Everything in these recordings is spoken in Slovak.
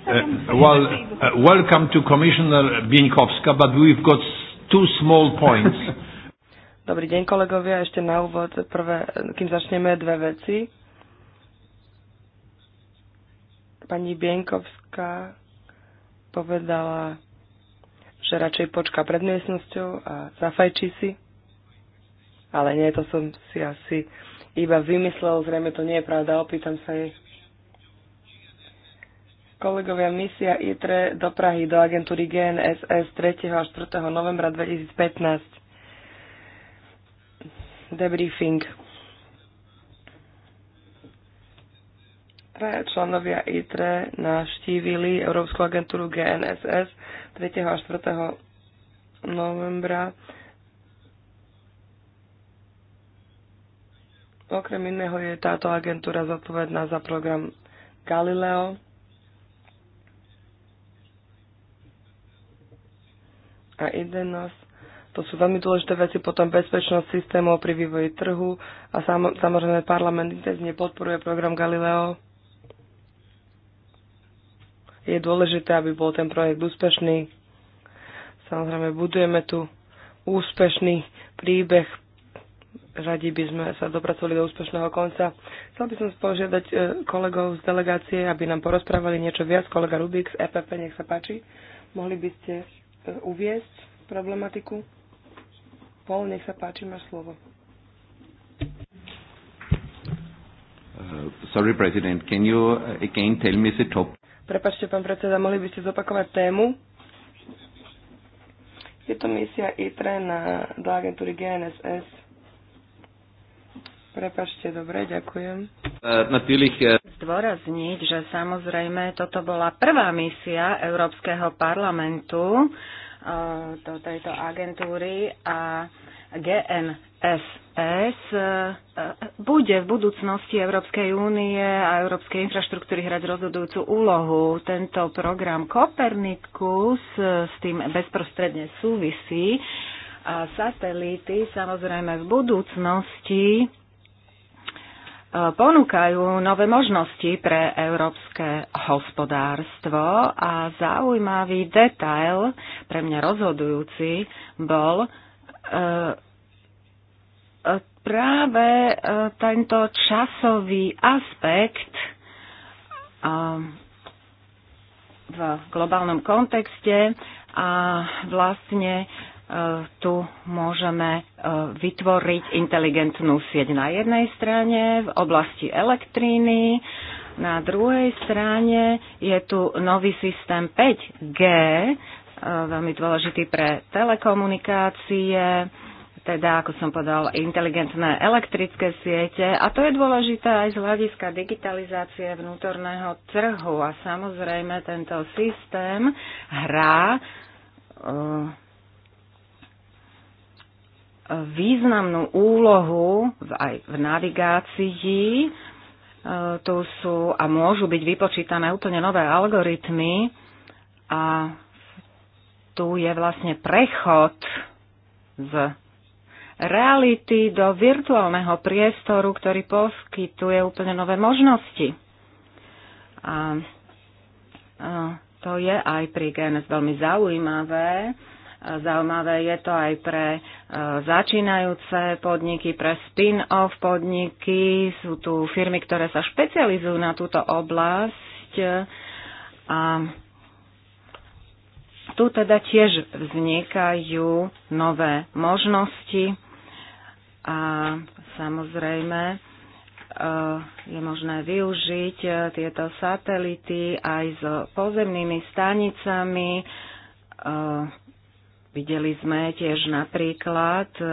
Uh, well, uh, welcome to Commissioner Bienkowska, but we've got two small points. Dobrý deň, kolegovia. Ešte na úvod, prvé, kým začneme, dve veci. Pani Bienkovská povedala, že radšej počká pred miestnosťou a zafajčí si. Ale nie, to som si asi iba vymyslel, zrejme to nie je pravda, opýtam sa jej. Kolegovia, misia ITRE do Prahy do agentúry GNSS 3. a 4. novembra 2015. Debriefing. Členovia ITRE navštívili Európsku agentúru GNSS 3. a 4. novembra. Okrem iného je táto agentúra zodpovedná za program Galileo, a IDENOS. To sú veľmi dôležité veci, potom bezpečnosť systémov pri vývoji trhu a sam, samozrejme parlament intenzívne podporuje program Galileo. Je dôležité, aby bol ten projekt úspešný. Samozrejme, budujeme tu úspešný príbeh. Radi by sme sa dopracovali do úspešného konca. Chcel by som spožiadať e, kolegov z delegácie, aby nám porozprávali niečo viac. Kolega Rubik z EPP, nech sa páči. Mohli by ste E, uviesť problematiku? Pol, nech sa páči, máš slovo. Uh, sorry, President, can you uh, again tell me the top? Prepačte, pán predseda, mohli by ste zopakovať tému? Je to misia ITRE na, do agentúry GNSS Prepašte, dobre, ďakujem. E, e, Zdôrazniť, že samozrejme toto bola prvá misia Európskeho parlamentu e, do tejto agentúry a GNSS bude v budúcnosti Európskej únie a Európskej infraštruktúry hrať rozhodujúcu úlohu. Tento program Kopernikus s tým bezprostredne súvisí a satelity samozrejme v budúcnosti ponúkajú nové možnosti pre európske hospodárstvo a zaujímavý detail, pre mňa rozhodujúci, bol e, e, práve e, tento časový aspekt v globálnom kontexte a vlastne tu môžeme e, vytvoriť inteligentnú sieť na jednej strane v oblasti elektríny, na druhej strane je tu nový systém 5G, e, veľmi dôležitý pre telekomunikácie, teda, ako som povedal, inteligentné elektrické siete. A to je dôležité aj z hľadiska digitalizácie vnútorného trhu. A samozrejme, tento systém hrá e, významnú úlohu aj v navigácii. E, tu sú a môžu byť vypočítané úplne nové algoritmy a tu je vlastne prechod z reality do virtuálneho priestoru, ktorý poskytuje úplne nové možnosti. A, a e, to je aj pri GNS veľmi zaujímavé, Zaujímavé je to aj pre e, začínajúce podniky, pre spin-off podniky. Sú tu firmy, ktoré sa špecializujú na túto oblasť. A tu teda tiež vznikajú nové možnosti a samozrejme e, je možné využiť e, tieto satelity aj s pozemnými stanicami. Videli sme tiež napríklad, e, e,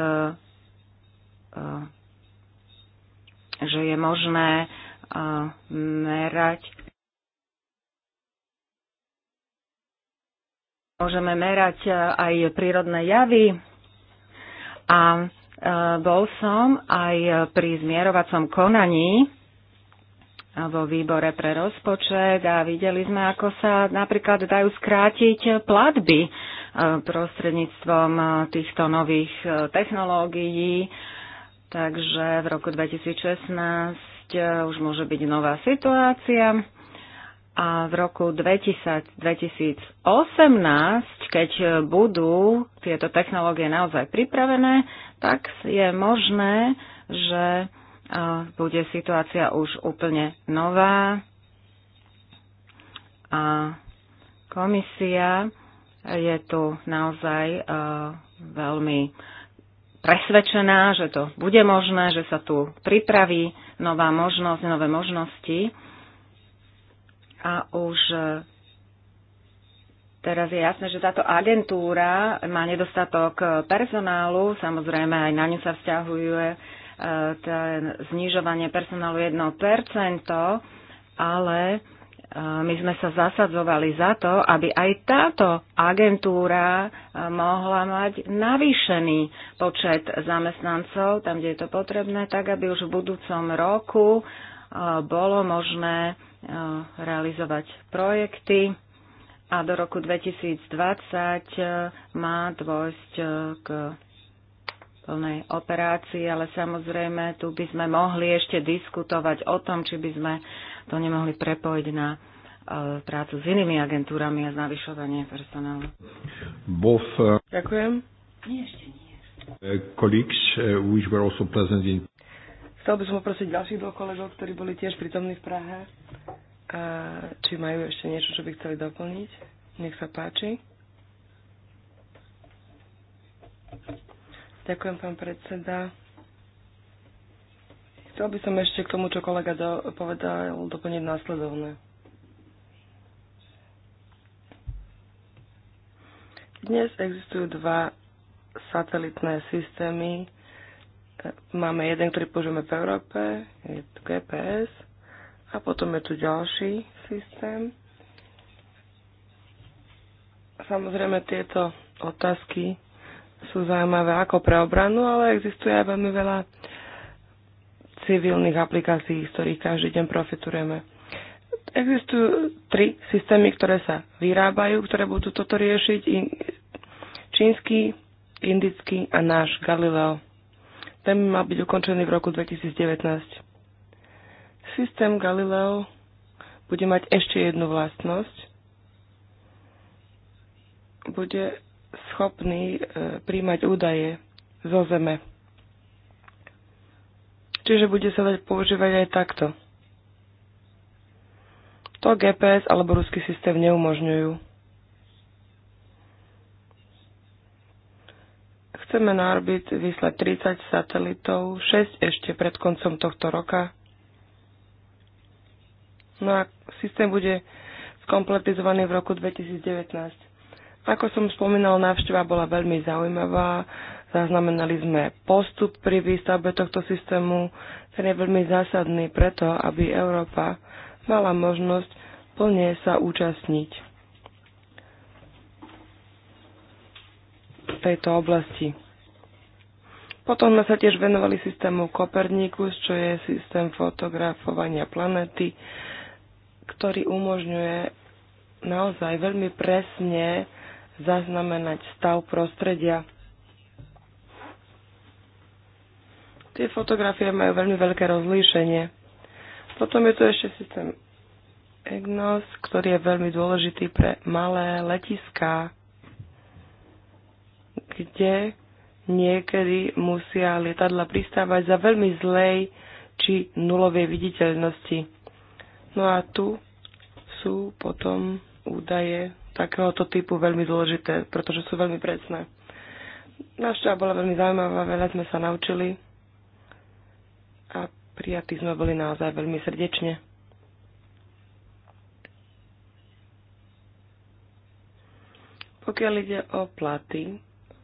že je možné e, merať Môžeme merať aj prírodné javy a bol som aj pri zmierovacom konaní vo výbore pre rozpočet a videli sme, ako sa napríklad dajú skrátiť platby prostredníctvom eh, týchto nových eh, technológií. Takže v roku 2016 eh, už môže byť nová situácia. A v roku 2000, 2018, keď budú tieto technológie naozaj pripravené, tak je možné, že bude situácia už úplne nová a komisia je tu naozaj e, veľmi presvedčená, že to bude možné, že sa tu pripraví nová možnosť, nové možnosti. A už e, teraz je jasné, že táto agentúra má nedostatok personálu, samozrejme aj na ňu sa vzťahuje e, znižovanie personálu 1%, ale my sme sa zasadzovali za to, aby aj táto agentúra mohla mať navýšený počet zamestnancov, tam, kde je to potrebné, tak aby už v budúcom roku bolo možné realizovať projekty a do roku 2020 má dôjsť k plnej operácii, ale samozrejme tu by sme mohli ešte diskutovať o tom, či by sme to nemohli prepojiť na e, prácu s inými agentúrami a navyšovanie personálu. Both, uh, Ďakujem. Nie, ešte nie. Uh, uh in... Chcel by som poprosiť ďalších dvoch kolegov, ktorí boli tiež prítomní v Prahe, a e, či majú ešte niečo, čo by chceli doplniť. Nech sa páči. Ďakujem, pán predseda. Chcel by som ešte k tomu, čo kolega do, povedal, doplniť následovné. Dnes existujú dva satelitné systémy. Máme jeden, ktorý používame v Európe, je tu GPS, a potom je tu ďalší systém. Samozrejme, tieto otázky sú zaujímavé ako pre obranu, ale existuje aj veľmi veľa civilných aplikácií, z ktorých každý deň profitujeme. Existujú tri systémy, ktoré sa vyrábajú, ktoré budú toto riešiť. Čínsky, indický a náš Galileo. Ten mal byť ukončený v roku 2019. Systém Galileo bude mať ešte jednu vlastnosť. Bude schopný e, príjmať údaje zo Zeme. Čiže bude sa dať používať aj takto. To GPS alebo ruský systém neumožňujú. Chceme na orbit vyslať 30 satelitov, 6 ešte pred koncom tohto roka. No a systém bude skompletizovaný v roku 2019. Ako som spomínal, návšteva bola veľmi zaujímavá. Zaznamenali sme postup pri výstavbe tohto systému, ktorý je veľmi zásadný preto, aby Európa mala možnosť plne sa účastniť v tejto oblasti. Potom sme sa tiež venovali systému Kopernikus, čo je systém fotografovania planéty, ktorý umožňuje naozaj veľmi presne zaznamenať stav prostredia. Tie fotografie majú veľmi veľké rozlíšenie. Potom je tu ešte systém EGNOS, ktorý je veľmi dôležitý pre malé letiská, kde niekedy musia lietadla pristávať za veľmi zlej či nulovej viditeľnosti. No a tu sú potom údaje takéhoto typu veľmi dôležité, pretože sú veľmi presné. Návšteva bola veľmi zaujímavá, veľa sme sa naučili. Prijatí sme boli naozaj veľmi srdečne. Pokiaľ ide o platy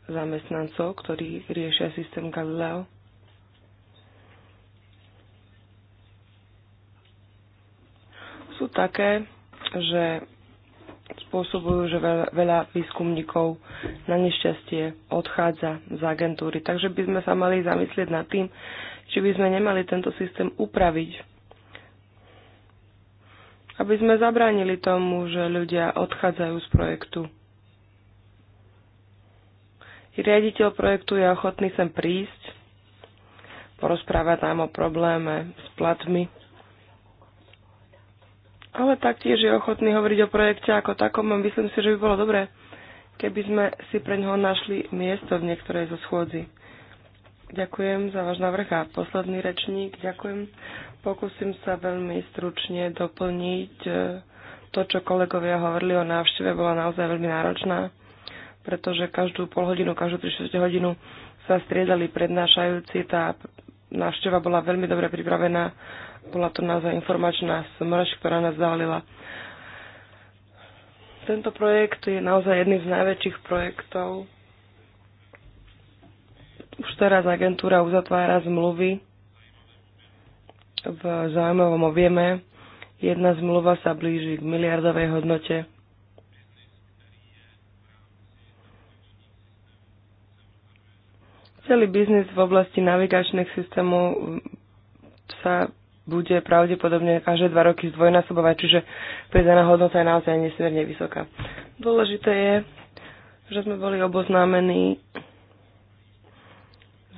zamestnancov, ktorí riešia systém Galileo, sú také, že spôsobujú, že veľa výskumníkov na nešťastie odchádza z agentúry. Takže by sme sa mali zamyslieť nad tým, či by sme nemali tento systém upraviť. Aby sme zabránili tomu, že ľudia odchádzajú z projektu. Riaditeľ projektu je ochotný sem prísť, porozprávať nám o probléme s platmi, ale taktiež je ochotný hovoriť o projekte ako takom a myslím si, že by bolo dobré, keby sme si pre ňoho našli miesto v niektorej zo schôdzi. Ďakujem za váš návrh a posledný rečník. Ďakujem. Pokúsim sa veľmi stručne doplniť e, to, čo kolegovia hovorili o návšteve, bola naozaj veľmi náročná, pretože každú pol hodinu, každú 3 hodinu sa striedali prednášajúci. Tá návšteva bola veľmi dobre pripravená. Bola to naozaj informačná smrž, ktorá nás zaholila. Tento projekt je naozaj jedným z najväčších projektov už teraz agentúra uzatvára zmluvy v zaujímavom objeme. Jedna zmluva sa blíži k miliardovej hodnote. Celý biznis v oblasti navigačných systémov sa bude pravdepodobne každé dva roky zdvojnásobovať, čiže pridaná hodnota je naozaj nesmierne vysoká. Dôležité je, že sme boli oboznámení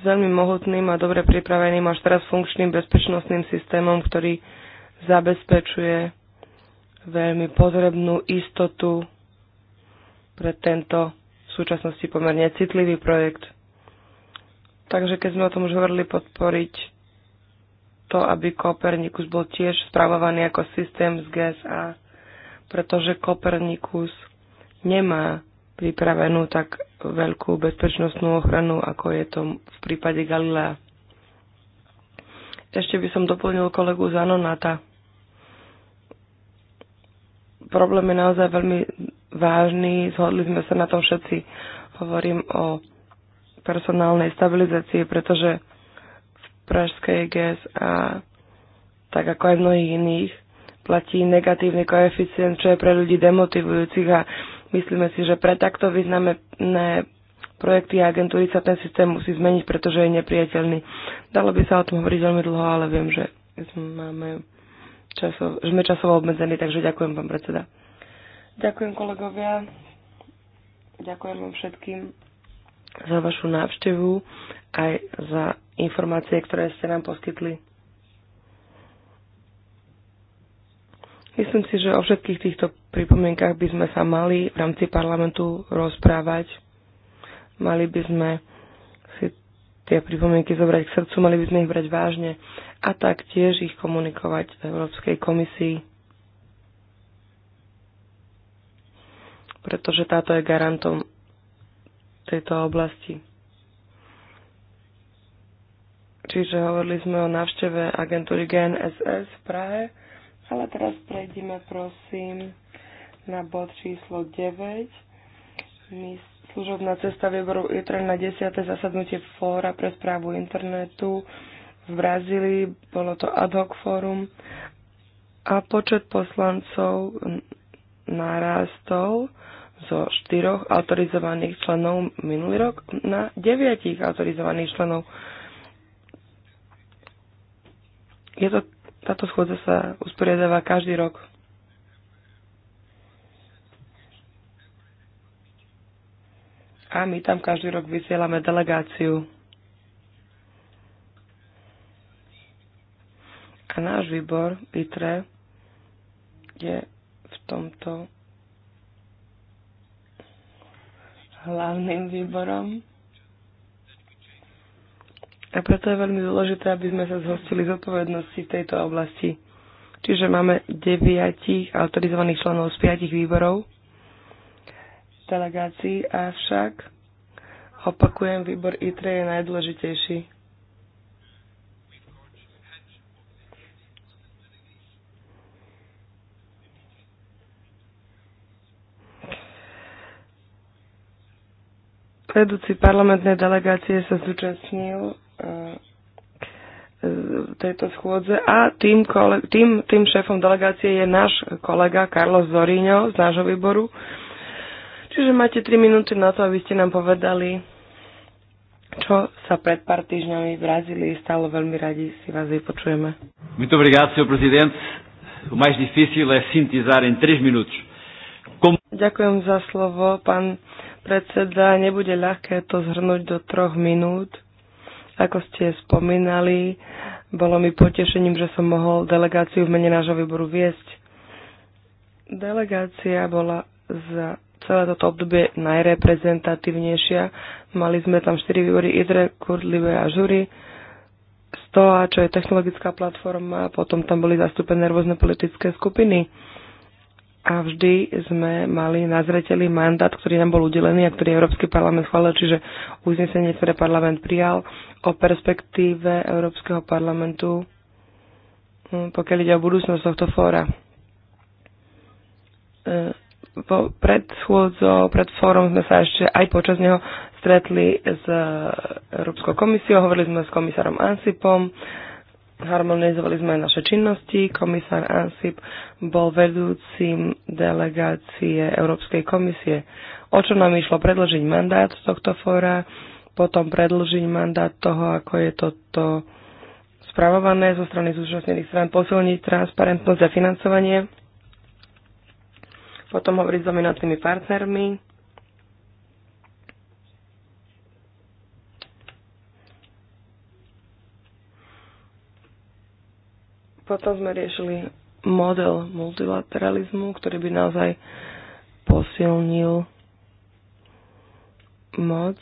s veľmi mohutným a dobre pripraveným až teraz funkčným bezpečnostným systémom, ktorý zabezpečuje veľmi pozrebnú istotu pre tento v súčasnosti pomerne citlivý projekt. Takže keď sme o tom už hovorili, podporiť to, aby Kopernikus bol tiež spravovaný ako systém z GSA, pretože Kopernikus nemá pripravenú tak veľkú bezpečnostnú ochranu, ako je to v prípade Galilea. Ešte by som doplnil kolegu Zanonata. Problém je naozaj veľmi vážny, zhodli sme sa na tom všetci. Hovorím o personálnej stabilizácii, pretože v pražskej a tak ako aj v mnohých iných, platí negatívny koeficient, čo je pre ľudí demotivujúcich a Myslíme si, že pre takto významné projekty a agentúry sa ten systém musí zmeniť, pretože je nepriateľný. Dalo by sa o tom hovoriť veľmi dlho, ale viem, že máme časov, že sme časovo obmedzení, takže ďakujem, pán predseda. Ďakujem, kolegovia. Ďakujem vám všetkým za vašu návštevu aj za informácie, ktoré ste nám poskytli. Myslím si, že o všetkých týchto pripomienkach by sme sa mali v rámci parlamentu rozprávať. Mali by sme si tie pripomienky zobrať k srdcu, mali by sme ich brať vážne a taktiež ich komunikovať Európskej komisii. Pretože táto je garantom tejto oblasti. Čiže hovorili sme o návšteve agentúry GNSS v Prahe ale teraz prejdime prosím na bod číslo 9. Služobná cesta výboru ITRE na 10. zasadnutie fóra pre správu internetu v Brazílii. Bolo to ad hoc fórum a počet poslancov narastol zo štyroch autorizovaných členov minulý rok na deviatich autorizovaných členov. Je to táto schôdza sa usporiadáva každý rok. A my tam každý rok vysielame delegáciu. A náš výbor, ITRE, je v tomto hlavným výborom. A preto je veľmi dôležité, aby sme sa zhostili zodpovednosti v tejto oblasti. Čiže máme deviatich autorizovaných členov z piatich výborov delegácií, avšak opakujem, výbor ITRE je najdôležitejší. Vedúci parlamentnej delegácie sa zúčastnil E, e, tejto schôdze a tým, kole, tým, tým šéfom delegácie je náš kolega Carlos Zoríňo z nášho výboru. Čiže máte 3 minúty na to, aby ste nám povedali, čo sa pred pár týždňami v Brazílii stalo. Veľmi radi si vás vypočujeme. Muito obrigado, senhor presidente. O mais difícil é sintetizar em 3 minutos. Como... Ďakujem za slovo, pán predseda. Nebude ľahké to zhrnúť do troch minút ako ste spomínali, bolo mi potešením, že som mohol delegáciu v mene nášho výboru viesť. Delegácia bola za celé toto obdobie najreprezentatívnejšia. Mali sme tam štyri výbory IDRE, KURD, Libe a Žury. STOA, čo je technologická platforma, potom tam boli zastúpené rôzne politické skupiny a vždy sme mali na zreteli mandát, ktorý nám bol udelený a ktorý Európsky parlament chválil, čiže uznesenie, ktoré parlament prijal o perspektíve Európskeho parlamentu, hm, pokiaľ ide o budúcnosť tohto fóra. E, pred schôdzou, pred fórom sme sa ešte aj počas neho stretli s Európskou komisiou, hovorili sme s komisárom Ansipom, harmonizovali sme naše činnosti. Komisár Ansip bol vedúcim delegácie Európskej komisie. O čo nám išlo predlžiť mandát z tohto fóra, potom predlžiť mandát toho, ako je toto spravované zo strany zúčastnených strán, posilniť transparentnosť a financovanie, potom hovoriť s dominantnými partnermi, Potom sme riešili model multilateralizmu, ktorý by naozaj posilnil moc.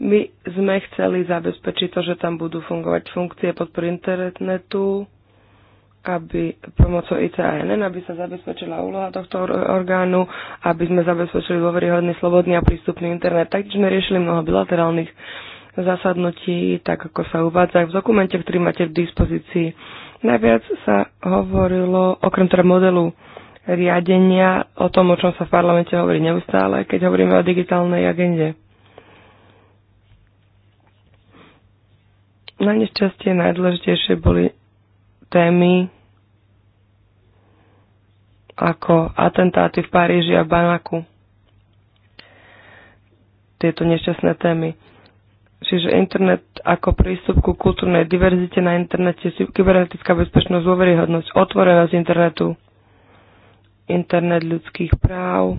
My sme chceli zabezpečiť to, že tam budú fungovať funkcie podpory internetu, aby pomocou ICANN, aby sa zabezpečila úloha tohto orgánu, aby sme zabezpečili dôveryhodný, slobodný a prístupný internet. Taktiež sme riešili mnoho bilaterálnych zasadnutí, tak ako sa uvádza v dokumente, ktorý máte v dispozícii. Najviac sa hovorilo, okrem teda modelu riadenia, o tom, o čom sa v parlamente hovorí neustále, keď hovoríme o digitálnej agende. Na nešťastie najdôležitejšie boli témy ako atentáty v Paríži a Banaku. Tieto nešťastné témy Čiže internet ako prístup ku kultúrnej diverzite na internete, kybernetická bezpečnosť, dôveryhodnosť, otvorenosť internetu, internet ľudských práv,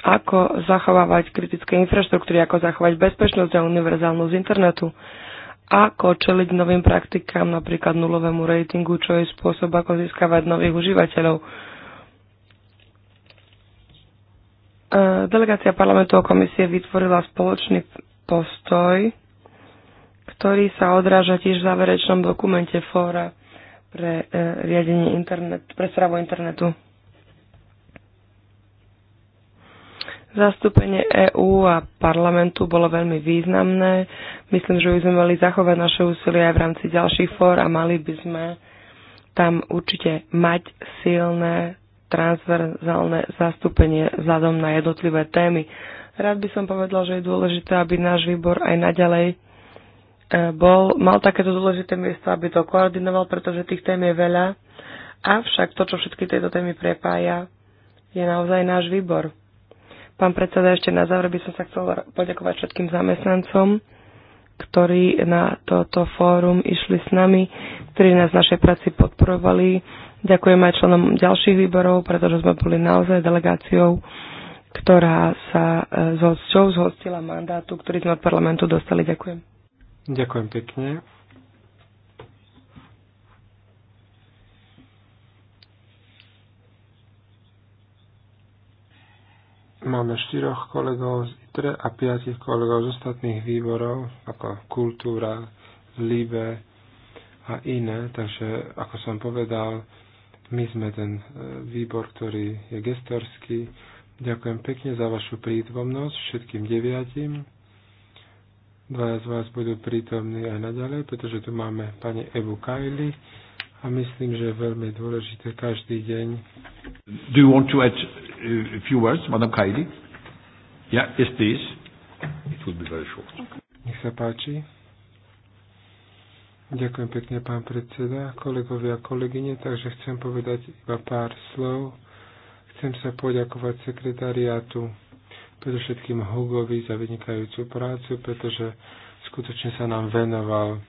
ako zachovávať kritické infraštruktúry, ako zachovať bezpečnosť a univerzálnosť internetu, ako čeliť novým praktikám, napríklad nulovému ratingu, čo je spôsob, ako získavať nových užívateľov E, delegácia parlamentu a komisie vytvorila spoločný postoj, ktorý sa odráža tiež v záverečnom dokumente fóra pre e, riadenie internet, pre správu internetu. Zastúpenie EÚ a parlamentu bolo veľmi významné. Myslím, že by sme mali zachovať naše úsilie aj v rámci ďalších fór a mali by sme tam určite mať silné transverzálne zastúpenie vzhľadom na jednotlivé témy. Rád by som povedal, že je dôležité, aby náš výbor aj naďalej e, bol, mal takéto dôležité miesto, aby to koordinoval, pretože tých tém je veľa. Avšak to, čo všetky tieto témy prepája, je naozaj náš výbor. Pán predseda, ešte na záver by som sa chcel poďakovať všetkým zamestnancom, ktorí na toto fórum išli s nami ktorí nás v našej práci podporovali. Ďakujem aj členom ďalších výborov, pretože sme boli naozaj delegáciou, ktorá sa e, s hosťou zhostila mandátu, ktorý sme od parlamentu dostali. Ďakujem. Ďakujem pekne. Máme štyroch kolegov z ITRE a piatich kolegov z ostatných výborov, ako kultúra, líbe, a iné. Takže, ako som povedal, my sme ten e, výbor, ktorý je gestorský. Ďakujem pekne za vašu prítomnosť všetkým deviatim. Dvaja z vás budú prítomní aj naďalej, pretože tu máme pani Evu Kajli a myslím, že je veľmi dôležité každý deň. Do you want to add uh, a few words, Madam Kajli? Yeah, yes, please. It will be very short. Nech sa páči. Ďakujem pekne, pán predseda, kolegovia a kolegyne, takže chcem povedať iba pár slov. Chcem sa poďakovať sekretariátu, predovšetkým Hugovi za vynikajúcu prácu, pretože skutočne sa nám venoval,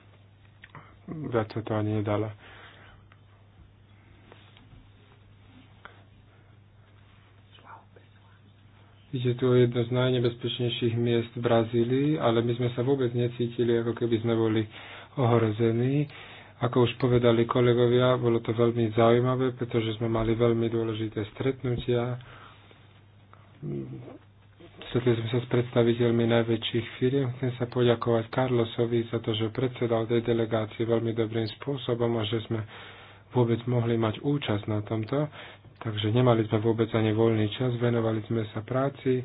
viac sa to ani nedala. Ide tu o jedno z najnebezpečnejších miest v Brazílii, ale my sme sa vôbec necítili, ako keby sme boli ohrození. Ako už povedali kolegovia, bolo to veľmi zaujímavé, pretože sme mali veľmi dôležité stretnutia. Stretli sme sa s predstaviteľmi najväčších firiem. Chcem sa poďakovať Karlosovi za to, že predsedal tej delegácii veľmi dobrým spôsobom a že sme vôbec mohli mať účasť na tomto. Takže nemali sme vôbec ani voľný čas, venovali sme sa práci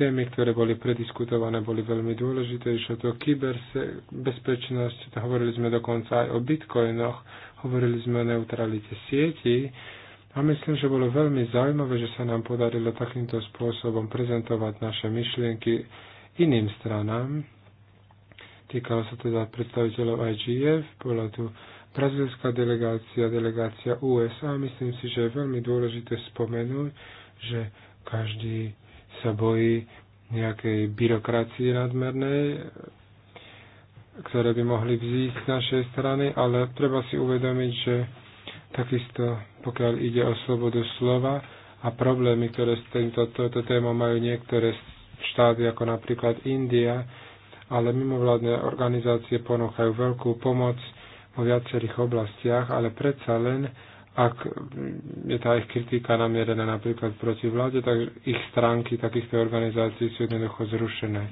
témy, ktoré boli prediskutované, boli veľmi dôležité. Išlo to kyberbezpečnosť, hovorili sme dokonca aj o bitcoinoch, hovorili sme o neutralite sieti a myslím, že bolo veľmi zaujímavé, že sa nám podarilo takýmto spôsobom prezentovať naše myšlienky iným stranám. Týkalo sa teda predstaviteľov IGF, bola tu brazilská delegácia, delegácia USA. Myslím si, že je veľmi dôležité spomenúť, že každý sa bojí nejakej byrokracie nadmernej, ktoré by mohli vzísť z našej strany, ale treba si uvedomiť, že takisto pokiaľ ide o slobodu slova a problémy, ktoré s týmto toto témou majú niektoré štáty, ako napríklad India, ale mimovládne organizácie ponúkajú veľkú pomoc vo viacerých oblastiach, ale predsa len ak je tá ich kritika namierená napríklad proti vláde, tak ich stránky takýchto organizácií sú jednoducho zrušené.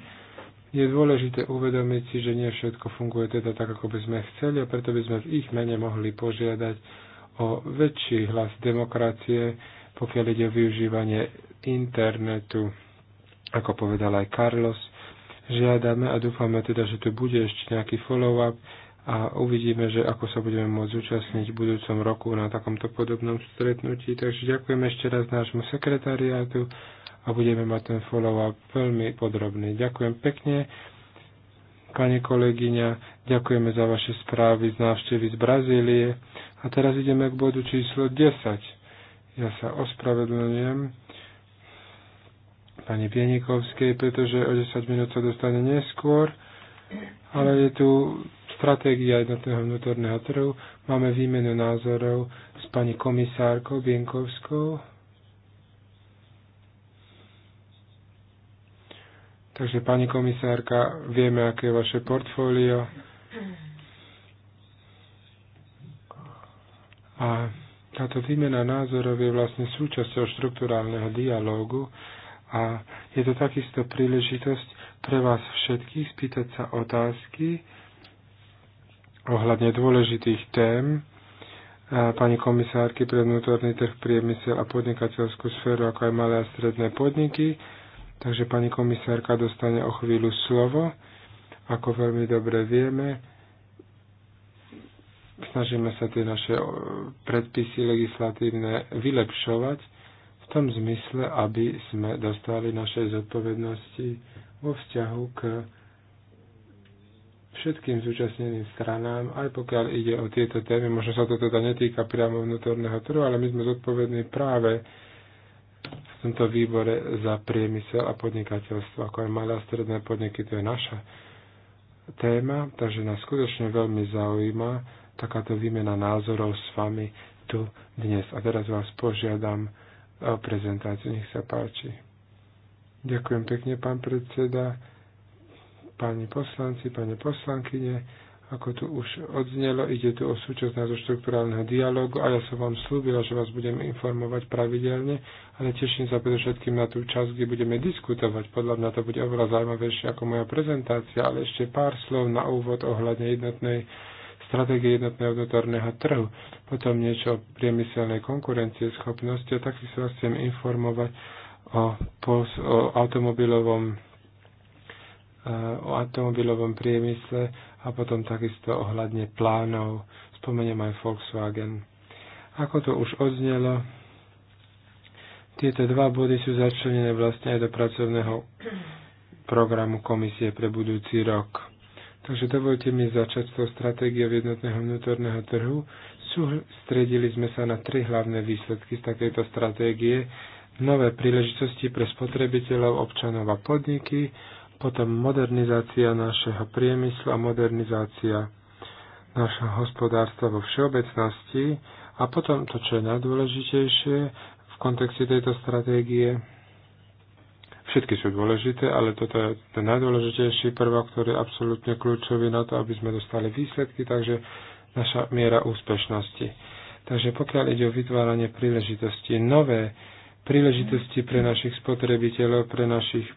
Je dôležité uvedomiť si, že nie všetko funguje teda tak, ako by sme chceli a preto by sme v ich mene mohli požiadať o väčší hlas demokracie, pokiaľ ide o využívanie internetu. Ako povedal aj Carlos, žiadame a dúfame teda, že tu bude ešte nejaký follow-up, a uvidíme, že ako sa budeme môcť zúčastniť v budúcom roku na takomto podobnom stretnutí. Takže ďakujem ešte raz nášmu sekretariátu a budeme mať ten follow-up veľmi podrobný. Ďakujem pekne. Pani kolegyňa, ďakujeme za vaše správy z návštevy z Brazílie. A teraz ideme k bodu číslo 10. Ja sa ospravedlňujem pani Pienikovskej, pretože o 10 minút sa dostane neskôr, ale je tu stratégia jednotného vnútorného trhu. Máme výmenu názorov s pani komisárkou Bienkovskou. Takže pani komisárka, vieme, aké je vaše portfólio. A táto výmena názorov je vlastne súčasťou štruktúrálneho dialógu a je to takisto príležitosť pre vás všetkých spýtať sa otázky, ohľadne dôležitých tém pani komisárky pre vnútorný trh, priemysel a podnikateľskú sféru, ako aj malé a stredné podniky. Takže pani komisárka dostane o chvíľu slovo. Ako veľmi dobre vieme, snažíme sa tie naše predpisy legislatívne vylepšovať v tom zmysle, aby sme dostali našej zodpovednosti vo vzťahu k všetkým zúčastneným stranám, aj pokiaľ ide o tieto témy. Možno sa to teda netýka priamo vnútorného trhu, ale my sme zodpovední práve v tomto výbore za priemysel a podnikateľstvo, ako aj malé a stredné podniky, to je naša téma, takže nás skutočne veľmi zaujíma takáto výmena názorov s vami tu dnes. A teraz vás požiadam o prezentáciu, nech sa páči. Ďakujem pekne, pán predseda. Páni poslanci, pani poslankyne, ako tu už odznelo, ide tu o súčasť nášho štruktúrálneho dialogu a ja som vám slúbila, že vás budem informovať pravidelne, ale teším sa predovšetkým na tú časť, kde budeme diskutovať. Podľa mňa to bude oveľa zaujímavejšie ako moja prezentácia, ale ešte pár slov na úvod ohľadne jednotnej stratégie jednotného vnútorného trhu, potom niečo o priemyselnej konkurencie schopnosti a takisto sa vás chcem informovať o, o automobilovom o automobilovom priemysle a potom takisto ohľadne plánov. Spomeniem aj Volkswagen. Ako to už odznelo, tieto dva body sú začlenené vlastne aj do pracovného programu komisie pre budúci rok. Takže dovolte mi začať s tou stratégiou jednotného vnútorného trhu. Sústredili sme sa na tri hlavné výsledky z takejto stratégie. Nové príležitosti pre spotrebiteľov, občanov a podniky, potom modernizácia našeho priemyslu a modernizácia našho hospodárstva vo všeobecnosti a potom to, čo je najdôležitejšie v kontexte tejto stratégie, všetky sú dôležité, ale toto je ten najdôležitejší prvok, ktorý je absolútne kľúčový na to, aby sme dostali výsledky, takže naša miera úspešnosti. Takže pokiaľ ide o vytváranie príležitosti, nové príležitosti pre našich spotrebiteľov, pre našich e,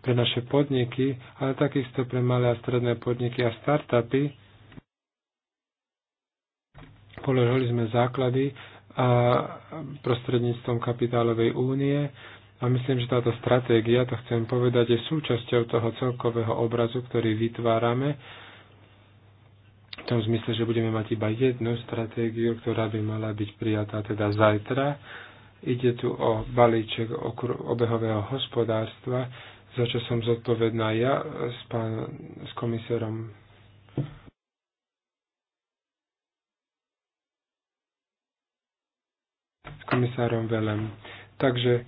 pre naše podniky, ale takisto pre malé a stredné podniky a startupy. Položili sme základy a prostredníctvom kapitálovej únie a myslím, že táto stratégia, to chcem povedať, je súčasťou toho celkového obrazu, ktorý vytvárame v tom zmysle, že budeme mať iba jednu stratégiu, ktorá by mala byť prijatá teda zajtra. Ide tu o balíček obehového hospodárstva, za čo som zodpovedná ja s, pán, s komisárom s komisárom Velem. Takže e,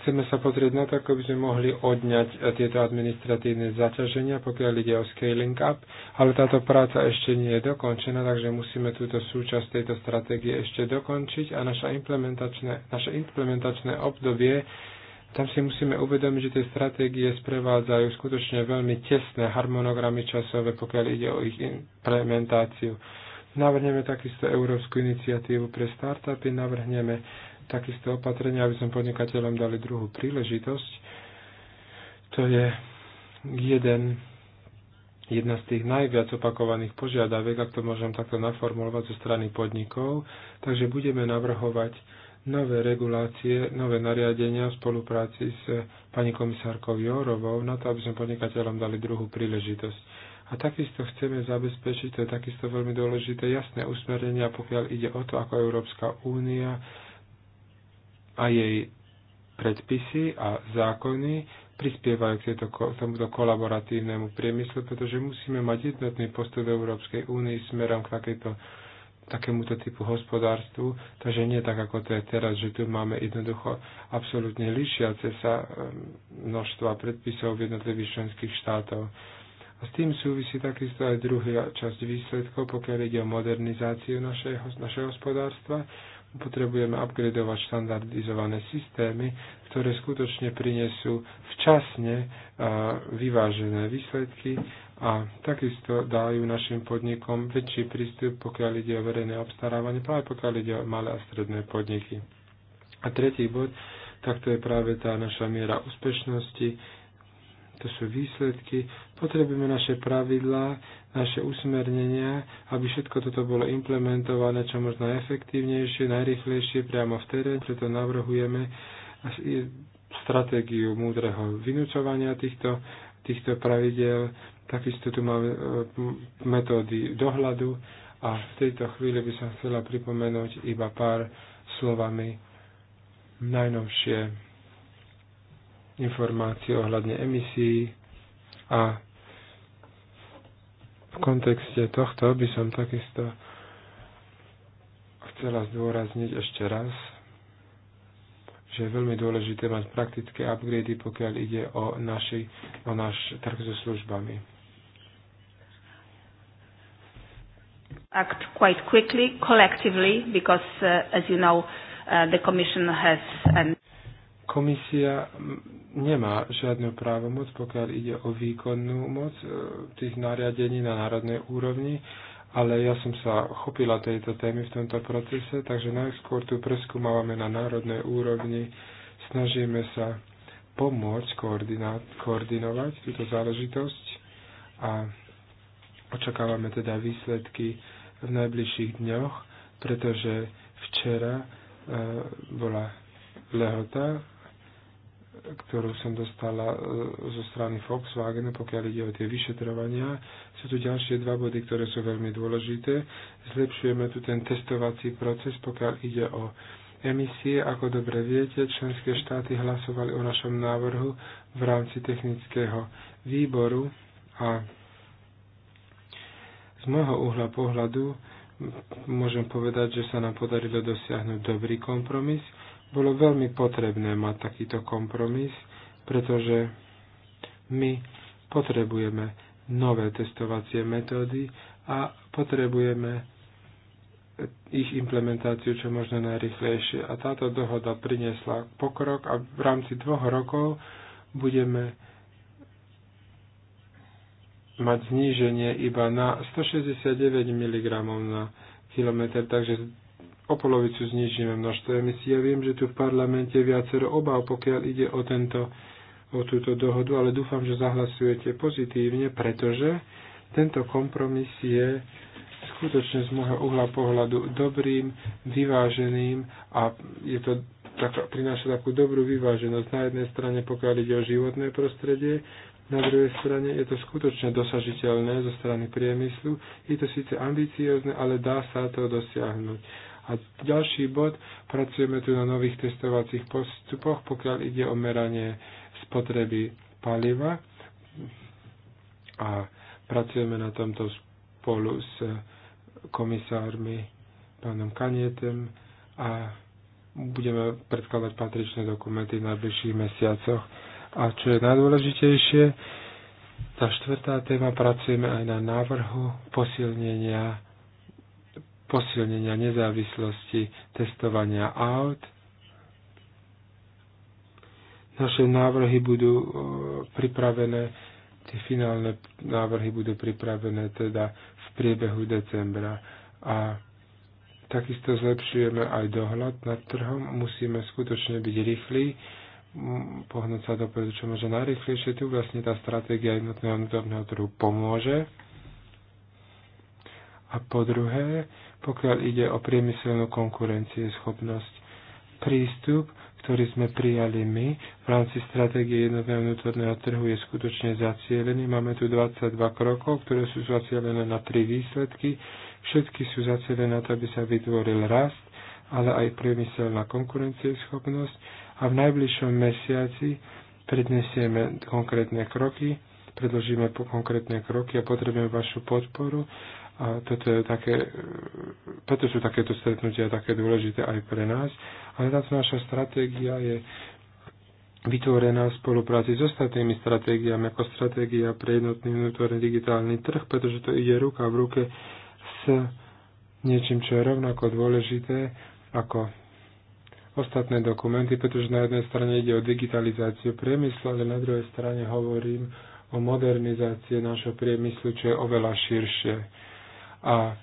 chceme sa pozrieť na to, ako by sme mohli odňať e, tieto administratívne zaťaženia, pokiaľ ide o scaling up, ale táto práca ešte nie je dokončená, takže musíme túto súčasť tejto stratégie ešte dokončiť a naša implementačné, naše implementačné obdobie tam si musíme uvedomiť, že tie stratégie sprevádzajú skutočne veľmi tesné harmonogramy časové, pokiaľ ide o ich implementáciu. Navrhneme takisto Európsku iniciatívu pre startupy, navrhneme takisto opatrenia, aby sme podnikateľom dali druhú príležitosť. To je jeden jedna z tých najviac opakovaných požiadaviek, ak to môžem takto naformulovať zo strany podnikov. Takže budeme navrhovať nové regulácie, nové nariadenia v spolupráci s pani komisárkou Jórovou na to, aby sme podnikateľom dali druhú príležitosť. A takisto chceme zabezpečiť, to je takisto veľmi dôležité, jasné usmernenia, pokiaľ ide o to, ako Európska únia a jej predpisy a zákony prispievajú k tejto, tomuto kolaboratívnemu priemyslu, pretože musíme mať jednotný postup v Európskej únii smerom k takejto takémuto typu hospodárstvu, takže nie tak, ako to je teraz, že tu máme jednoducho absolútne lišiace sa e, množstva predpisov v jednotlivých členských štátov. A s tým súvisí takisto aj druhá časť výsledkov, pokiaľ ide o modernizáciu našeho, našeho hospodárstva. Potrebujeme upgradovať štandardizované systémy, ktoré skutočne prinesú včasne e, vyvážené výsledky a takisto dajú našim podnikom väčší prístup, pokiaľ ide o verejné obstarávanie, práve pokiaľ ide o malé a stredné podniky. A tretí bod, tak to je práve tá naša miera úspešnosti, to sú výsledky. Potrebujeme naše pravidlá, naše usmernenia, aby všetko toto bolo implementované čo možno efektívnejšie, najrychlejšie priamo v teréne. Preto navrhujeme stratégiu múdreho vynúcovania týchto týchto pravidel. Takisto tu máme e, metódy dohľadu a v tejto chvíli by som chcela pripomenúť iba pár slovami najnovšie informácie ohľadne emisí a v kontexte tohto by som takisto chcela zdôrazniť ešte raz, že je veľmi dôležité mať praktické upgrady, pokiaľ ide o, naši, o náš trh so službami. Act quite quickly, collectively, because uh, as you know, uh, the Commission has an Komisia nemá žiadnu právomoc, pokiaľ ide o výkonnú moc uh, tých nariadení na národnej úrovni ale ja som sa chopila tejto témy v tomto procese, takže najskôr tu preskúmavame na národnej úrovni, snažíme sa pomôcť koordinovať túto záležitosť a očakávame teda výsledky v najbližších dňoch, pretože včera e, bola lehota ktorú som dostala e, zo strany Volkswagenu, pokiaľ ide o tie vyšetrovania. Sú tu ďalšie dva body, ktoré sú veľmi dôležité. Zlepšujeme tu ten testovací proces, pokiaľ ide o emisie. Ako dobre viete, členské štáty hlasovali o našom návrhu v rámci technického výboru a z môjho uhla pohľadu môžem povedať, že sa nám podarilo dosiahnuť dobrý kompromis bolo veľmi potrebné mať takýto kompromis, pretože my potrebujeme nové testovacie metódy a potrebujeme ich implementáciu čo možno najrychlejšie. A táto dohoda priniesla pokrok a v rámci dvoch rokov budeme mať zníženie iba na 169 mg na kilometr, takže o polovicu znižíme množstvo emisí. Ja viem, že tu v parlamente viacero obav, pokiaľ ide o, tento, o túto dohodu, ale dúfam, že zahlasujete pozitívne, pretože tento kompromis je skutočne z môjho uhla pohľadu dobrým, vyváženým a je to tak, prináša takú dobrú vyváženosť. Na jednej strane, pokiaľ ide o životné prostredie, na druhej strane je to skutočne dosažiteľné zo strany priemyslu. Je to síce ambiciozne, ale dá sa to dosiahnuť a ďalší bod, pracujeme tu na nových testovacích postupoch, pokiaľ ide o meranie spotreby paliva. A pracujeme na tomto spolu s komisármi, pánom Kanietem a budeme predkladať patričné dokumenty v najbližších mesiacoch. A čo je najdôležitejšie, tá štvrtá téma pracujeme aj na návrhu posilnenia posilnenia nezávislosti testovania aut. Naše návrhy budú e, pripravené, tie finálne návrhy budú pripravené teda v priebehu decembra. A takisto zlepšujeme aj dohľad nad trhom. Musíme skutočne byť rýchli, pohnúť sa dopredu čo môže najrychlejšie. Tu vlastne tá stratégia jednotného vnútorného trhu pomôže. A po druhé, pokiaľ ide o priemyselnú schopnosť prístup, ktorý sme prijali my v rámci stratégie jednotného vnútorného trhu je skutočne zacielený. Máme tu 22 krokov, ktoré sú zacielené na tri výsledky. Všetky sú zacielené na to, aby sa vytvoril rast, ale aj priemyselná konkurencieschopnosť. A v najbližšom mesiaci prednesieme konkrétne kroky, predložíme konkrétne kroky a potrebujeme vašu podporu, a toto je také, preto sú takéto stretnutia také dôležité aj pre nás. Ale táto naša stratégia je vytvorená v spolupráci s ostatnými stratégiami, ako stratégia pre jednotný vnútorný digitálny trh, pretože to ide ruka v ruke s niečím, čo je rovnako dôležité ako ostatné dokumenty, pretože na jednej strane ide o digitalizáciu priemyslu, ale na druhej strane hovorím o modernizácii nášho priemyslu, čo je oveľa širšie a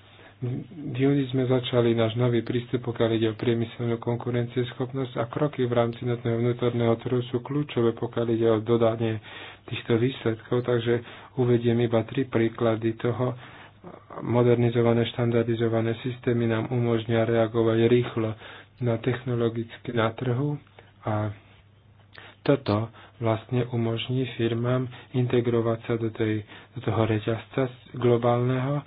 v júni sme začali náš nový prístup, pokiaľ ide o priemyselnú konkurencieschopnosť a kroky v rámci notného vnútorného trhu sú kľúčové, pokiaľ ide o dodanie týchto výsledkov, takže uvediem iba tri príklady toho. Modernizované štandardizované systémy nám umožňujú reagovať rýchlo na technologicky na trhu a toto vlastne umožní firmám integrovať sa do, tej, do toho reťazca globálneho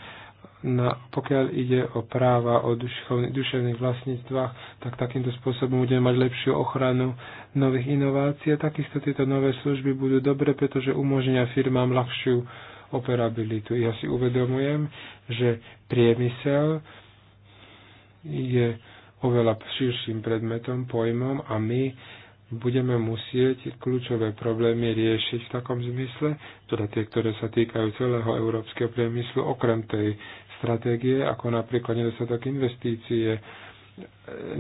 na, pokiaľ ide o práva o duševných, duševných vlastníctvách, tak takýmto spôsobom budeme mať lepšiu ochranu nových inovácií a takisto tieto nové služby budú dobre, pretože umožnia firmám ľahšiu operabilitu. Ja si uvedomujem, že priemysel je oveľa širším predmetom, pojmom a my budeme musieť kľúčové problémy riešiť v takom zmysle, teda tie, ktoré sa týkajú celého európskeho priemyslu, okrem tej stratégie, ako napríklad nedostatok investície,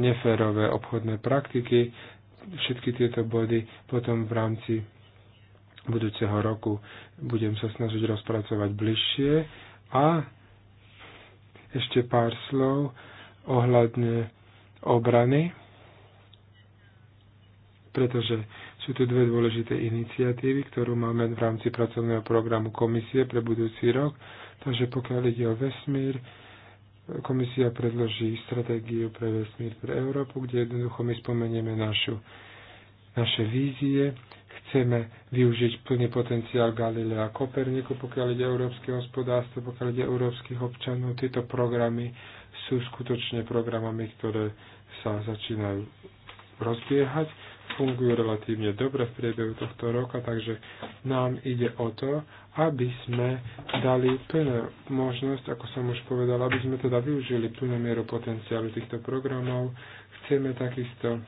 neférové obchodné praktiky, všetky tieto body potom v rámci budúceho roku budem sa snažiť rozpracovať bližšie a ešte pár slov ohľadne obrany, pretože sú tu dve dôležité iniciatívy, ktorú máme v rámci pracovného programu komisie pre budúci rok Takže pokiaľ ide o vesmír, komisia predloží stratégiu pre vesmír pre Európu, kde jednoducho my spomenieme našu, naše vízie. Chceme využiť plný potenciál Galilea Koperniku, pokiaľ ide európske hospodárstvo, pokiaľ ide európskych občanov. Tieto programy sú skutočne programami, ktoré sa začínajú rozbiehať fungujú relatívne dobre v priebehu tohto roka, takže nám ide o to, aby sme dali plnú možnosť, ako som už povedal, aby sme teda využili plnú mieru potenciálu týchto programov. Chceme takisto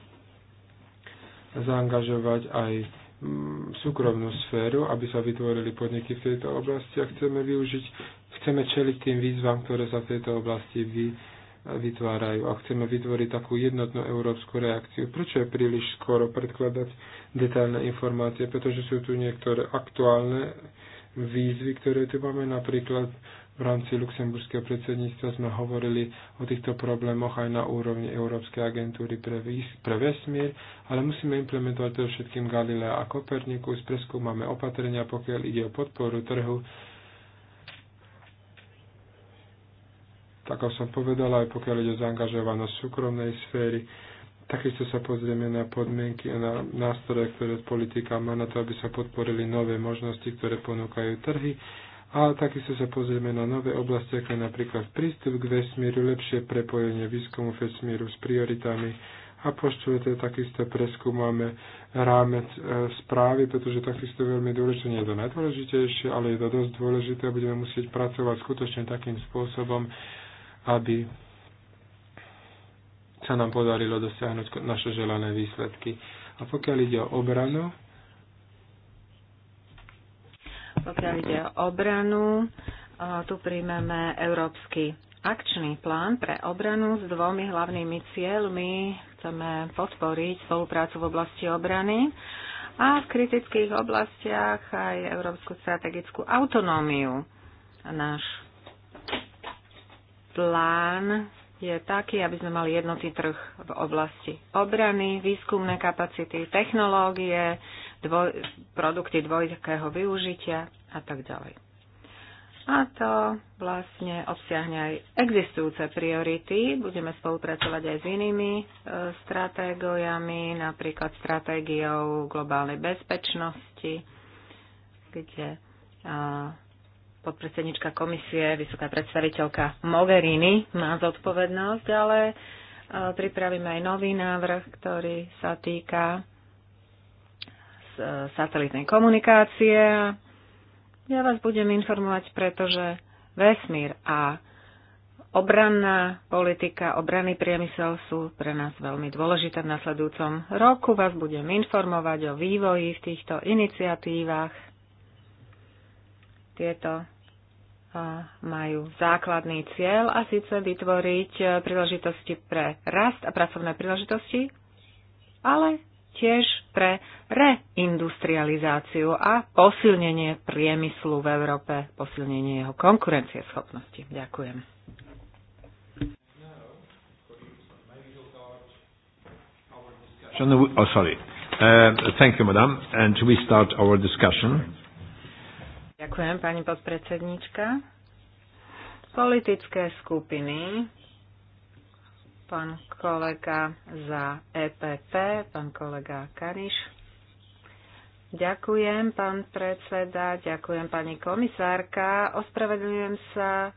zaangažovať aj mm, súkromnú sféru, aby sa vytvorili podniky v tejto oblasti a chceme využiť, chceme čeliť tým výzvam, ktoré sa v tejto oblasti vy, vytvárajú. A chceme vytvoriť takú jednotnú európsku reakciu. Prečo je príliš skoro predkladať detailné informácie? Pretože sú tu niektoré aktuálne výzvy, ktoré tu máme. Napríklad v rámci luxemburského predsedníctva sme hovorili o týchto problémoch aj na úrovni Európskej agentúry pre, výs, pre vesmír, ale musíme implementovať to všetkým Galilea a Kopernikus, preskúmame opatrenia, pokiaľ ide o podporu trhu tak ako som povedal, aj pokiaľ ide o zaangažovanosť súkromnej sféry, takisto sa pozrieme na podmienky a na nástroje, ktoré politika má na to, aby sa podporili nové možnosti, ktoré ponúkajú trhy. A takisto sa pozrieme na nové oblasti, ako je napríklad prístup k vesmíru, lepšie prepojenie výskumu vesmíru s prioritami a po takisto preskúmame rámec e, správy, pretože takisto veľmi dôležité, nie je to najdôležitejšie, ale je to dosť dôležité a budeme musieť pracovať skutočne takým spôsobom, aby sa nám podarilo dosiahnuť naše želané výsledky. A pokiaľ ide o obranu, pokiaľ ide o obranu, tu príjmeme Európsky akčný plán pre obranu s dvomi hlavnými cieľmi. Chceme podporiť spoluprácu v oblasti obrany a v kritických oblastiach aj európsku strategickú autonómiu. Náš plán je taký, aby sme mali jednotný trh v oblasti obrany, výskumné kapacity, technológie, dvoj, produkty dvojitého využitia a tak ďalej. A to vlastne obsiahne aj existujúce priority. Budeme spolupracovať aj s inými e, stratégiami, napríklad stratégiou globálnej bezpečnosti, kde e, podpredsednička komisie, vysoká predstaviteľka Mogherini má zodpovednosť, ale e, pripravíme aj nový návrh, ktorý sa týka e, satelitnej komunikácie. Ja vás budem informovať, pretože vesmír a obranná politika, obranný priemysel sú pre nás veľmi dôležité. V nasledujúcom roku vás budem informovať o vývoji v týchto iniciatívach. Tieto majú základný cieľ a síce vytvoriť e, príležitosti pre rast a pracovné príležitosti, ale tiež pre reindustrializáciu a posilnenie priemyslu v Európe, posilnenie jeho konkurencieschopnosti. Ďakujem. Oh, sorry. Uh, thank you, madam. And we start our discussion. Ďakujem, pani podpredsednička. Politické skupiny, pán kolega za EPP, pán kolega Kariš. Ďakujem, pán predseda, ďakujem, pani komisárka. Ospravedlňujem sa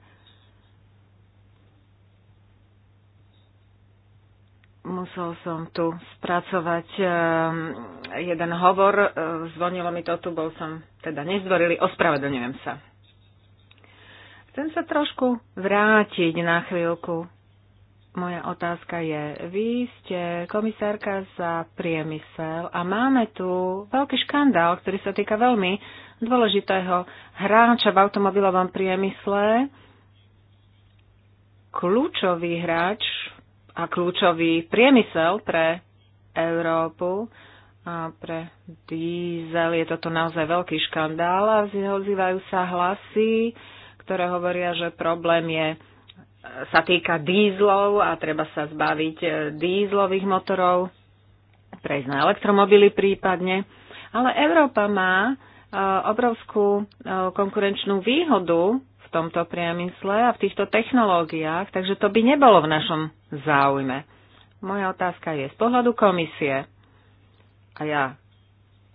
Musel som tu spracovať ehm, jeden hovor, ehm, zvonilo mi to tu, bol som teda nezdvorili, ospravedlňujem sa. Chcem sa trošku vrátiť na chvíľku. Moja otázka je, vy ste komisárka za priemysel a máme tu veľký škandál, ktorý sa týka veľmi dôležitého hráča v automobilovom priemysle, kľúčový hráč a kľúčový priemysel pre Európu. A pre diesel je toto naozaj veľký škandál a ozývajú sa hlasy, ktoré hovoria, že problém je sa týka dízlov a treba sa zbaviť e, dízlových motorov, prejsť na elektromobily prípadne. Ale Európa má e, obrovskú e, konkurenčnú výhodu tomto priemysle a v týchto technológiách, takže to by nebolo v našom záujme. Moja otázka je z pohľadu komisie. A ja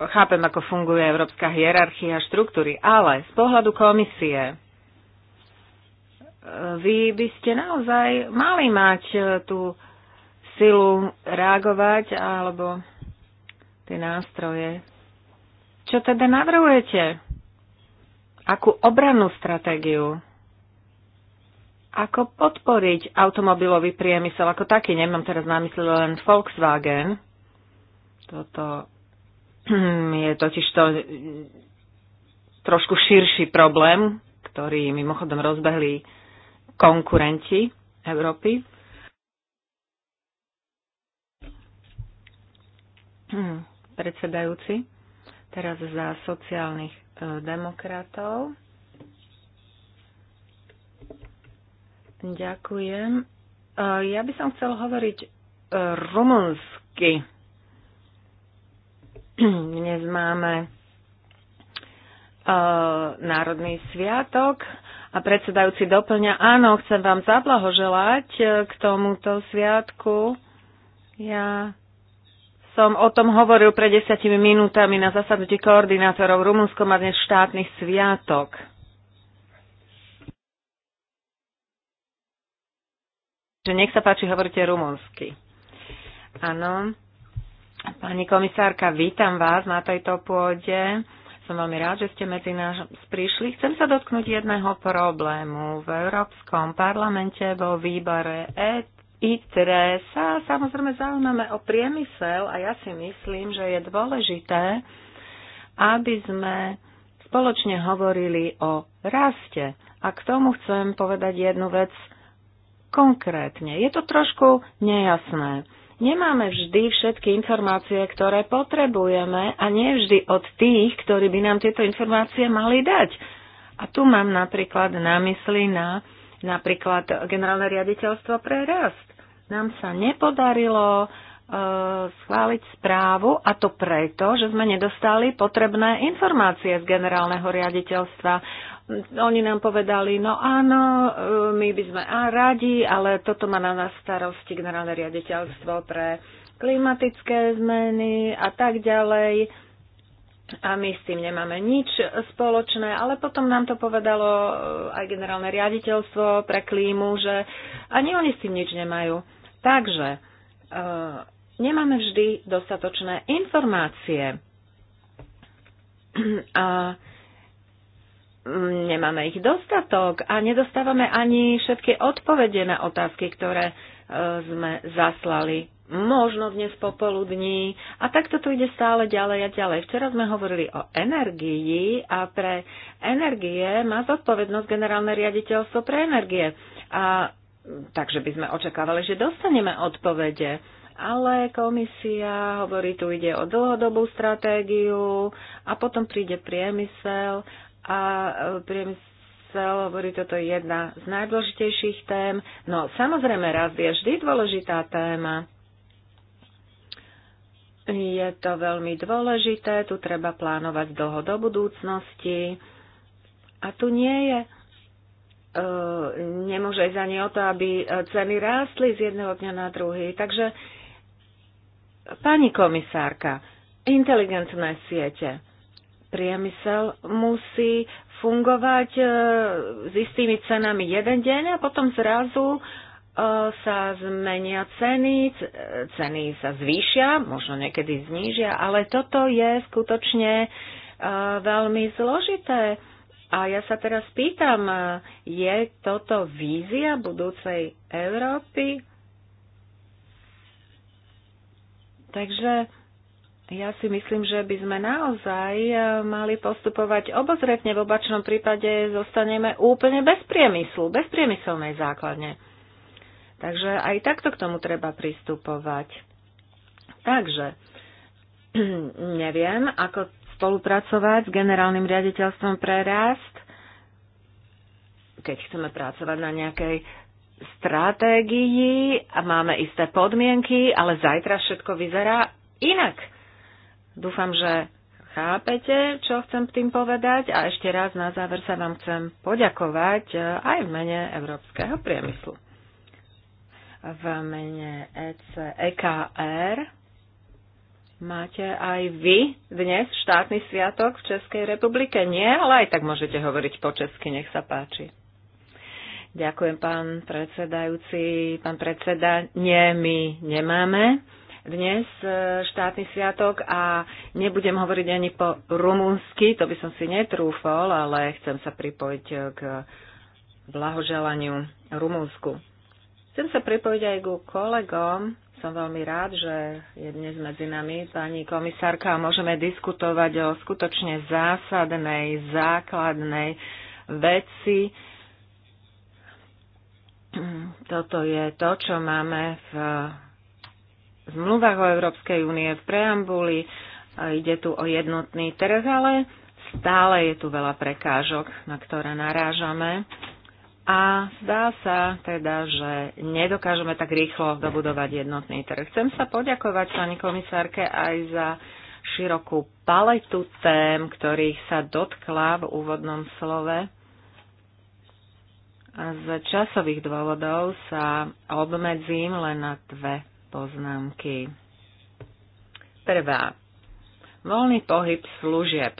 chápem, ako funguje európska hierarchia a štruktúry, ale z pohľadu komisie e, vy by ste naozaj mali mať e, tú silu reagovať alebo tie nástroje. Čo teda navrhujete? akú obrannú stratégiu, ako podporiť automobilový priemysel ako taký. Nemám teraz na mysli len Volkswagen. Toto je totiž to eh, trošku širší problém, ktorý mimochodom rozbehli konkurenti Európy. Hmm, predsedajúci, teraz za sociálnych Eh, demokratov. Ďakujem. Eh, ja by som chcel hovoriť eh, rumunsky. Dnes máme národný sviatok a predsedajúci doplňa, áno, chcem vám zablahoželať k tomuto sviatku. Ja som o tom hovoril pred desiatimi minútami na zasadnutí koordinátorov. Rumunsko má dnes štátny sviatok. Že nech sa páči, hovoríte rumunsky. Áno. Pani komisárka, vítam vás na tejto pôde. Som veľmi rád, že ste medzi nás prišli. Chcem sa dotknúť jedného problému. V Európskom parlamente vo výbore ET ITRE sa samozrejme zaujímame o priemysel a ja si myslím, že je dôležité, aby sme spoločne hovorili o raste. A k tomu chcem povedať jednu vec konkrétne. Je to trošku nejasné. Nemáme vždy všetky informácie, ktoré potrebujeme a nie vždy od tých, ktorí by nám tieto informácie mali dať. A tu mám napríklad na mysli na napríklad generálne riaditeľstvo pre rast. Nám sa nepodarilo e, schváliť správu a to preto, že sme nedostali potrebné informácie z generálneho riaditeľstva. Oni nám povedali, no áno, e, my by sme a radi, ale toto má na nás starosti generálne riaditeľstvo pre klimatické zmeny a tak ďalej a my s tým nemáme nič spoločné, ale potom nám to povedalo e, aj generálne riaditeľstvo pre klímu, že ani oni s tým nič nemajú. Takže e, nemáme vždy dostatočné informácie a nemáme ich dostatok a nedostávame ani všetky odpovede na otázky, ktoré e, sme zaslali možno dnes popoludní. A takto to ide stále ďalej a ďalej. Včera sme hovorili o energii a pre energie má zodpovednosť generálne riaditeľstvo pre energie. A takže by sme očakávali, že dostaneme odpovede. Ale komisia hovorí, tu ide o dlhodobú stratégiu a potom príde priemysel a e, priemysel hovorí, toto je jedna z najdôležitejších tém. No samozrejme, raz je vždy dôležitá téma. Je to veľmi dôležité, tu treba plánovať dlho do budúcnosti. A tu nie je, e, nemôže ísť ani o to, aby e, ceny rástli z jedného dňa na druhý. Takže, pani komisárka, inteligentné siete, priemysel musí fungovať e, s istými cenami jeden deň a potom zrazu e, sa zmenia ceny, ceny sa zvýšia, možno niekedy znížia, ale toto je skutočne e, veľmi zložité. A ja sa teraz pýtam, je toto vízia budúcej Európy? Takže ja si myslím, že by sme naozaj e, mali postupovať obozretne. V obačnom prípade zostaneme úplne bez priemyslu, bez priemyselnej základne. Takže aj takto k tomu treba pristupovať. Takže neviem, ako spolupracovať s generálnym riaditeľstvom pre rast, keď chceme pracovať na nejakej stratégii a máme isté podmienky, ale zajtra všetko vyzerá inak. Dúfam, že chápete, čo chcem tým povedať a ešte raz na záver sa vám chcem poďakovať eh, aj v mene európskeho priemyslu v mene EC, EKR. Máte aj vy dnes štátny sviatok v Českej republike? Nie, ale aj tak môžete hovoriť po česky, nech sa páči. Ďakujem, pán predsedajúci. Pán predseda, nie, my nemáme dnes e, štátny sviatok a nebudem hovoriť ani po rumúnsky, to by som si netrúfol, ale chcem sa pripojiť k blahoželaniu Rumúnsku. Chcem sa pripojiť aj ku kolegom. Som veľmi rád, že je dnes medzi nami pani komisárka a môžeme diskutovať o skutočne zásadnej, základnej veci. Toto je to, čo máme v zmluvách o Európskej únie v preambuli. Ide tu o jednotný trh, ale stále je tu veľa prekážok, na ktoré narážame a zdá sa teda, že nedokážeme tak rýchlo dobudovať jednotný trh. Chcem sa poďakovať pani komisárke aj za širokú paletu tém, ktorých sa dotkla v úvodnom slove. A z časových dôvodov sa obmedzím len na dve poznámky. Prvá. Voľný pohyb služieb.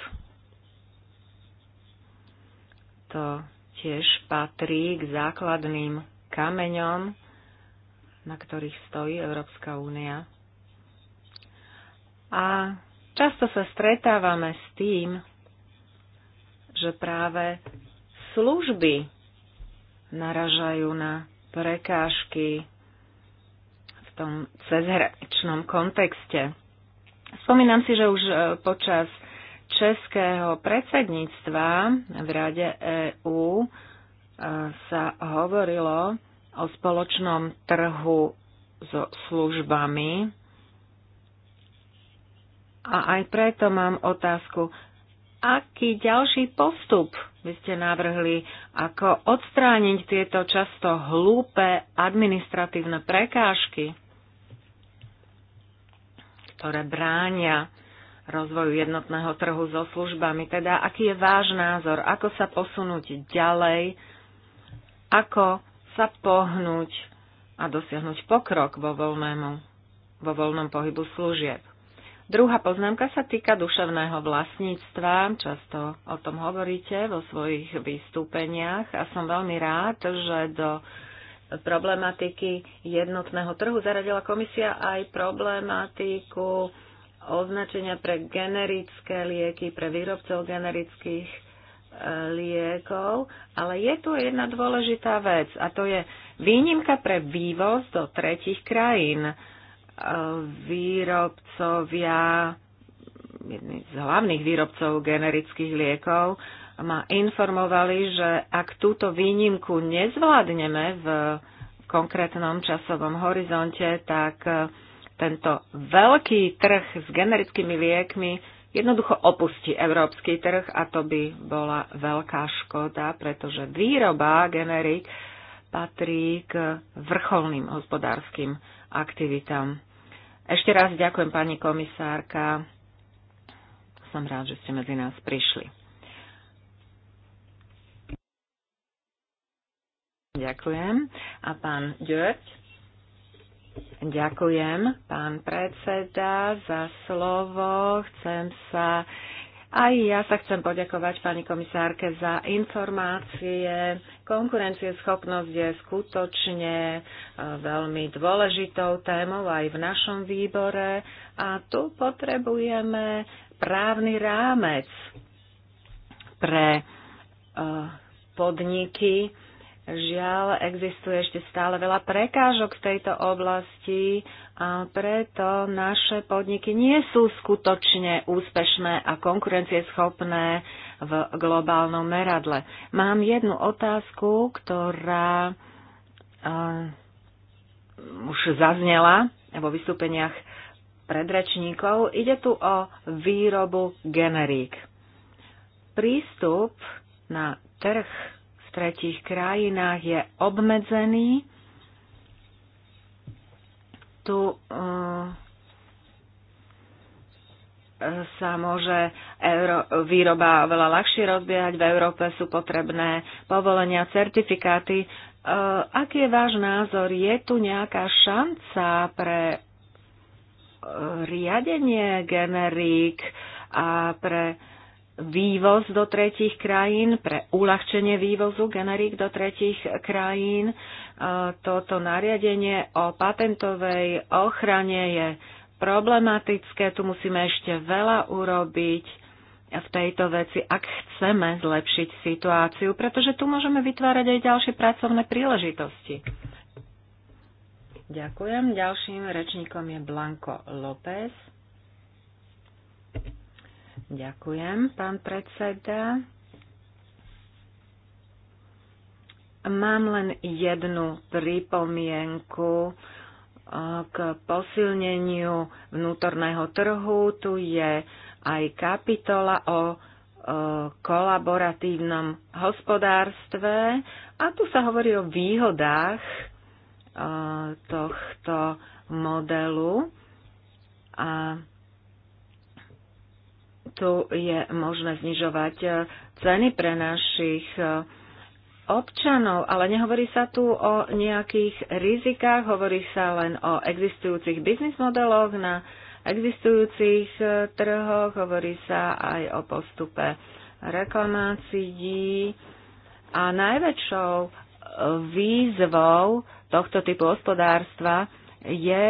To tiež patrí k základným kameňom, na ktorých stojí Európska únia. A často sa stretávame s tým, že práve služby naražajú na prekážky v tom cezhraničnom kontexte. Spomínam si, že už e, počas českého predsedníctva v Rade EÚ e, sa hovorilo o spoločnom trhu so službami. A aj preto mám otázku, aký ďalší postup by ste navrhli, ako odstrániť tieto často hlúpe administratívne prekážky, ktoré bránia rozvoju jednotného trhu so službami. Teda, aký je váš názor, ako sa posunúť ďalej, ako sa pohnúť a dosiahnuť pokrok vo, voľnému, vo voľnom pohybu služieb. Druhá poznámka sa týka duševného vlastníctva. Často o tom hovoríte vo svojich vystúpeniach a som veľmi rád, že do problematiky jednotného trhu zaradila komisia aj problematiku označenia pre generické lieky, pre výrobcov generických e, liekov, ale je tu jedna dôležitá vec a to je výnimka pre vývoz do tretich krajín. E, výrobcovia, jedný z hlavných výrobcov generických liekov, ma informovali, že ak túto výnimku nezvládneme v konkrétnom časovom horizonte, tak e, tento veľký trh s generickými liekmi jednoducho opustí európsky trh a to by bola veľká škoda, pretože výroba generik patrí k vrcholným hospodárskym aktivitám. Ešte raz ďakujem pani komisárka. Som rád, že ste medzi nás prišli. Ďakujem. A pán Ďurť? Ďakujem, pán predseda, za slovo. Chcem sa aj ja sa chcem poďakovať pani komisárke za informácie. Konkurencieschopnosť je skutočne eh, veľmi dôležitou témou aj v našom výbore a tu potrebujeme právny rámec pre eh, podniky, Žiaľ, existuje ešte stále veľa prekážok v tejto oblasti a preto naše podniky nie sú skutočne úspešné a konkurencieschopné v globálnom meradle. Mám jednu otázku, ktorá uh, už zaznela vo vystúpeniach predrečníkov. Ide tu o výrobu generík. Prístup na trh tretích krajinách je obmedzený. Tu eh, sa môže euro, výroba oveľa ľahšie rozbiehať. V Európe sú potrebné povolenia, certifikáty. Eh, aký je váš názor? Je tu nejaká šanca pre eh, riadenie generík a pre vývoz do tretích krajín, pre uľahčenie vývozu generík do tretích krajín. Toto nariadenie o patentovej ochrane je problematické, tu musíme ešte veľa urobiť v tejto veci, ak chceme zlepšiť situáciu, pretože tu môžeme vytvárať aj ďalšie pracovné príležitosti. Ďakujem. Ďalším rečníkom je Blanko López. Ďakujem, pán predseda. Mám len jednu pripomienku eh, k posilneniu vnútorného trhu. Tu je aj kapitola o eh, kolaboratívnom hospodárstve a tu sa hovorí o výhodách eh, tohto modelu. A tu je možné znižovať eh, ceny pre našich eh, občanov, ale nehovorí sa tu o nejakých rizikách, hovorí sa len o existujúcich biznis modeloch na existujúcich eh, trhoch, hovorí sa aj o postupe reklamácií. A najväčšou výzvou tohto typu hospodárstva je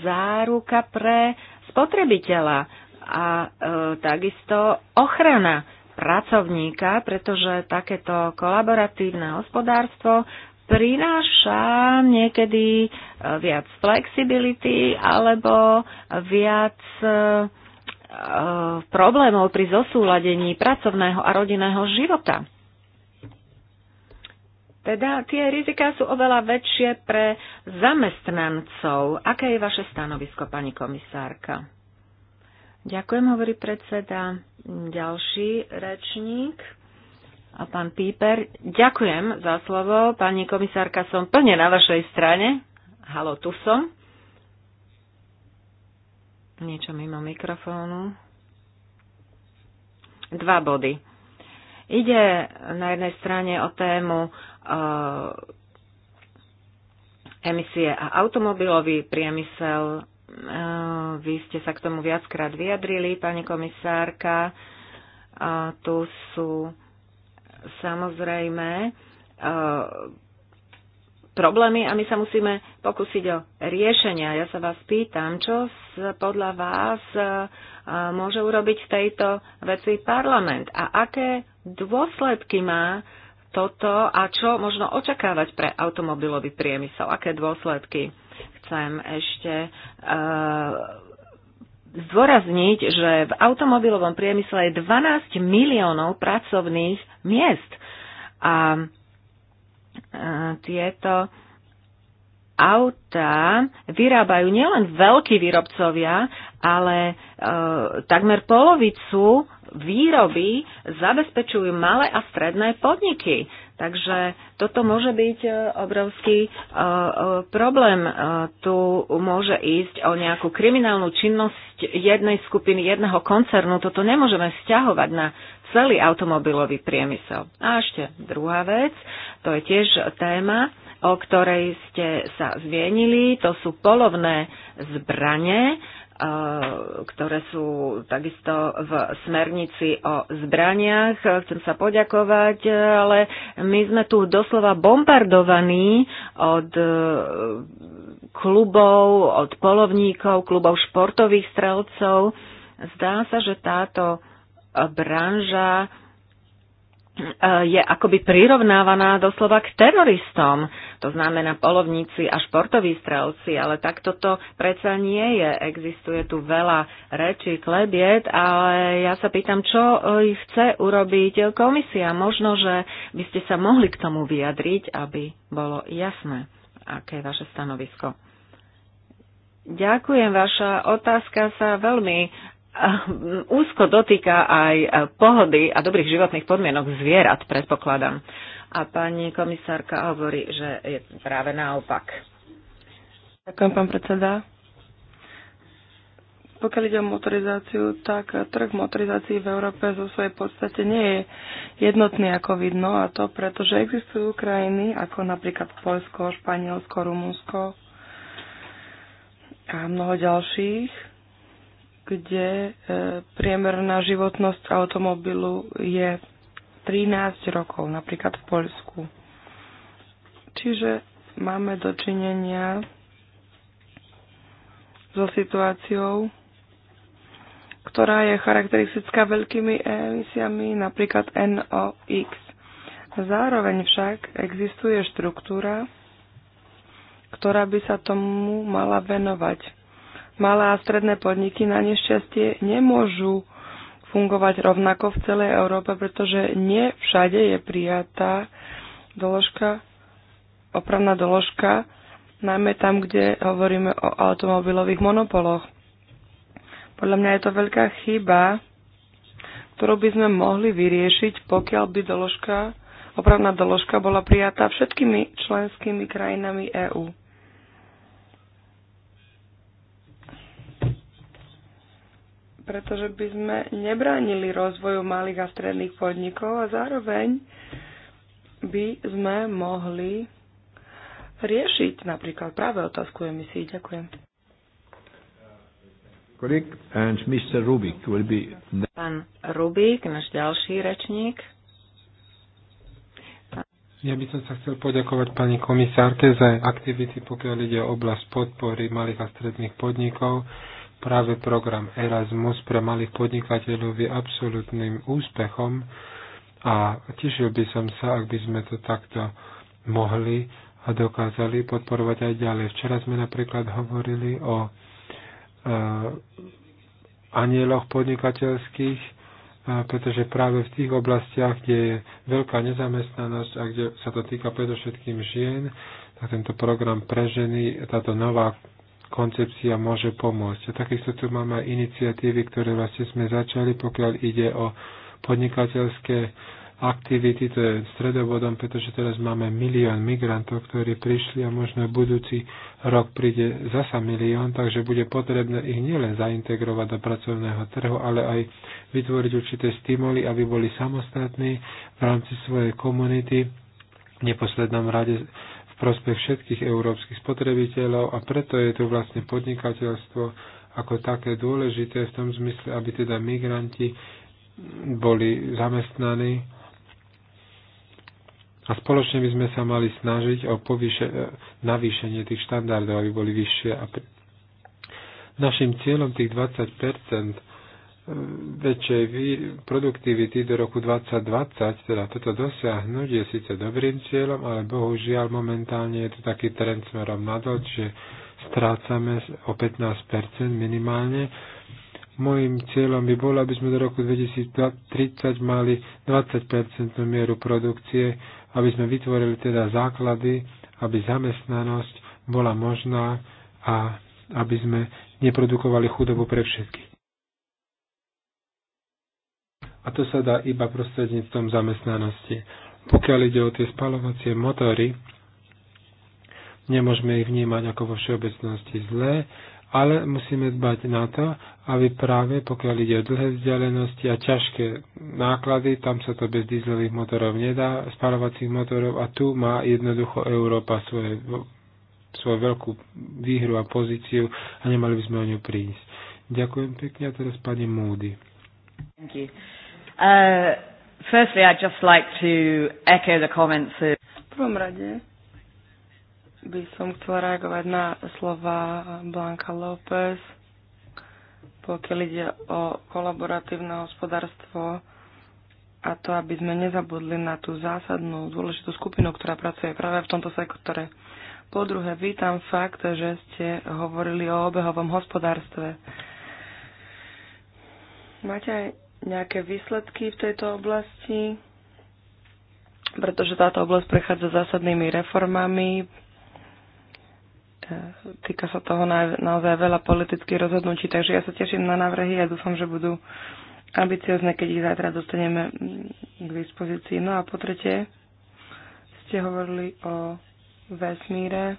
záruka pre spotrebiteľa a e, takisto ochrana pracovníka, pretože takéto kolaboratívne hospodárstvo prináša niekedy e, viac flexibility alebo viac e, problémov pri zosúladení pracovného a rodinného života. Teda tie riziká sú oveľa väčšie pre zamestnancov. Aké je vaše stanovisko, pani komisárka? Ďakujem, hovorí predseda. Ďalší rečník. A pán Píper, ďakujem za slovo. Pani komisárka, som plne na vašej strane. Halo, tu som. Niečo mimo mikrofónu. Dva body. Ide na jednej strane o tému e, emisie a automobilový priemysel Eh, vy ste sa k tomu viackrát vyjadrili, pani komisárka. Tu sú samozrejme eh, problémy a my sa musíme pokúsiť o riešenia. Ja sa vás pýtam, čo podľa vás eh, môže urobiť v tejto veci parlament a aké dôsledky má toto a čo možno očakávať pre automobilový priemysel, aké dôsledky. Chcem ešte eh, zdôrazniť, že v automobilovom priemysle je 12 miliónov pracovných miest. A eh, tieto auta vyrábajú nielen veľkí výrobcovia, ale e, takmer polovicu výroby zabezpečujú malé a stredné podniky. Takže toto môže byť e, obrovský e, e, problém. Tu môže ísť o nejakú kriminálnu činnosť jednej skupiny, jedného koncernu. Toto nemôžeme vzťahovať na celý automobilový priemysel. A ešte druhá vec, to je tiež téma, o ktorej ste sa zmienili, to sú polovné zbranie. Eh, ktoré sú takisto v smernici o zbraniach. Chcem sa poďakovať, eh, ale my sme tu doslova bombardovaní od eh, klubov, od polovníkov, klubov športových strelcov. Zdá sa, že táto branža E, je akoby prirovnávaná doslova k teroristom. To znamená polovníci a športoví strelci, ale tak toto predsa nie je. Existuje tu veľa rečí, klebiet, ale ja sa pýtam, čo e, chce urobiť komisia. Možno, že by ste sa mohli k tomu vyjadriť, aby bolo jasné, aké je vaše stanovisko. Ďakujem, vaša otázka sa veľmi úzko dotýka aj pohody a dobrých životných podmienok zvierat, predpokladám. A pani komisárka hovorí, že je práve naopak. Ďakujem, pán predseda. Pokiaľ ide o motorizáciu, tak trh motorizácií v Európe zo svojej podstate nie je jednotný, ako vidno, a to preto, že existujú krajiny, ako napríklad Polsko, Španielsko, Rumunsko a mnoho ďalších, kde e, priemerná životnosť automobilu je 13 rokov, napríklad v Poľsku. Čiže máme dočinenia so situáciou, ktorá je charakteristická veľkými emisiami, napríklad NOx. Zároveň však existuje štruktúra, ktorá by sa tomu mala venovať Malé a stredné podniky na nešťastie nemôžu fungovať rovnako v celej Európe, pretože nie všade je prijatá doložka, opravná doložka, najmä tam, kde hovoríme o automobilových monopoloch. Podľa mňa je to veľká chyba, ktorú by sme mohli vyriešiť, pokiaľ by doložka, opravná doložka bola prijatá všetkými členskými krajinami EÚ. pretože by sme nebránili rozvoju malých a stredných podnikov a zároveň by sme mohli riešiť napríklad práve otázku emisí. Ďakujem. And Mr. Rubik will be... Pán Rubik, náš ďalší rečník. Ja by som sa chcel poďakovať pani komisárke za aktivity, pokiaľ ide o oblasť podpory malých a stredných podnikov Práve program Erasmus pre malých podnikateľov je absolútnym úspechom a tešil by som sa, ak by sme to takto mohli a dokázali podporovať aj ďalej. Včera sme napríklad hovorili o e, anieloch podnikateľských, e, pretože práve v tých oblastiach, kde je veľká nezamestnanosť a kde sa to týka predovšetkým žien, tak tento program pre ženy, táto nová koncepcia môže pomôcť. A takisto tu máme aj iniciatívy, ktoré vlastne sme začali, pokiaľ ide o podnikateľské aktivity, to je stredobodom, pretože teraz máme milión migrantov, ktorí prišli a možno budúci rok príde zasa milión, takže bude potrebné ich nielen zaintegrovať do pracovného trhu, ale aj vytvoriť určité stimuly, aby boli samostatní v rámci svojej komunity, v neposlednom rade prospech všetkých európskych spotrebiteľov a preto je tu vlastne podnikateľstvo ako také dôležité v tom zmysle, aby teda migranti boli zamestnaní a spoločne by sme sa mali snažiť o povýše, navýšenie tých štandardov, aby boli vyššie. A našim cieľom tých 20 väčšej produktivity do roku 2020, teda toto dosiahnuť je síce dobrým cieľom, ale bohužiaľ momentálne je to taký trend smerom nadol, že strácame o 15% minimálne. Mojím cieľom by bolo, aby sme do roku 2030 mali 20% mieru produkcie, aby sme vytvorili teda základy, aby zamestnanosť bola možná a aby sme neprodukovali chudobu pre všetkých a to sa dá iba prostredníctvom zamestnanosti. Pokiaľ ide o tie spalovacie motory, nemôžeme ich vnímať ako vo všeobecnosti zlé, ale musíme dbať na to, aby práve pokiaľ ide o dlhé vzdialenosti a ťažké náklady, tam sa to bez dízlových motorov nedá, spalovacích motorov a tu má jednoducho Európa svoje, svoju veľkú výhru a pozíciu a nemali by sme o ňu prísť. Ďakujem pekne a teraz pani Moody. Thank you. Uh, firstly, I'd just like to echo the comments of... V prvom rade by som chcela reagovať na slova Blanka López, pokiaľ ide o kolaboratívne hospodárstvo a to, aby sme nezabudli na tú zásadnú dôležitú skupinu, ktorá pracuje práve v tomto sektore. Po druhé, vítam fakt, že ste hovorili o obehovom hospodárstve. Máte aj nejaké výsledky v tejto oblasti, pretože táto oblasť prechádza zásadnými reformami. E, týka sa toho naozaj veľa politických rozhodnutí, takže ja sa teším na návrhy a dúfam, že budú ambiciozne, keď ich zajtra dostaneme mm, k dispozícii. No a po tretie, ste hovorili o vesmíre,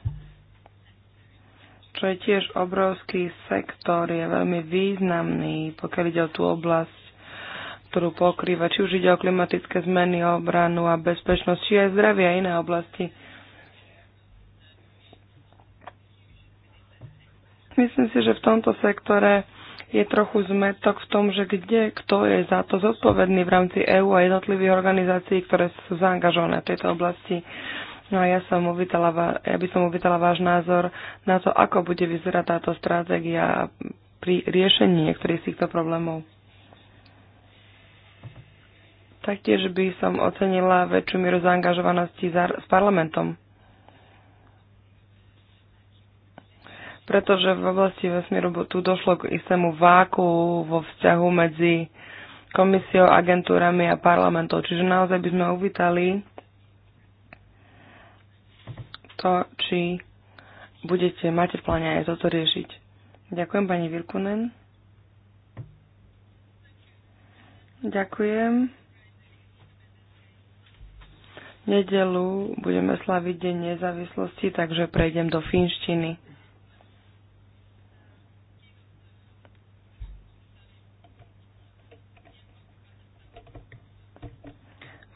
čo je tiež obrovský sektor, je veľmi významný, pokiaľ ide o tú oblasť ktorú pokrýva, či už ide o klimatické zmeny, o obranu a bezpečnosť, či aj zdravie a iné oblasti. Myslím si, že v tomto sektore je trochu zmetok v tom, že kde kto je za to zodpovedný v rámci EÚ a jednotlivých organizácií, ktoré sú zaangažované v tejto oblasti. No a ja, som uvítala, ja by som uvítala váš názor na to, ako bude vyzerať táto stratégia pri riešení niektorých z týchto problémov. Taktiež by som ocenila väčšiu mieru zaangažovanosti s parlamentom. Pretože v oblasti vesmíru tu došlo k istému váku vo vzťahu medzi komisiou, agentúrami a parlamentom. Čiže naozaj by sme uvítali to, či budete, máte v pláne aj toto riešiť. Ďakujem pani Virkunen. Ďakujem nedelu budeme slaviť Deň nezávislosti, takže prejdem do finštiny.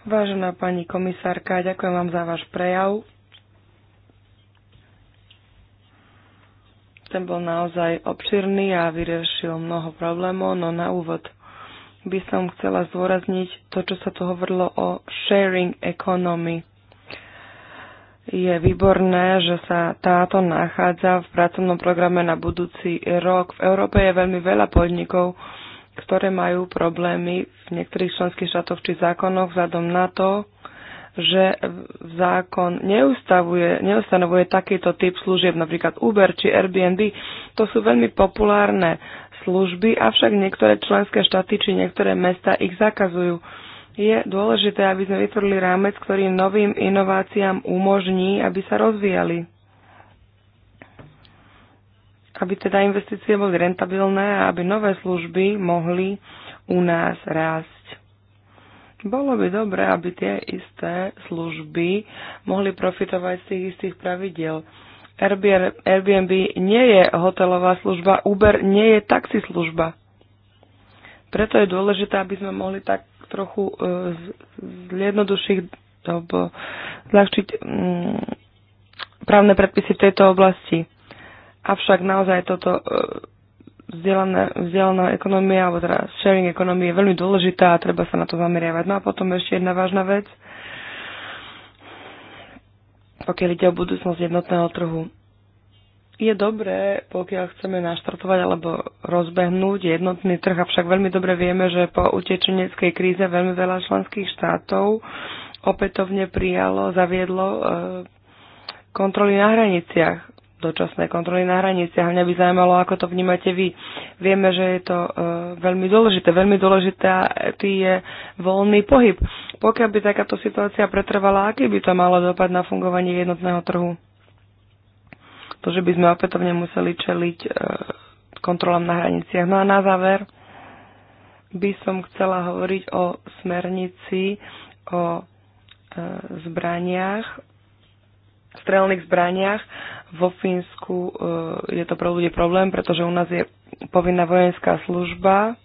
Vážená pani komisárka, ďakujem vám za váš prejav. Ten bol naozaj obširný a vyriešil mnoho problémov, no na úvod by som chcela zdôrazniť to, čo sa tu hovorilo o sharing economy. Je výborné, že sa táto nachádza v pracovnom programe na budúci rok. V Európe je veľmi veľa podnikov, ktoré majú problémy v niektorých členských štátoch či zákonoch vzhľadom na to, že zákon neustanovuje takýto typ služieb, napríklad Uber či Airbnb. To sú veľmi populárne služby, avšak niektoré členské štáty či niektoré mesta ich zakazujú. Je dôležité, aby sme vytvorili rámec, ktorý novým inováciám umožní, aby sa rozvíjali. Aby teda investície boli rentabilné a aby nové služby mohli u nás rásť. Bolo by dobré, aby tie isté služby mohli profitovať z tých istých pravidiel. Airbnb nie je hotelová služba, Uber nie je taxislužba. Preto je dôležité, aby sme mohli tak trochu e, zjednodušiť alebo zľahčiť mm, právne predpisy v tejto oblasti. Avšak naozaj toto e, vzdelaná, vzdelaná ekonomia, alebo teda sharing ekonomia je veľmi dôležitá a treba sa na to zameriavať. No a potom ešte jedna vážna vec – pokiaľ ide o budúcnosť jednotného trhu. Je dobré, pokiaľ chceme naštartovať alebo rozbehnúť jednotný trh, avšak veľmi dobre vieme, že po utečeneckej kríze veľmi veľa členských štátov opätovne prijalo, zaviedlo e, kontroly na hraniciach dočasné kontroly na hraniciach. Mňa by zaujímalo, ako to vnímate vy. Vieme, že je to e, veľmi dôležité. Veľmi dôležité e, tý je voľný pohyb. Pokiaľ by takáto situácia pretrvala, aký by to malo dopad na fungovanie jednotného trhu? To, že by sme opätovne museli čeliť e, kontrolám na hraniciach. No a na záver by som chcela hovoriť o smernici, o e, zbraniach, strelných zbraniach. Vo Fínsku e, je to pre ľudí problém, pretože u nás je povinná vojenská služba.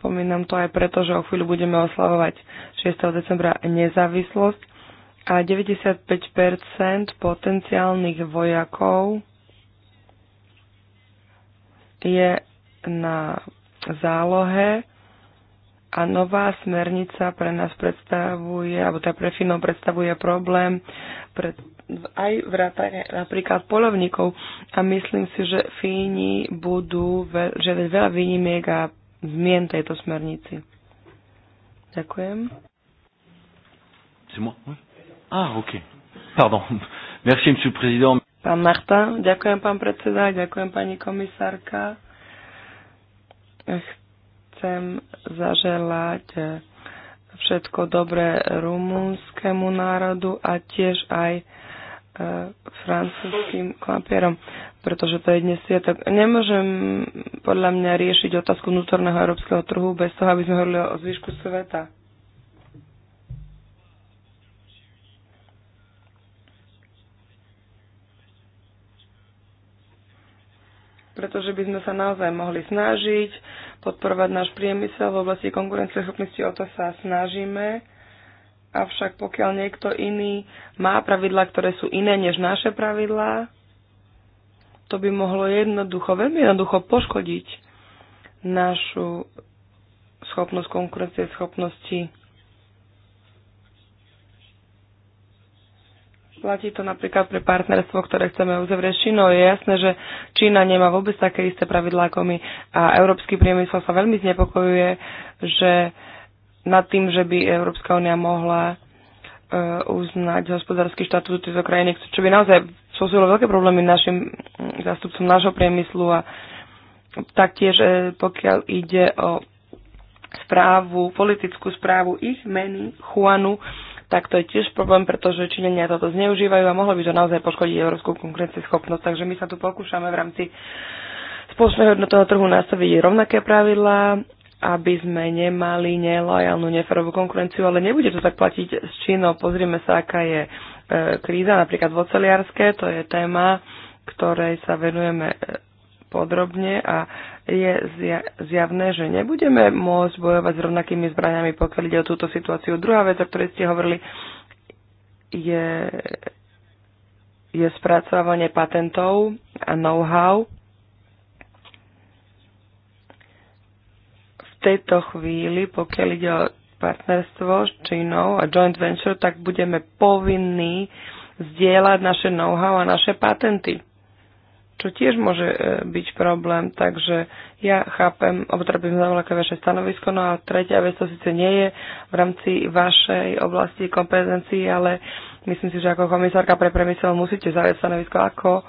Spomínam to aj preto, že o chvíľu budeme oslavovať 6. decembra nezávislosť a 95% potenciálnych vojakov je na zálohe a nová smernica pre nás predstavuje, alebo tá pre Finov predstavuje problém pre, aj vrátane napríklad polovníkov. A myslím si, že Fíni budú, veľ, že veľa výnimiek a zmien tejto smernici. Ďakujem. Ah, ok. Pardon. Merci, monsieur le président. Pán Marta, ďakujem pán predseda, ďakujem pani komisárka. Ech chcem zaželať eh, všetko dobré rumúnskému národu a tiež aj e, francúzským klapierom, pretože to je dnes sviatok. Nemôžem podľa mňa riešiť otázku vnútorného európskeho trhu bez toho, aby sme hovorili o zvyšku sveta. pretože by sme sa naozaj mohli snažiť podporovať náš priemysel v oblasti konkurencieschopnosti, o to sa snažíme. Avšak pokiaľ niekto iný má pravidlá, ktoré sú iné než naše pravidlá, to by mohlo jednoducho, veľmi jednoducho poškodiť našu schopnosť konkurencie schopnosti Platí to napríklad pre partnerstvo, ktoré chceme uzavrieť s Čínou. Je jasné, že Čína nemá vôbec také isté pravidlá ako my a európsky priemysel sa veľmi znepokojuje, že nad tým, že by Európska únia mohla e, uznať hospodársky štatút tejto krajiny, čo by naozaj spôsobilo veľké problémy našim mm, zástupcom nášho priemyslu a taktiež e, pokiaľ ide o správu, politickú správu ich meny Juanu, tak to je tiež problém, pretože Číňania toto zneužívajú a mohlo by to naozaj poškodiť európsku konkurencieschopnosť. Takže my sa tu pokúšame v rámci spoločného jednotného trhu nastaviť rovnaké pravidlá, aby sme nemali nelojálnu, neferovú konkurenciu, ale nebude to tak platiť s Čínou. Pozrime sa, aká je e, kríza, napríklad v oceliarské, to je téma, ktorej sa venujeme e, podrobne a je zjavné, že nebudeme môcť bojovať s rovnakými zbraniami, pokiaľ ide o túto situáciu. Druhá vec, o ktorej ste hovorili, je, je spracovanie patentov a know-how. V tejto chvíli, pokiaľ ide o partnerstvo s Čínou a joint venture, tak budeme povinní zdieľať naše know-how a naše patenty čo tiež môže e, byť problém, takže ja chápem, obtrpím za veľké vaše stanovisko, no a tretia vec to síce nie je v rámci vašej oblasti kompetencií, ale myslím si, že ako komisárka pre premysel musíte zaviesť stanovisko, ako, e,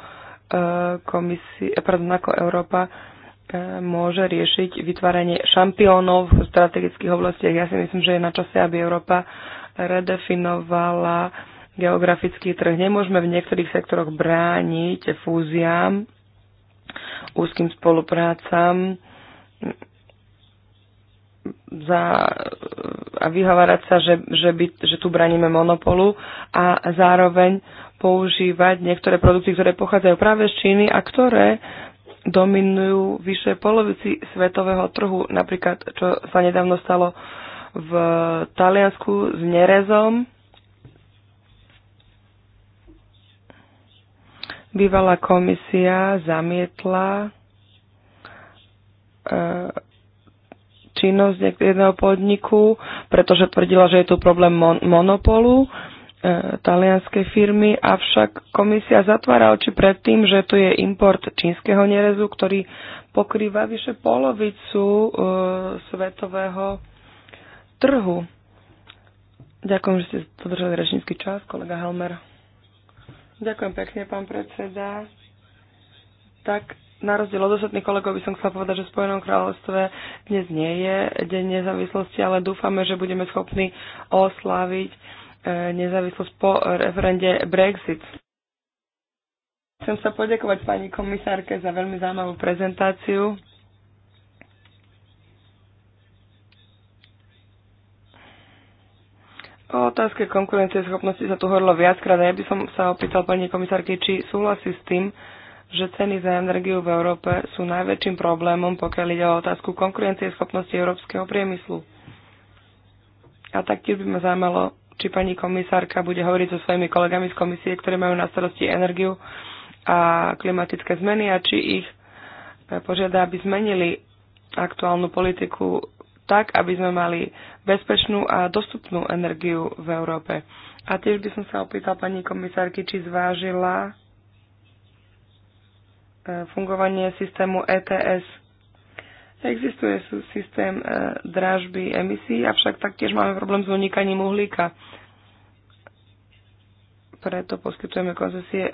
komisi, e, pardon, ako Európa môže riešiť vytváranie šampiónov v strategických oblastiach. Ja si myslím, že je na čase, aby Európa redefinovala geografický trh. Nemôžeme v niektorých sektoroch brániť fúziám, úzkým spoluprácam za, a vyhovárať sa, že, že, by, že tu braníme monopolu a zároveň používať niektoré produkty, ktoré pochádzajú práve z Číny a ktoré dominujú vyše polovici svetového trhu. Napríklad, čo sa nedávno stalo v Taliansku s nerezom, Bývalá komisia zamietla e, činnosť jedného podniku, pretože tvrdila, že je tu problém monopolu e, talianskej firmy, avšak komisia zatvára oči pred tým, že tu je import čínskeho nerezu, ktorý pokrýva vyše polovicu e, svetového trhu. Ďakujem, že ste dodržali rečnícky čas, kolega Helmer. Ďakujem pekne, pán predseda. Tak na rozdiel od ostatných kolegov by som chcela povedať, že v Spojenom kráľovstve dnes nie je deň nezávislosti, ale dúfame, že budeme schopní oslaviť e, nezávislosť po referende Brexit. Chcem sa poďakovať pani komisárke za veľmi zaujímavú prezentáciu. O otázke konkurencie schopnosti sa tu hovorilo viackrát a ja by som sa opýtal pani komisárky, či súhlasí s tým, že ceny za energiu v Európe sú najväčším problémom, pokiaľ ide o otázku konkurencie schopnosti európskeho priemyslu. A taktiež by ma zaujímalo, či pani komisárka bude hovoriť so svojimi kolegami z komisie, ktorí majú na starosti energiu a klimatické zmeny a či ich požiada, aby zmenili aktuálnu politiku tak, aby sme mali bezpečnú a dostupnú energiu v Európe. A tiež by som sa opýtal pani komisárky, či zvážila e, fungovanie systému ETS. Existuje systém e, dražby emisí, avšak taktiež máme problém s unikaním uhlíka. Preto poskytujeme koncesie e,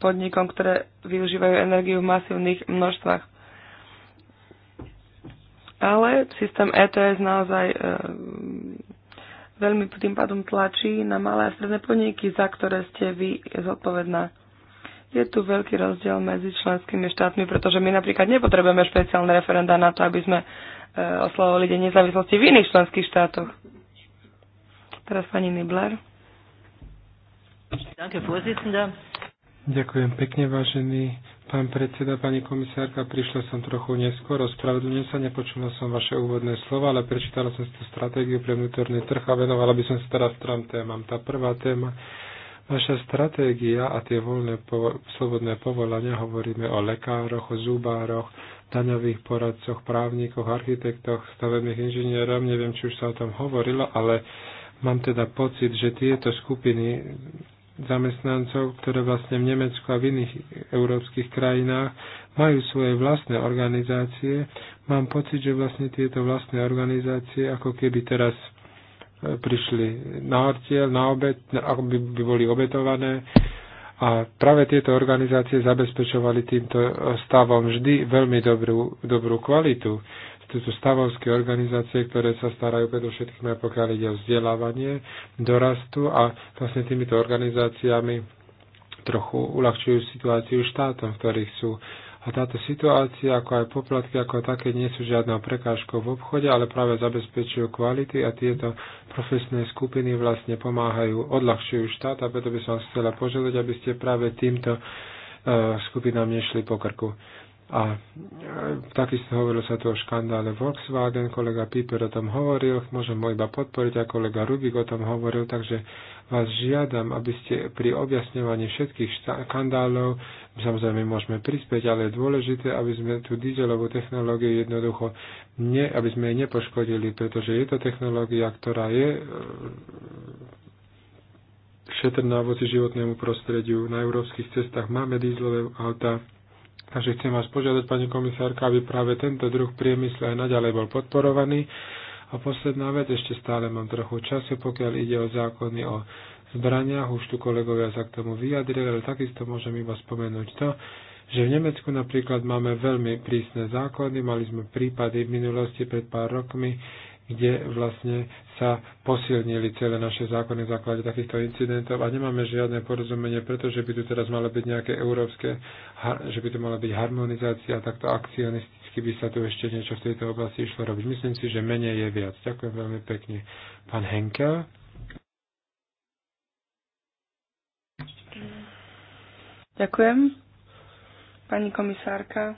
podnikom, ktoré využívajú energiu v masívnych množstvách. Ale systém ETS naozaj e, veľmi tým pádom tlačí na malé a stredné podniky, za ktoré ste vy zodpovedná. Je tu veľký rozdiel medzi členskými štátmi, pretože my napríklad nepotrebujeme špeciálne referenda na to, aby sme e, eh, oslovovali Deň nezávislosti v iných členských štátoch. Teraz pani Nibler. Danke, Vorsitzender. Ďakujem pekne, vážený pán predseda, pani komisárka. Prišla som trochu neskôr, ospravedlňujem sa, nepočula som vaše úvodné slova, ale prečítala som si tú stratégiu pre vnútorný trh a venovala by som sa teraz trom témam. Tá prvá téma, Vaša stratégia a tie voľné povo- slobodné povolania, hovoríme o lekároch, o zubároch, daňových poradcoch, právnikoch, architektoch, stavebných inžinierov, neviem, či už sa o tom hovorilo, ale mám teda pocit, že tieto skupiny zamestnancov, ktoré vlastne v Nemecku a v iných európskych krajinách majú svoje vlastné organizácie. Mám pocit, že vlastne tieto vlastné organizácie ako keby teraz e, prišli na ortiel, na obet, ako by, by boli obetované. A práve tieto organizácie zabezpečovali týmto stavom vždy veľmi dobrú, dobrú kvalitu. Sú stavovské organizácie, ktoré sa starajú predovšetkým aj pokiaľ ide o vzdelávanie, dorastu a vlastne týmito organizáciami trochu uľahčujú situáciu štátom, v ktorých sú. A táto situácia, ako aj poplatky, ako také, nie sú žiadnou prekážkou v obchode, ale práve zabezpečujú kvality a tieto profesné skupiny vlastne pomáhajú, odľahčujú štát a preto by som chcela požiadať, aby ste práve týmto eh, skupinám nešli po krku. A e, takisto hovorilo sa tu o škandále Volkswagen, kolega Piper o tom hovoril, môžem ho iba podporiť a kolega Rubik o tom hovoril, takže vás žiadam, aby ste pri objasňovaní všetkých škandálov, samozrejme môžeme prispieť, ale je dôležité, aby sme tú dieselovú technológiu jednoducho, ne, aby sme jej nepoškodili, pretože je to technológia, ktorá je e, šetrná voci životnému prostrediu. Na európskych cestách máme dieselové auta, Takže chcem vás požiadať, pani komisárka, aby práve tento druh priemysle aj naďalej bol podporovaný. A posledná vec, ešte stále mám trochu času, pokiaľ ide o zákony o zbraniach, už tu kolegovia sa k tomu vyjadrili, ale takisto môžem iba spomenúť to, že v Nemecku napríklad máme veľmi prísne zákony, mali sme prípady v minulosti pred pár rokmi, kde vlastne sa posilnili celé naše zákony v základe takýchto incidentov a nemáme žiadne porozumenie, pretože by tu teraz malo byť nejaké európske, že by tu mala byť harmonizácia, takto akcionisticky by sa tu ešte niečo v tejto oblasti išlo robiť. Myslím si, že menej je viac. Ďakujem veľmi pekne. Pán Henkel. Ďakujem. Pani komisárka,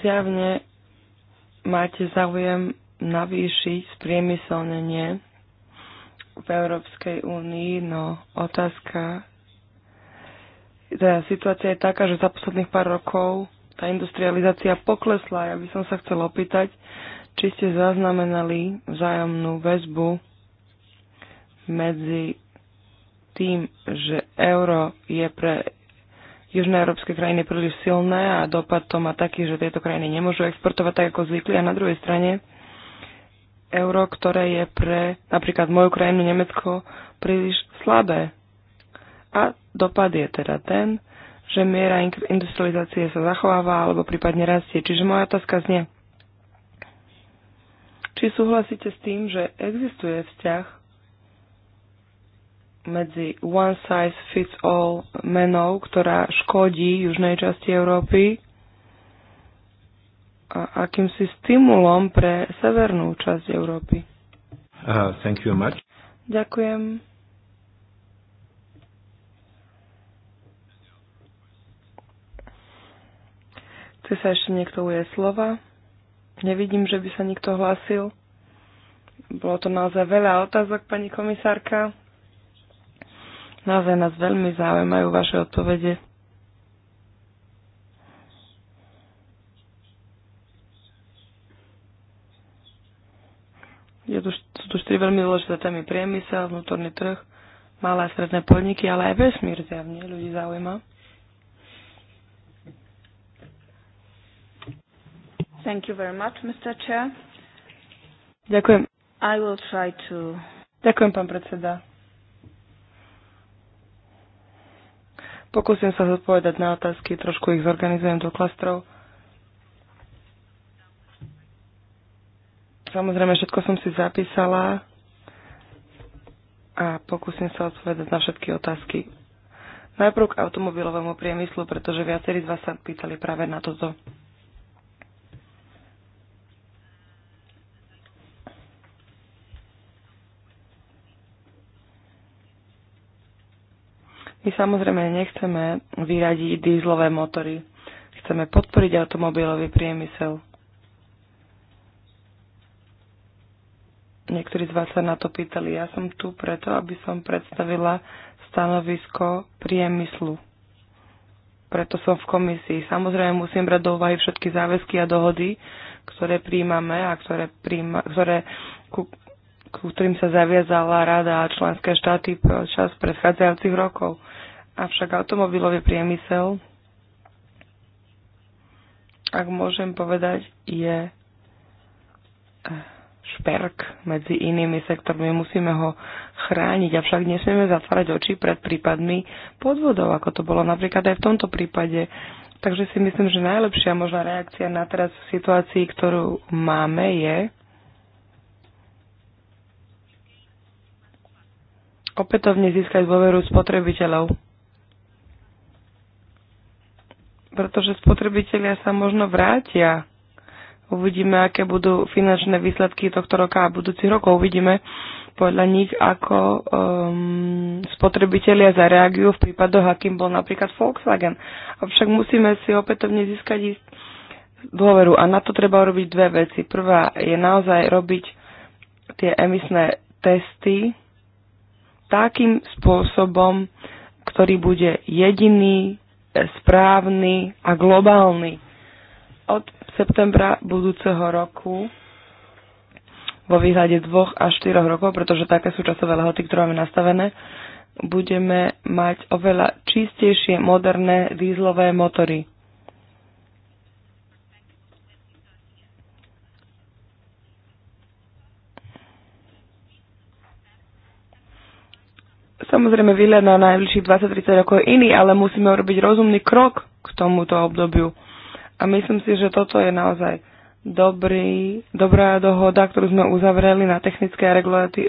zjavne máte záujem navýšiť spriemyselnenie v Európskej únii, no otázka, teda situácia je taká, že za posledných pár rokov tá industrializácia poklesla. Ja by som sa chcel opýtať, či ste zaznamenali vzájomnú väzbu medzi tým, že euro je pre južnoeurópske krajiny príliš silné a dopad to má taký, že tieto krajiny nemôžu exportovať tak, ako zvykli a na druhej strane euro, ktoré je pre napríklad moju krajinu Nemecko príliš slabé. A dopad je teda ten, že miera industrializácie sa zachováva alebo prípadne rastie. Čiže moja otázka znie, či súhlasíte s tým, že existuje vzťah medzi one size fits all menou, ktorá škodí južnej časti Európy a akýmsi stimulom pre severnú časť Európy. Uh, thank you much. Ďakujem. Chce sa ešte niekto uje slova? Nevidím, že by sa nikto hlásil. Bolo to naozaj veľa otázok, pani komisárka. Naozaj nás veľmi zaujímajú vaše odpovede. Je tu, sú tu štyri veľmi dôležité témy. Priemysel, vnútorný trh, malé a stredné podniky, ale aj vesmír zjavne ľudí zaujíma. Thank you very much, Mr. Chair. Ďakujem. I will try to... Ďakujem, pán predseda. Pokúsim sa zodpovedať na otázky, trošku ich zorganizujem do klastrov. Samozrejme, všetko som si zapísala a pokúsim sa odpovedať na všetky otázky. Najprv k automobilovému priemyslu, pretože viacerí z vás sa pýtali práve na toto. My samozrejme nechceme vyradiť dýzlové motory. Chceme podporiť automobilový priemysel. Niektorí z vás sa na to pýtali. Ja som tu preto, aby som predstavila stanovisko priemyslu. Preto som v komisii. Samozrejme musím brať do úvahy všetky záväzky a dohody, ktoré príjmame a ktoré, príjma, ktoré ku ktorým sa zaviazala Rada a členské štáty počas predchádzajúcich rokov. Avšak automobilový priemysel, ak môžem povedať, je eh, šperk medzi inými sektormi. Musíme ho chrániť, avšak nesmieme zatvárať oči pred prípadmi podvodov, ako to bolo napríklad aj v tomto prípade. Takže si myslím, že najlepšia možná reakcia na teraz v situácii, ktorú máme, je opätovne získať dôveru spotrebiteľov. Pretože spotrebitelia sa možno vrátia. Uvidíme, aké budú finančné výsledky tohto roka a budúcich rokov. Uvidíme podľa nich, ako um, spotrebitelia zareagujú v prípadoch, akým bol napríklad Volkswagen. Avšak musíme si opätovne získať dôveru a na to treba urobiť dve veci. Prvá je naozaj robiť tie emisné testy, takým spôsobom, ktorý bude jediný, správny a globálny. Od septembra budúceho roku vo výhľade dvoch až štyroch rokov, pretože také sú časové lehoty, ktoré máme nastavené, budeme mať oveľa čistejšie, moderné dýzlové motory. Samozrejme, výhľad na najbližších 20-30 rokov je iný, ale musíme urobiť rozumný krok k tomuto obdobiu. A myslím si, že toto je naozaj dobrý, dobrá dohoda, ktorú sme uzavreli na technickej a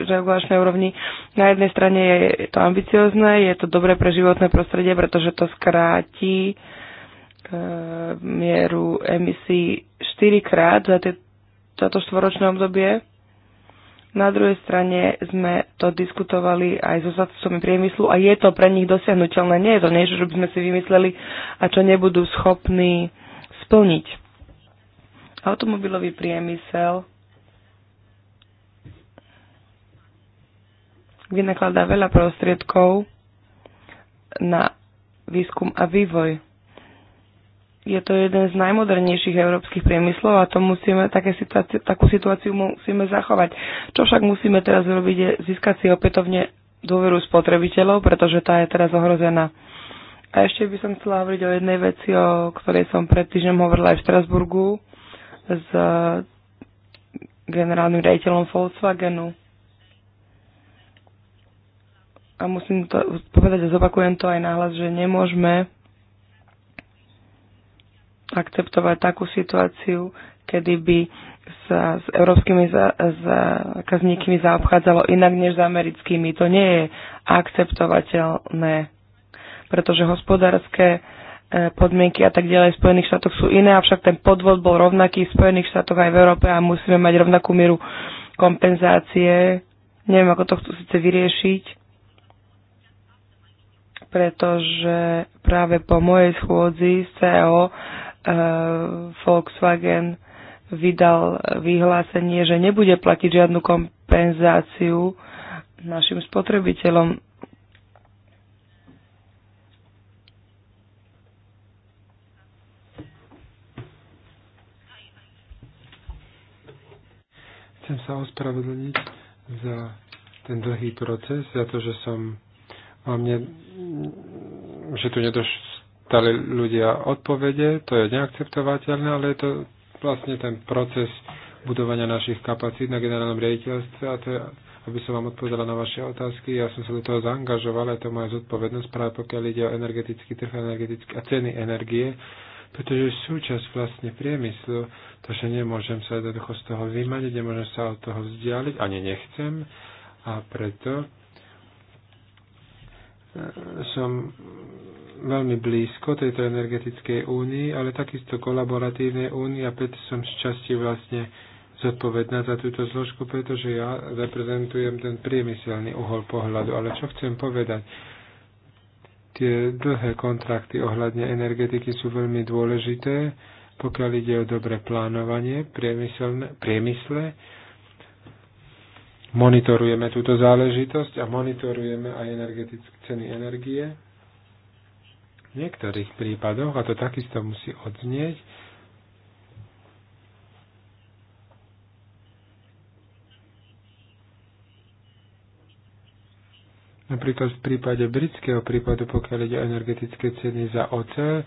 regulačnej úrovni. Na jednej strane je to ambiciozne, je to dobré pre životné prostredie, pretože to skráti e, mieru emisí 4 krát za tie, toto štvoročné obdobie na druhej strane sme to diskutovali aj so zastupcami priemyslu a je to pre nich dosiahnuteľné. Nie je to niečo, čo by sme si vymysleli a čo nebudú schopní splniť. Automobilový priemysel vynakladá veľa prostriedkov na výskum a vývoj je to jeden z najmodernejších európskych priemyslov a to musíme, také situácie, takú situáciu musíme zachovať. Čo však musíme teraz urobiť je získať si opätovne dôveru spotrebiteľov, pretože tá je teraz ohrozená. A ešte by som chcela hovoriť o jednej veci, o ktorej som pred týždňom hovorila aj v Strasburgu s generálnym rejiteľom Volkswagenu. A musím to povedať a zopakujem to aj nahlas, že nemôžeme akceptovať takú situáciu, kedy by sa s európskymi zákazníkmi za, za zaobchádzalo inak než s americkými. To nie je akceptovateľné, pretože hospodárske e, podmienky a tak ďalej v Spojených štátoch sú iné, avšak ten podvod bol rovnaký v Spojených štátoch aj v Európe a musíme mať rovnakú mieru kompenzácie. Neviem, ako to chcú síce vyriešiť, pretože práve po mojej schôdzi z CEO E, Volkswagen vydal vyhlásenie, že nebude platiť žiadnu kompenzáciu našim spotrebiteľom. Chcem sa ospravedlniť za ten dlhý proces, za to, že som vám ne, že tu nedoš, dali ľudia odpovede, to je neakceptovateľné, ale je to vlastne ten proces budovania našich kapacít na generálnom riaditeľstve a to je, aby som vám odpovedala na vaše otázky, ja som sa do toho zaangažoval, je to moja zodpovednosť práve pokiaľ ide o energetický trh energetický, a ceny energie, pretože súčasť vlastne priemyslu, to, že nemôžem sa jednoducho z toho vymaniť, nemôžem sa od toho vzdialiť, ani nechcem a preto e, som veľmi blízko tejto energetickej únii, ale takisto kolaboratívnej únii a preto som z časti vlastne zodpovedná za túto zložku, pretože ja reprezentujem ten priemyselný uhol pohľadu. Ale čo chcem povedať? Tie dlhé kontrakty ohľadne energetiky sú veľmi dôležité, pokiaľ ide o dobré plánovanie priemysle. Monitorujeme túto záležitosť a monitorujeme aj energetické ceny energie. V niektorých prípadoch, a to takisto musí odznieť, Napríklad v prípade britského prípadu, pokiaľ ide o energetické ceny za oceľ,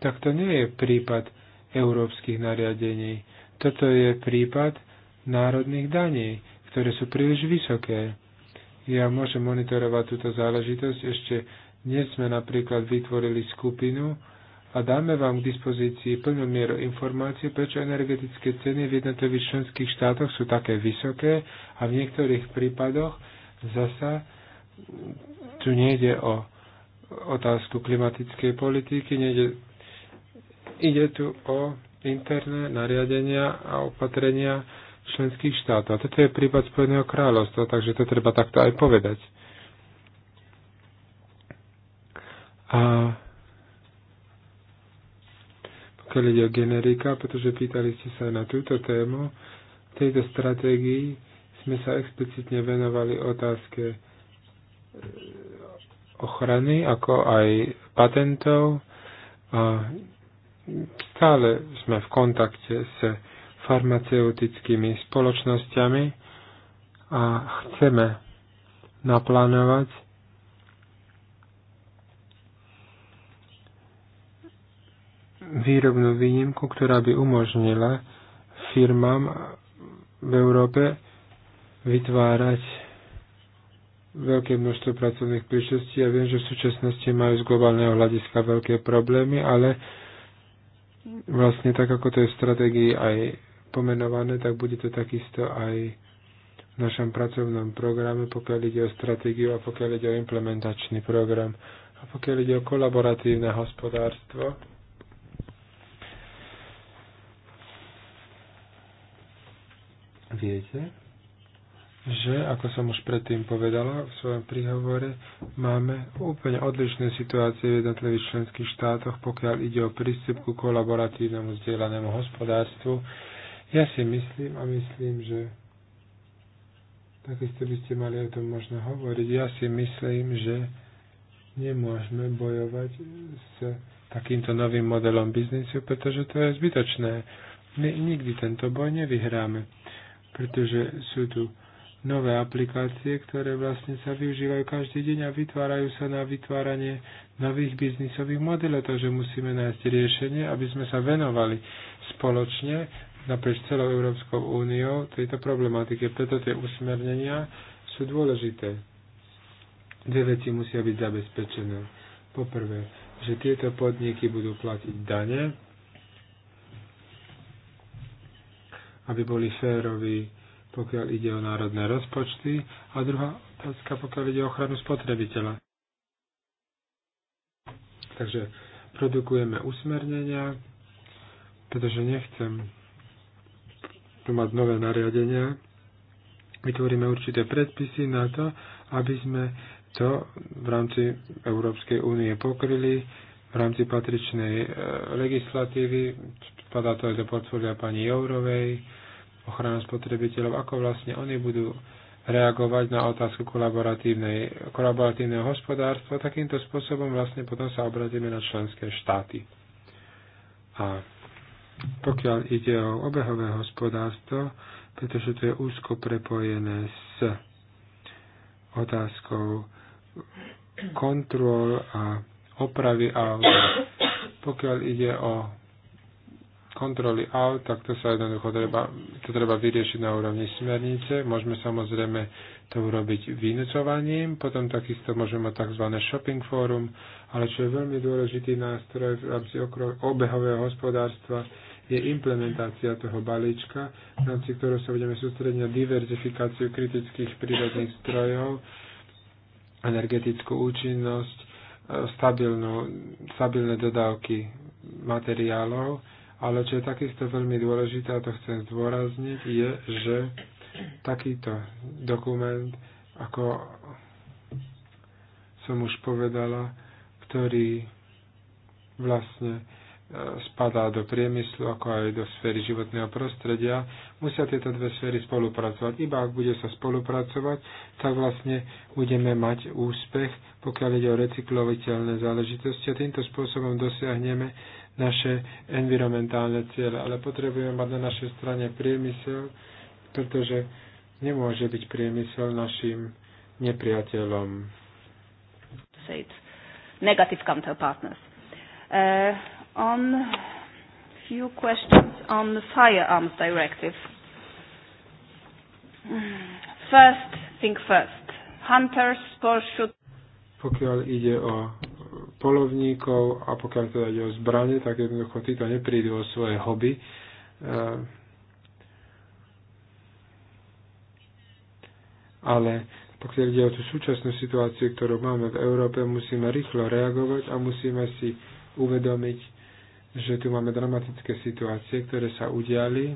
tak to nie je prípad európskych nariadení. Toto je prípad národných daní, ktoré sú príliš vysoké. Ja môžem monitorovať túto záležitosť ešte dnes sme napríklad vytvorili skupinu a dáme vám k dispozícii plnú mieru informácií, prečo energetické ceny v jednotlivých členských štátoch sú také vysoké a v niektorých prípadoch zasa tu nejde o otázku klimatickej politiky, nejde, ide tu o interné nariadenia a opatrenia členských štátov. A toto je prípad Spojeného kráľovstva, takže to treba takto aj povedať. A pokiaľ ide o generika, pretože pýtali ste sa aj na túto tému, v tejto stratégii sme sa explicitne venovali otázke e, ochrany, ako aj patentov. A stále sme v kontakte s farmaceutickými spoločnosťami a chceme naplánovať výrobnú výnimku, ktorá by umožnila firmám v Európe vytvárať veľké množstvo pracovných príležitostí. Ja viem, že v súčasnosti majú z globálneho hľadiska veľké problémy, ale vlastne tak, ako to je v stratégii aj pomenované, tak bude to takisto aj v našom pracovnom programe, pokiaľ ide o stratégiu a pokiaľ ide o implementačný program a pokiaľ ide o kolaboratívne hospodárstvo Viete, že, ako som už predtým povedala v svojom príhovore, máme úplne odlišné situácie v jednotlivých členských štátoch, pokiaľ ide o prístup ku kolaboratívnemu vzdielanému hospodárstvu. Ja si myslím a myslím, že takisto by ste mali o tom možno hovoriť. Ja si myslím, že nemôžeme bojovať s takýmto novým modelom biznisu, pretože to je zbytočné. My nikdy tento boj nevyhráme pretože sú tu nové aplikácie, ktoré vlastne sa využívajú každý deň a vytvárajú sa na vytváranie nových biznisových modelov, takže musíme nájsť riešenie, aby sme sa venovali spoločne naprieč celou Európskou úniou tejto problematike. Preto tie usmernenia sú dôležité. Dve veci musia byť zabezpečené. Poprvé, že tieto podniky budú platiť dane, aby boli féroví, pokiaľ ide o národné rozpočty a druhá otázka, pokiaľ ide o ochranu spotrebiteľa. Takže produkujeme usmernenia, pretože nechcem tu mať nové nariadenia. Vytvoríme určité predpisy na to, aby sme to v rámci Európskej únie pokryli v rámci patričnej e, legislatívy, spadá to aj do portfólia pani Jourovej, ochrana spotrebiteľov, ako vlastne oni budú reagovať na otázku kolaboratívneho hospodárstva. Takýmto spôsobom vlastne potom sa obrazíme na členské štáty. A pokiaľ ide o obehové hospodárstvo, pretože to je úzko prepojené s otázkou kontrol a opravy aut. Pokiaľ ide o kontroly aut, tak to sa jednoducho treba, to treba vyriešiť na úrovni smernice. Môžeme samozrejme to urobiť vynúcovaním, potom takisto môžeme mať tzv. shopping forum, ale čo je veľmi dôležitý nástroj v rámci obehového hospodárstva, je implementácia toho balíčka, v rámci ktorého sa budeme sústrediť na diverzifikáciu kritických prírodných strojov, energetickú účinnosť, stabilnú, stabilné dodávky materiálov, ale čo je takisto veľmi dôležité, a to chcem zdôrazniť, je, že takýto dokument, ako som už povedala, ktorý vlastne spadá do priemyslu, ako aj do sféry životného prostredia, musia tieto dve sféry spolupracovať. Iba ak bude sa spolupracovať, tak vlastne budeme mať úspech, pokiaľ ide o recykloviteľné záležitosti a týmto spôsobom dosiahneme naše environmentálne ciele. Ale potrebujeme mať na našej strane priemysel, pretože nemôže byť priemysel našim nepriateľom. Negative counterpartners. Uh, on few questions on the firearms directive. First thing first. Hunters Pokiaľ ide o polovníkov a pokiaľ teda ide o zbranie, tak jednoducho títo neprídu o svoje hobby. Eh, ale pokiaľ ide o tú súčasnú situáciu, ktorú máme v Európe, musíme rýchlo reagovať a musíme si uvedomiť, že tu máme dramatické situácie, ktoré sa udiali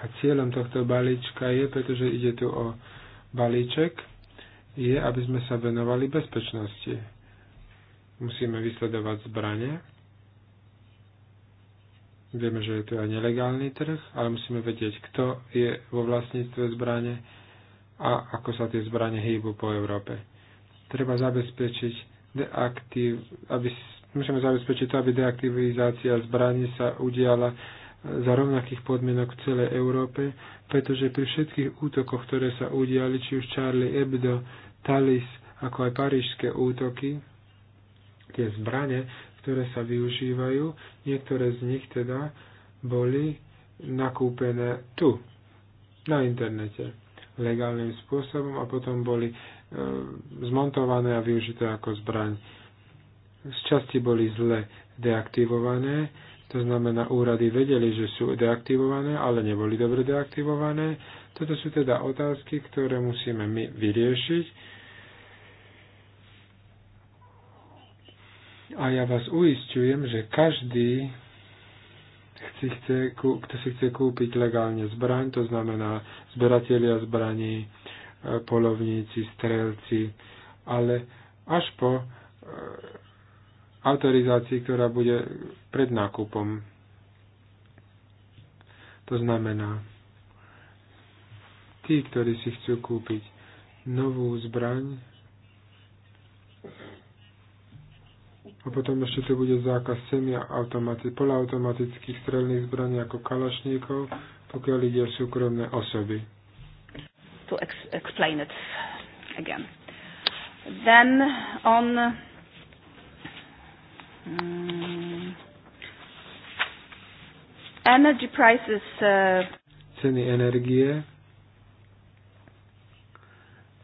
a cieľom tohto balíčka je, pretože ide tu o balíček, je, aby sme sa venovali bezpečnosti. Musíme vysledovať zbranie. Vieme, že je tu aj nelegálny trh, ale musíme vedieť, kto je vo vlastníctve zbranie a ako sa tie zbranie hýbu po Európe. Treba zabezpečiť, deaktiv, aby Musíme zabezpečiť, aby deaktivizácia zbraní sa udiala eh, za rovnakých podmienok v celej Európe, pretože pri všetkých útokoch, ktoré sa udiali, či už Charlie Hebdo, Talis, ako aj parížské útoky, tie zbranie, ktoré sa využívajú, niektoré z nich teda boli nakúpené tu, na internete, legálnym spôsobom a potom boli e, zmontované a využité ako zbraň z časti boli zle deaktivované, to znamená, úrady vedeli, že sú deaktivované, ale neboli dobre deaktivované. Toto sú teda otázky, ktoré musíme my vyriešiť. A ja vás uistujem, že každý, chce, kto si chce kúpiť legálne zbraň, to znamená zberatelia zbraní, e, polovníci, strelci, ale až po e, autorizácii, ktorá bude pred nákupom. To znamená, tí, ktorí si chcú kúpiť novú zbraň, a potom ešte tu bude zákaz semiautomatických, polautomatických strelných zbraní ako kalašníkov, pokiaľ ide o súkromné osoby. To ex- explain it again. Then on Mm, energy prices. Uh, Ceny energie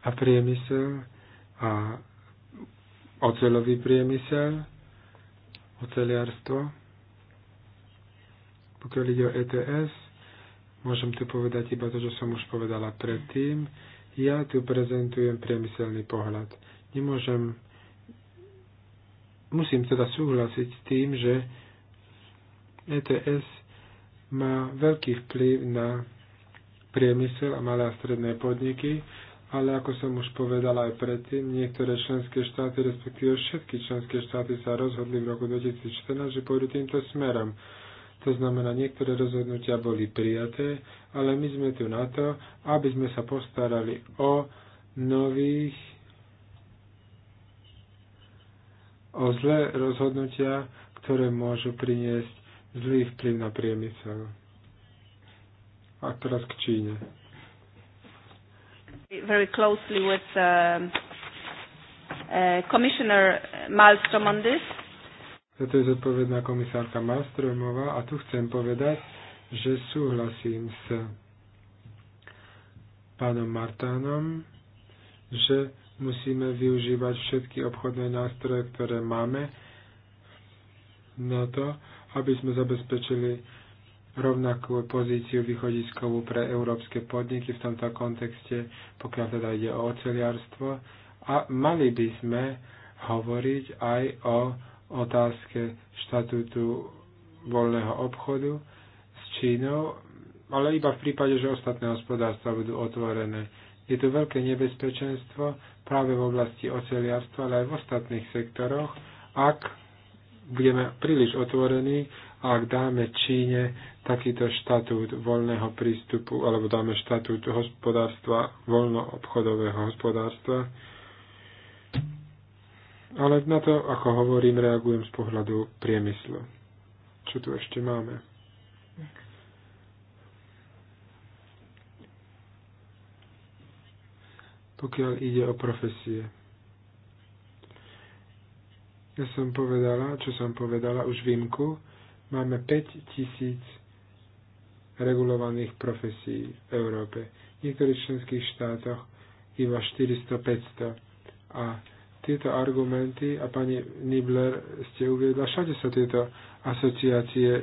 a priemysel a oceľový priemysel, oceliarstvo. Pokiaľ ide o ETS, môžem tu povedať iba to, čo som už povedala predtým. Ja tu prezentujem priemyselný pohľad. Nemôžem musím teda súhlasiť s tým, že ETS má veľký vplyv na priemysel a malé a stredné podniky, ale ako som už povedal aj predtým, niektoré členské štáty, respektíve všetky členské štáty sa rozhodli v roku 2014, že pôjdu týmto smerom. To znamená, niektoré rozhodnutia boli prijaté, ale my sme tu na to, aby sme sa postarali o nových o zlé rozhodnutia, ktoré môžu priniesť zlý vplyv na priemysel. A teraz k Číne. Very closely with uh, uh, Commissioner Malmström on this. Toto je zodpovedná komisárka Malstromová a tu chcem povedať, že súhlasím s pánom Martánom, že Musíme využívať všetky obchodné nástroje, ktoré máme na to, aby sme zabezpečili rovnakú pozíciu východiskovú pre európske podniky v tomto kontexte, pokiaľ teda ide o oceliarstvo. A mali by sme hovoriť aj o otázke štatútu voľného obchodu s Čínou, ale iba v prípade, že ostatné hospodárstva budú otvorené. Je to veľké nebezpečenstvo práve v oblasti oceliarstva, ale aj v ostatných sektoroch, ak budeme príliš otvorení a ak dáme Číne takýto štatút voľného prístupu, alebo dáme štatút hospodárstva, voľnoobchodového hospodárstva. Ale na to, ako hovorím, reagujem z pohľadu priemyslu. Čo tu ešte máme? pokiaľ ide o profesie. Ja som povedala, čo som povedala, už výmku, máme 5 tisíc regulovaných profesí v Európe. V niektorých členských štátoch iba 400-500. A tieto argumenty, a pani Nibler ste uviedla, všade sa tieto asociácie e,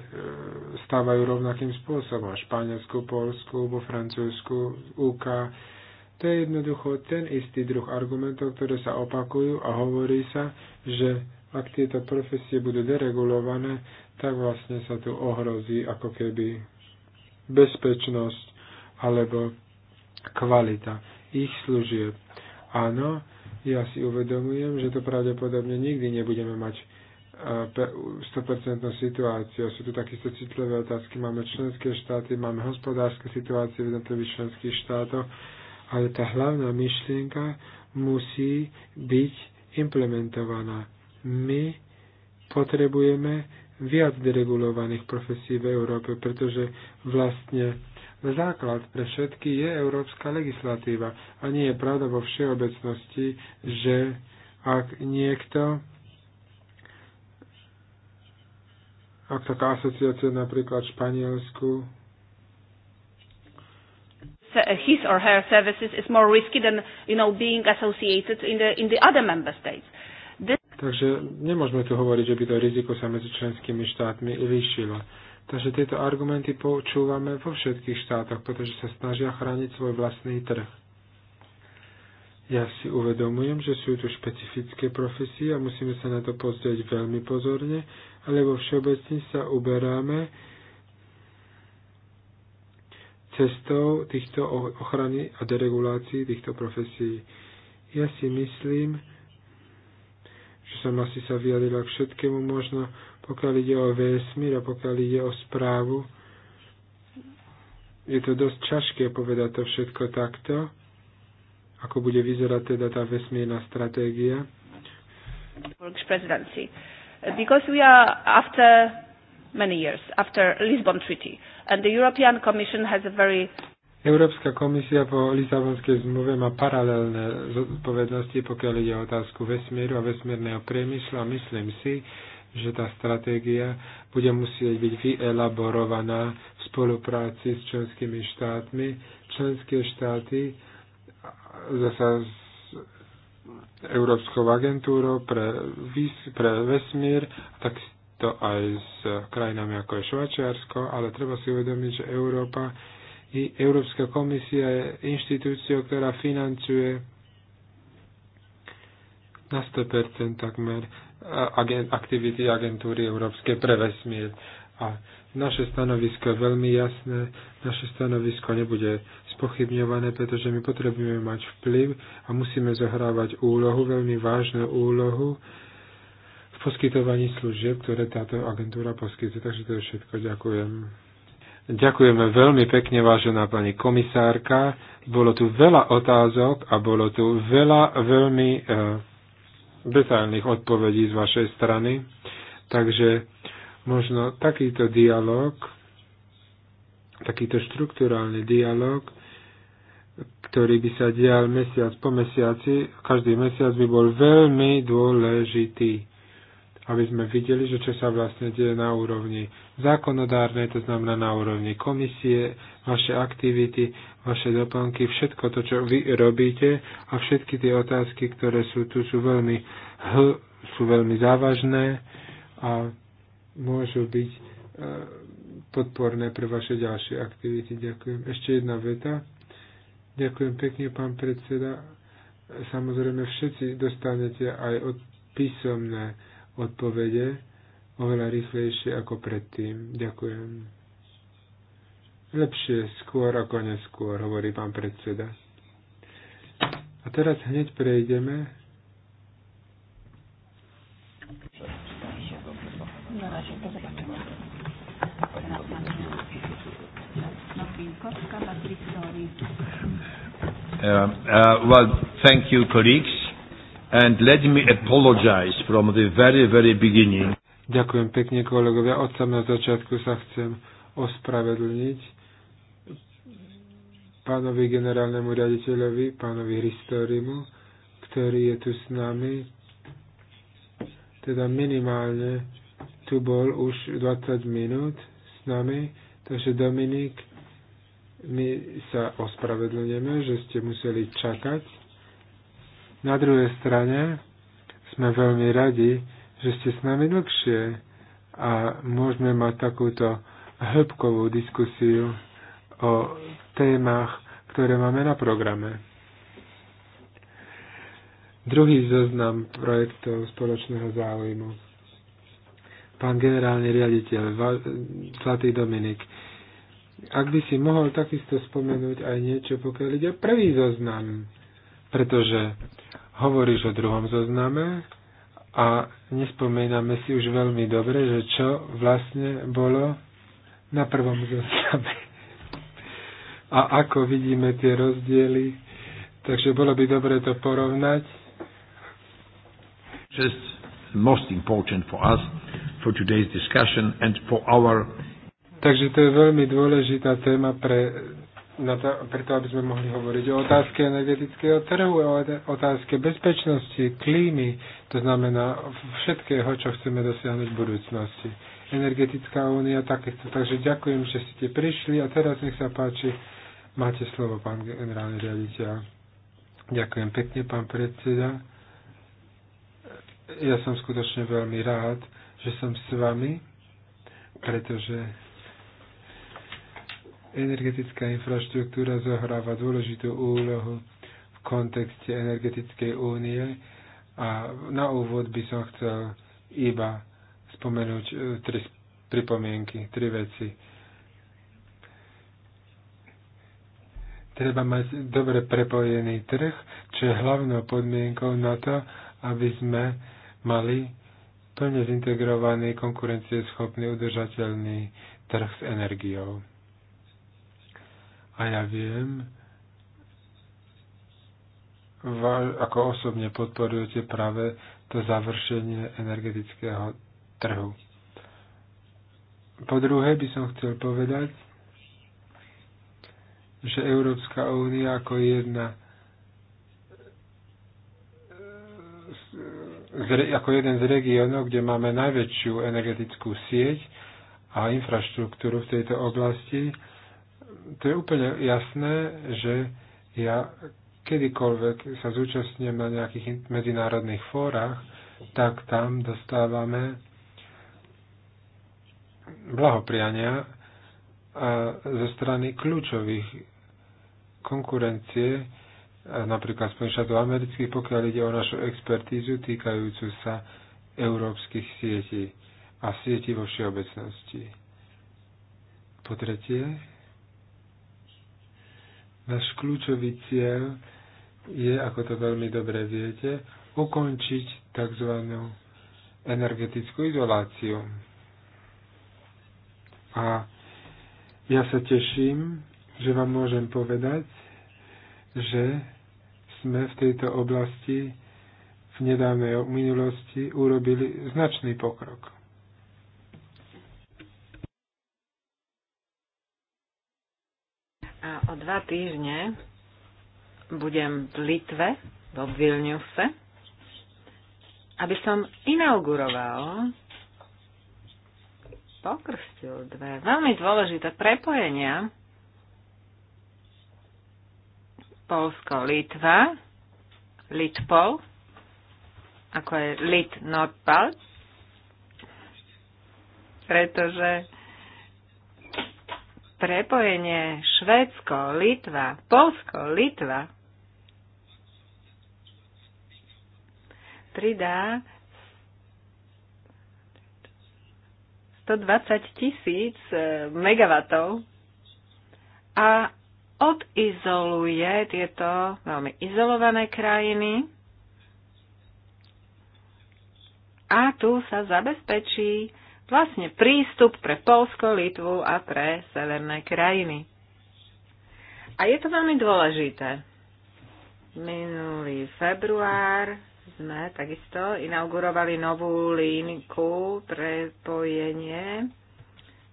stávajú rovnakým spôsobom. Španielsku, Polsku, vo Francúzsku, UK, to je jednoducho ten istý druh argumentov, ktoré sa opakujú a hovorí sa, že ak tieto profesie budú deregulované, tak vlastne sa tu ohrozí ako keby bezpečnosť alebo kvalita ich služieb. Áno, ja si uvedomujem, že to pravdepodobne nikdy nebudeme mať 100% e, situáciu. Sú tu takisto citlivé otázky. Máme členské štáty, máme hospodárske situácie v jednotlivých členských štátoch ale tá hlavná myšlienka musí byť implementovaná. My potrebujeme viac deregulovaných profesí v Európe, pretože vlastne základ pre všetky je európska legislatíva. A nie je pravda vo všeobecnosti, že ak niekto, ak taká asociácia napríklad v Španielsku his or her services is more risky than you know being associated in the in the other member states. This... Takže nemôžeme tu hovoriť, že by to riziko sa medzi členskými štátmi líšilo. Takže tieto argumenty počúvame vo všetkých štátoch, pretože sa snažia chrániť svoj vlastný trh. Ja si uvedomujem, že sú tu špecifické profesie a musíme sa na to pozrieť veľmi pozorne, ale vo všeobecne sa uberáme cestou týchto ochrany a deregulácií týchto profesí. Ja si myslím, že som asi sa vyjadila k všetkému možno, pokiaľ ide o vesmír a pokiaľ ide o správu. Je to dosť ťažké povedať to všetko takto, ako bude vyzerať teda tá vesmírna stratégia. Because we are after many years after Lisbon Treaty. And the European Commission has a very Európska komisia po Lisabonskej zmluve má paralelné zodpovednosti, pokiaľ ide o otázku vesmíru a vesmírneho priemyslu a myslím si, že tá stratégia bude musieť byť vyelaborovaná v spolupráci s členskými štátmi. Členské štáty zasa s Európskou agentúrou pre, pre vesmír, tak to aj s krajinami ako je Švajčiarsko, ale treba si uvedomiť, že Európa i Európska komisia je inštitúciou, ktorá financuje na 100% takmer aktivity agentúry Európskej pre vesmír. A naše stanovisko je veľmi jasné, naše stanovisko nebude spochybňované, pretože my potrebujeme mať vplyv a musíme zohrávať úlohu, veľmi vážnu úlohu, poskytovaní služieb, ktoré táto agentúra poskytuje. Takže to je všetko. Ďakujem. Ďakujeme veľmi pekne, vážená pani komisárka. Bolo tu veľa otázok a bolo tu veľa veľmi e, detailných odpovedí z vašej strany. Takže možno takýto dialog, takýto štruktúrálny dialog, ktorý by sa dial mesiac po mesiaci, každý mesiac by bol veľmi dôležitý aby sme videli, že čo sa vlastne deje na úrovni zákonodárnej, to znamená na úrovni komisie, vaše aktivity, vaše doplnky, všetko to, čo vy robíte a všetky tie otázky, ktoré sú tu, sú veľmi, h, sú veľmi závažné a môžu byť e, podporné pre vaše ďalšie aktivity. Ďakujem. Ešte jedna veta. Ďakujem pekne, pán predseda. Samozrejme, všetci dostanete aj od písomné odpovede oveľa rýchlejšie ako predtým. Ďakujem. Lepšie skôr ako neskôr, hovorí pán predseda. A teraz hneď prejdeme Uh, uh, well, thank you, colleagues. And let me apologize from the very, very beginning. Ďakujem pekne, kolegovia. Od samého začiatku sa chcem ospravedlniť pánovi generálnemu riaditeľovi, pánovi Hristorimu, ktorý je tu s nami. Teda minimálne tu bol už 20 minút s nami, takže Dominik, my sa ospravedlňujeme, že ste museli čakať na druhej strane sme veľmi radi, že ste s nami dlhšie a môžeme mať takúto hĺbkovú diskusiu o témach, ktoré máme na programe. Druhý zoznam projektov spoločného záujmu. Pán generálny riaditeľ Zlatý Dominik, ak by si mohol takisto spomenúť aj niečo, pokiaľ ide o prvý zoznam, pretože hovoríš o druhom zozname a nespomíname si už veľmi dobre, že čo vlastne bolo na prvom zozname. A ako vidíme tie rozdiely, takže bolo by dobre to porovnať. Just most important for us for today's discussion and for our Takže to je veľmi dôležitá téma pre na to, preto, aby sme mohli hovoriť o otázke energetického trhu, o otázke bezpečnosti, klímy, to znamená všetkého, čo chceme dosiahnuť v budúcnosti. Energetická únia takisto. Takže ďakujem, že ste prišli a teraz nech sa páči, máte slovo, pán generálny riaditeľ. Ďakujem pekne, pán predseda. Ja som skutočne veľmi rád, že som s vami, pretože energetická infraštruktúra zohráva dôležitú úlohu v kontexte energetickej únie a na úvod by som chcel iba spomenúť e, tri pripomienky, tri veci. Treba mať dobre prepojený trh, čo je hlavnou podmienkou na to, aby sme mali plne zintegrovaný, konkurencieschopný, udržateľný trh s energiou. A ja viem, ako osobne podporujete práve to završenie energetického trhu. Po druhé by som chcel povedať, že Európska únia ako jedna ako jeden z regiónov, kde máme najväčšiu energetickú sieť a infraštruktúru v tejto oblasti, to je úplne jasné, že ja kedykoľvek sa zúčastňujem na nejakých medzinárodných fórach, tak tam dostávame blahopriania a zo strany kľúčových konkurencie, napríklad Spojených štátov amerických, pokiaľ ide o našu expertízu týkajúcu sa európskych sietí a sietí vo všeobecnosti. Po tretie, Náš kľúčový cieľ je, ako to veľmi dobre viete, ukončiť tzv. energetickú izoláciu. A ja sa teším, že vám môžem povedať, že sme v tejto oblasti v nedávnej minulosti urobili značný pokrok. A o dva týždne budem v Litve, vo Vilniuse, aby som inauguroval, pokrstil dve veľmi dôležité prepojenia Polsko-Litva, Litpol, ako je Lit nordpol pretože prepojenie Švédsko, Litva, Polsko, Litva pridá 120 tisíc e, megawatov a odizoluje tieto veľmi izolované krajiny a tu sa zabezpečí vlastne prístup pre Polsko, Litvu a pre severné krajiny. A je to veľmi dôležité. Minulý február sme takisto inaugurovali novú linku prepojenie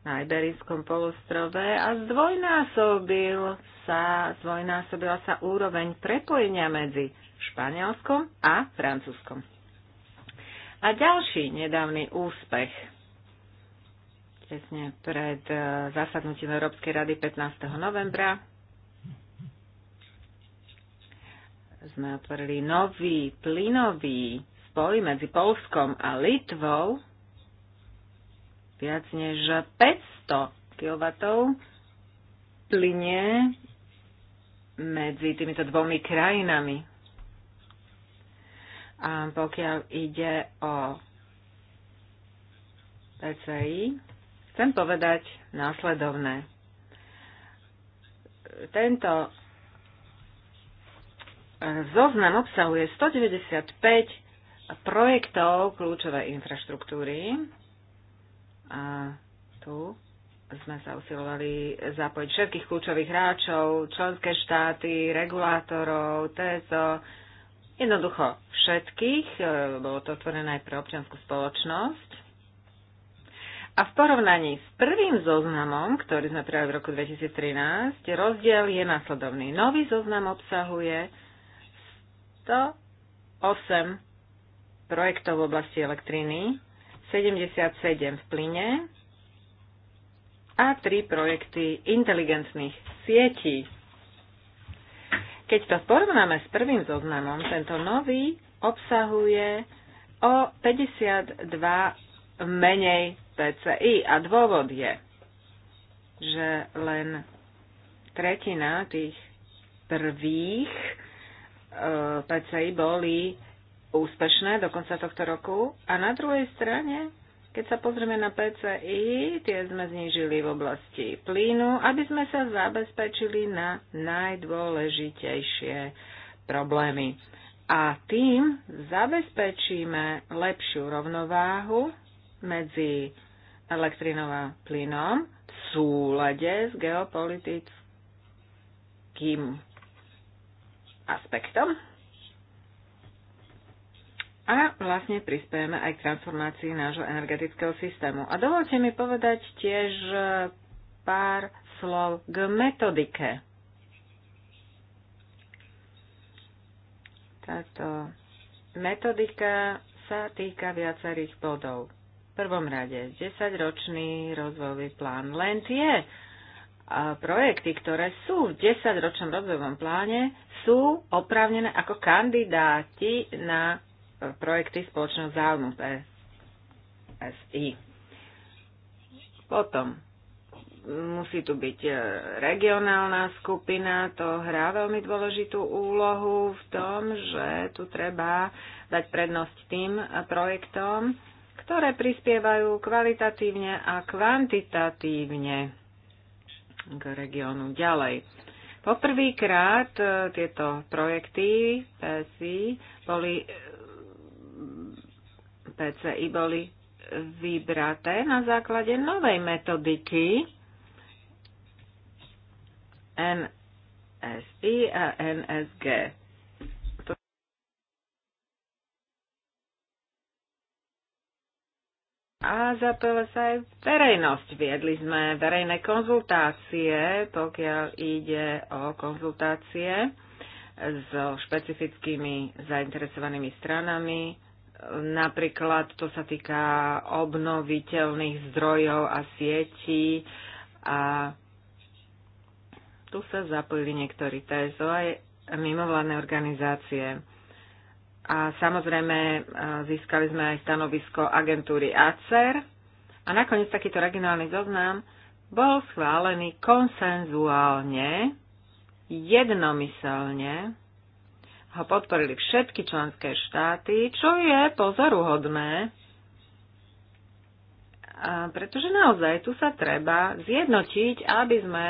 na Iberickom polostrove a zdvojnásobil sa, zdvojnásobila sa úroveň prepojenia medzi Španielskom a Francúzskom. A ďalší nedávny úspech presne pred e, zasadnutím Európskej rady 15. novembra. Sme otvorili nový plynový spoj medzi Polskom a Litvou viac než 500 kW plyne medzi týmito dvomi krajinami. A pokiaľ ide o PCI, Chcem povedať následovné. Tento e, zoznam obsahuje 195 projektov kľúčovej infraštruktúry. A tu sme sa usilovali zapojiť všetkých kľúčových hráčov, členské štáty, regulátorov, TSO, jednoducho všetkých. E, bolo to otvorené aj pre občianskú spoločnosť. A v porovnaní s prvým zoznamom, ktorý sme prijali v roku 2013, rozdiel je následovný. Nový zoznam obsahuje 108 projektov v oblasti elektriny, 77 v plyne a 3 projekty inteligentných sietí. Keď to porovnáme s prvým zoznamom, tento nový obsahuje o 52 menej PCI. A dôvod je, že len tretina tých prvých eh, PCI boli úspešné do konca tohto roku. A na druhej strane, keď sa pozrieme na PCI, tie sme znížili v oblasti plynu, aby sme sa zabezpečili na najdôležitejšie problémy. A tým zabezpečíme lepšiu rovnováhu medzi elektrinou a plynom v súlade s geopolitickým aspektom a vlastne prispiejeme aj k transformácii nášho energetického systému. A dovolte mi povedať tiež e, pár slov k metodike. Táto metodika sa týka viacerých bodov prvom rade 10-ročný rozvojový plán. Len tie projekty, ktoré sú v 10-ročnom rozvojovom pláne, sú oprávnené ako kandidáti na e, projekty spoločného záujmu PSI. E Potom musí tu byť e, regionálna skupina, to hrá veľmi dôležitú úlohu v tom, že tu treba dať prednosť tým projektom, ktoré prispievajú kvalitatívne a kvantitatívne k regiónu ďalej. Poprvýkrát e, tieto projekty PSI boli, e, PCI boli vybraté na základe novej metodiky NSI a NSG. a zapojila sa aj verejnosť. Viedli sme verejné konzultácie, pokiaľ ide o konzultácie so špecifickými zainteresovanými stranami. Napríklad to sa týka obnoviteľných zdrojov a sietí a tu sa zapojili niektorí TSO aj mimovládne organizácie. A samozrejme e, získali sme aj stanovisko agentúry ACER. A nakoniec takýto regionálny zoznam bol schválený konsenzuálne, jednomyselne, ho podporili všetky členské štáty, čo je pozoruhodné, e, pretože naozaj tu sa treba zjednotiť, aby sme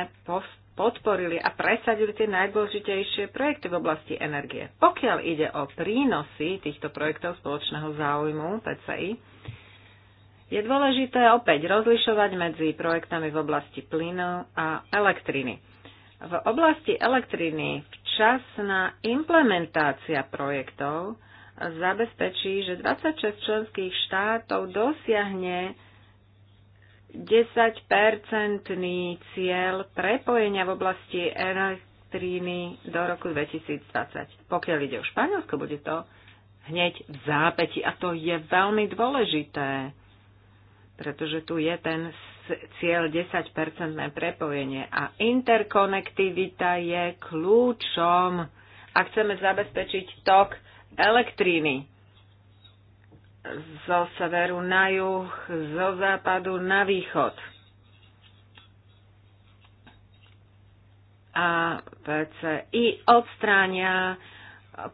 podporili a presadili tie najdôležitejšie projekty v oblasti energie. Pokiaľ ide o prínosy týchto projektov spoločného záujmu PCI, je dôležité opäť rozlišovať medzi projektami v oblasti plynu a elektriny. V oblasti elektriny včasná implementácia projektov zabezpečí, že 26 členských štátov dosiahne 10-percentný cieľ prepojenia v oblasti elektríny do roku 2020. Pokiaľ ide o Španielsko, bude to hneď v zápäti a to je veľmi dôležité, pretože tu je ten cieľ 10-percentné prepojenie a interkonektivita je kľúčom, ak chceme zabezpečiť tok elektríny zo severu na juh, zo západu na východ. A PC i odstránia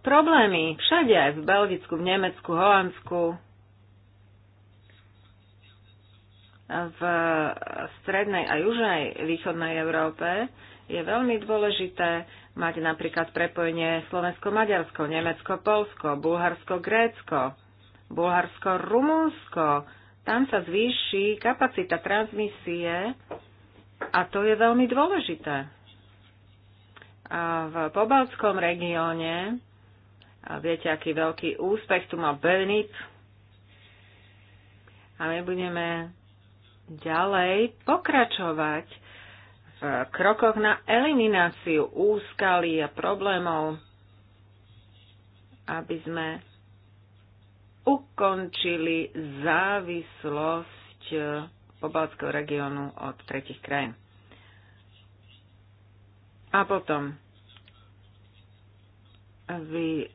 problémy všade, v Belgicku, v Nemecku, Holandsku, v strednej a južnej východnej Európe je veľmi dôležité mať napríklad prepojenie Slovensko-Maďarsko, Nemecko-Polsko, Bulharsko-Grécko. Bulharsko, Rumunsko. Tam sa zvýši kapacita transmisie a to je veľmi dôležité. A v Pobalskom regióne, a viete, aký veľký úspech tu má Benit, a my budeme ďalej pokračovať v krokoch na elimináciu úskalí a problémov, aby sme ukončili závislosť eh, pobalského regiónu od tretich krajín. A potom vy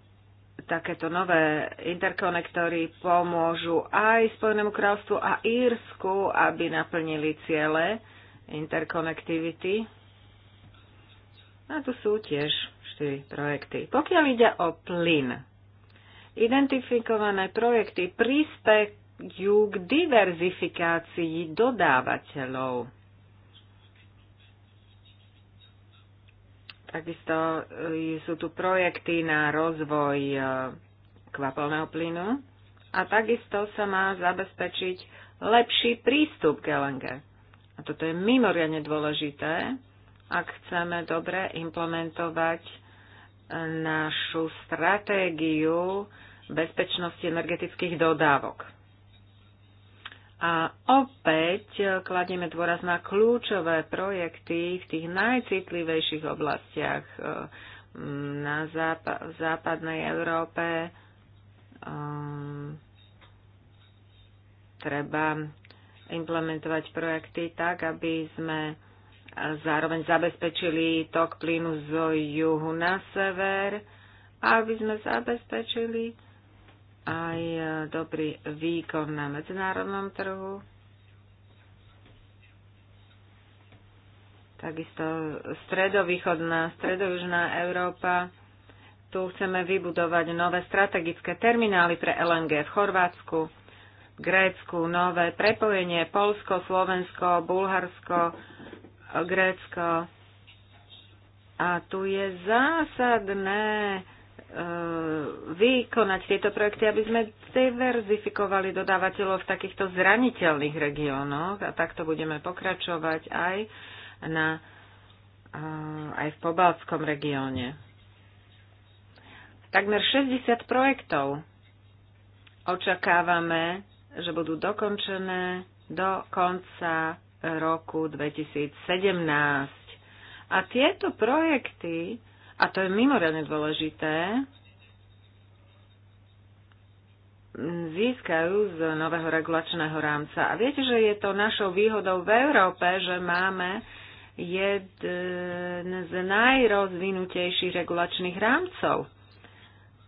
takéto nové interkonektory pomôžu aj Spojenému kráľstvu a Írsku, aby naplnili ciele interkonektivity. A tu sú tiež štyri projekty. Pokiaľ ide o plyn, Identifikované projekty prispäjú k diverzifikácii dodávateľov. Takisto e, sú tu projekty na rozvoj e, kvapelného plynu a takisto sa má zabezpečiť lepší prístup k LNG. A toto je mimoriadne dôležité, ak chceme dobre implementovať našu stratégiu bezpečnosti energetických dodávok. A opäť kladieme dôraz na kľúčové projekty v tých najcitlivejších oblastiach eh, na zápa- v západnej Európe. Eh, treba implementovať projekty tak, aby sme zároveň zabezpečili tok plynu z juhu na sever a aby sme zabezpečili aj e, dobrý výkon na medzinárodnom trhu. Takisto stredovýchodná, stredojužná Európa. Tu chceme vybudovať nové strategické terminály pre LNG v Chorvátsku, Grécku, nové prepojenie Polsko, Slovensko, Bulharsko, Grécko. A tu je zásadné E, vykonať tieto projekty, aby sme diverzifikovali dodávateľov v takýchto zraniteľných regiónoch a takto budeme pokračovať aj, na, e, aj v Pobalskom regióne. Takmer 60 projektov očakávame, že budú dokončené do konca roku 2017. A tieto projekty a to je mimoriadne dôležité. Získajú z nového regulačného rámca. A viete, že je to našou výhodou v Európe, že máme jeden z najrozvinutejších regulačných rámcov.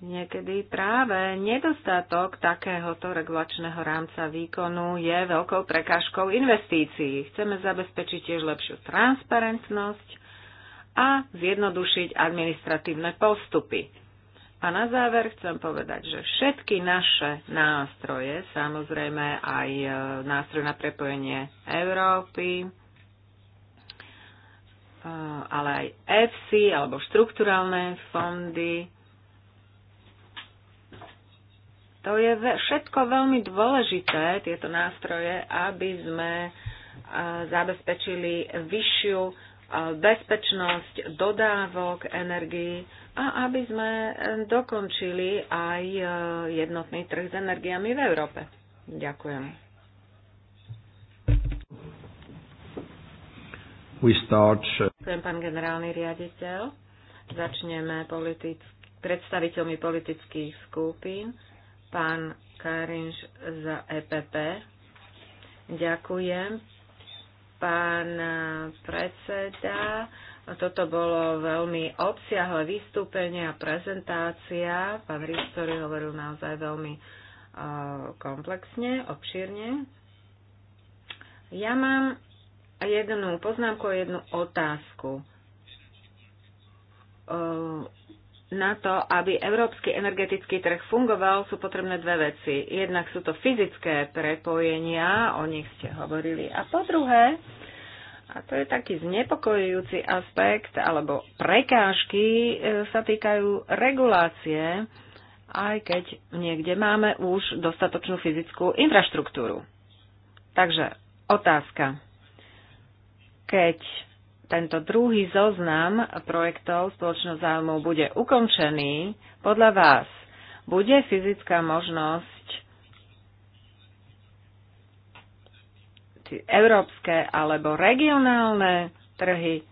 Niekedy práve nedostatok takéhoto regulačného rámca výkonu je veľkou prekážkou investícií. Chceme zabezpečiť tiež lepšiu transparentnosť a zjednodušiť administratívne postupy. A na záver chcem povedať, že všetky naše nástroje, samozrejme aj e, nástroj na prepojenie Európy, e, ale aj EFSI alebo štrukturálne fondy, to je všetko veľmi dôležité, tieto nástroje, aby sme e, zabezpečili vyššiu bezpečnosť dodávok energii a aby sme dokončili aj e, jednotný trh s energiami v Európe. Ďakujem. We start... Uh, Ďakujem, pán generálny riaditeľ. Začneme politic... predstaviteľmi politických skupín. Pán Karinš za EPP. Ďakujem pán e, predseda. Toto bolo veľmi obsiahle vystúpenie a prezentácia. Pán Ristori hovoril naozaj veľmi e, komplexne, obšírne. Ja mám jednu poznámku a jednu otázku e, na to, aby európsky energetický trh fungoval, sú potrebné dve veci. Jednak sú to fyzické prepojenia, o nich ste hovorili. A po druhé, a to je taký znepokojujúci aspekt, alebo prekážky e, sa týkajú regulácie, aj keď niekde máme už dostatočnú fyzickú infraštruktúru. Takže otázka. Keď tento druhý zoznam projektov spoločnosť záujmov bude ukončený, podľa vás bude fyzická možnosť európske alebo regionálne trhy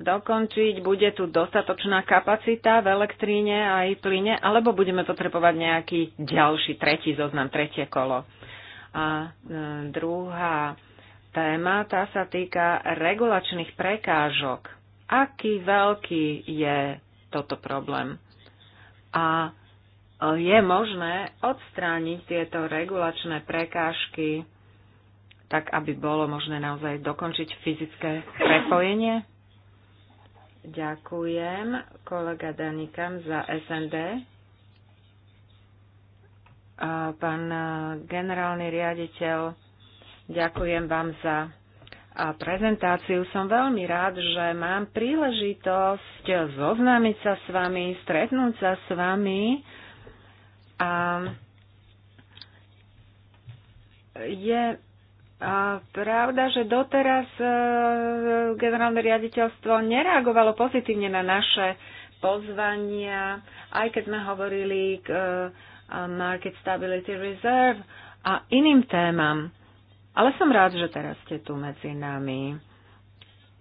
dokončiť, bude tu dostatočná kapacita v elektríne a aj plyne, alebo budeme potrebovať nejaký ďalší, tretí zoznam, tretie kolo. A e, druhá téma, tá sa týka regulačných prekážok. Aký veľký je toto problém? A e, je možné odstrániť tieto regulačné prekážky tak, aby bolo možné naozaj dokončiť fyzické prepojenie? Ďakujem kolega Danikam za SND. Pán e, generálny riaditeľ Ďakujem vám za prezentáciu. Som veľmi rád, že mám príležitosť zoznámiť sa s vami, stretnúť sa s vami. A je a pravda, že doteraz e, generálne riaditeľstvo nereagovalo pozitívne na naše pozvania, aj keď sme hovorili k e, Market Stability Reserve a iným témam. Ale som rád, že teraz ste tu medzi nami.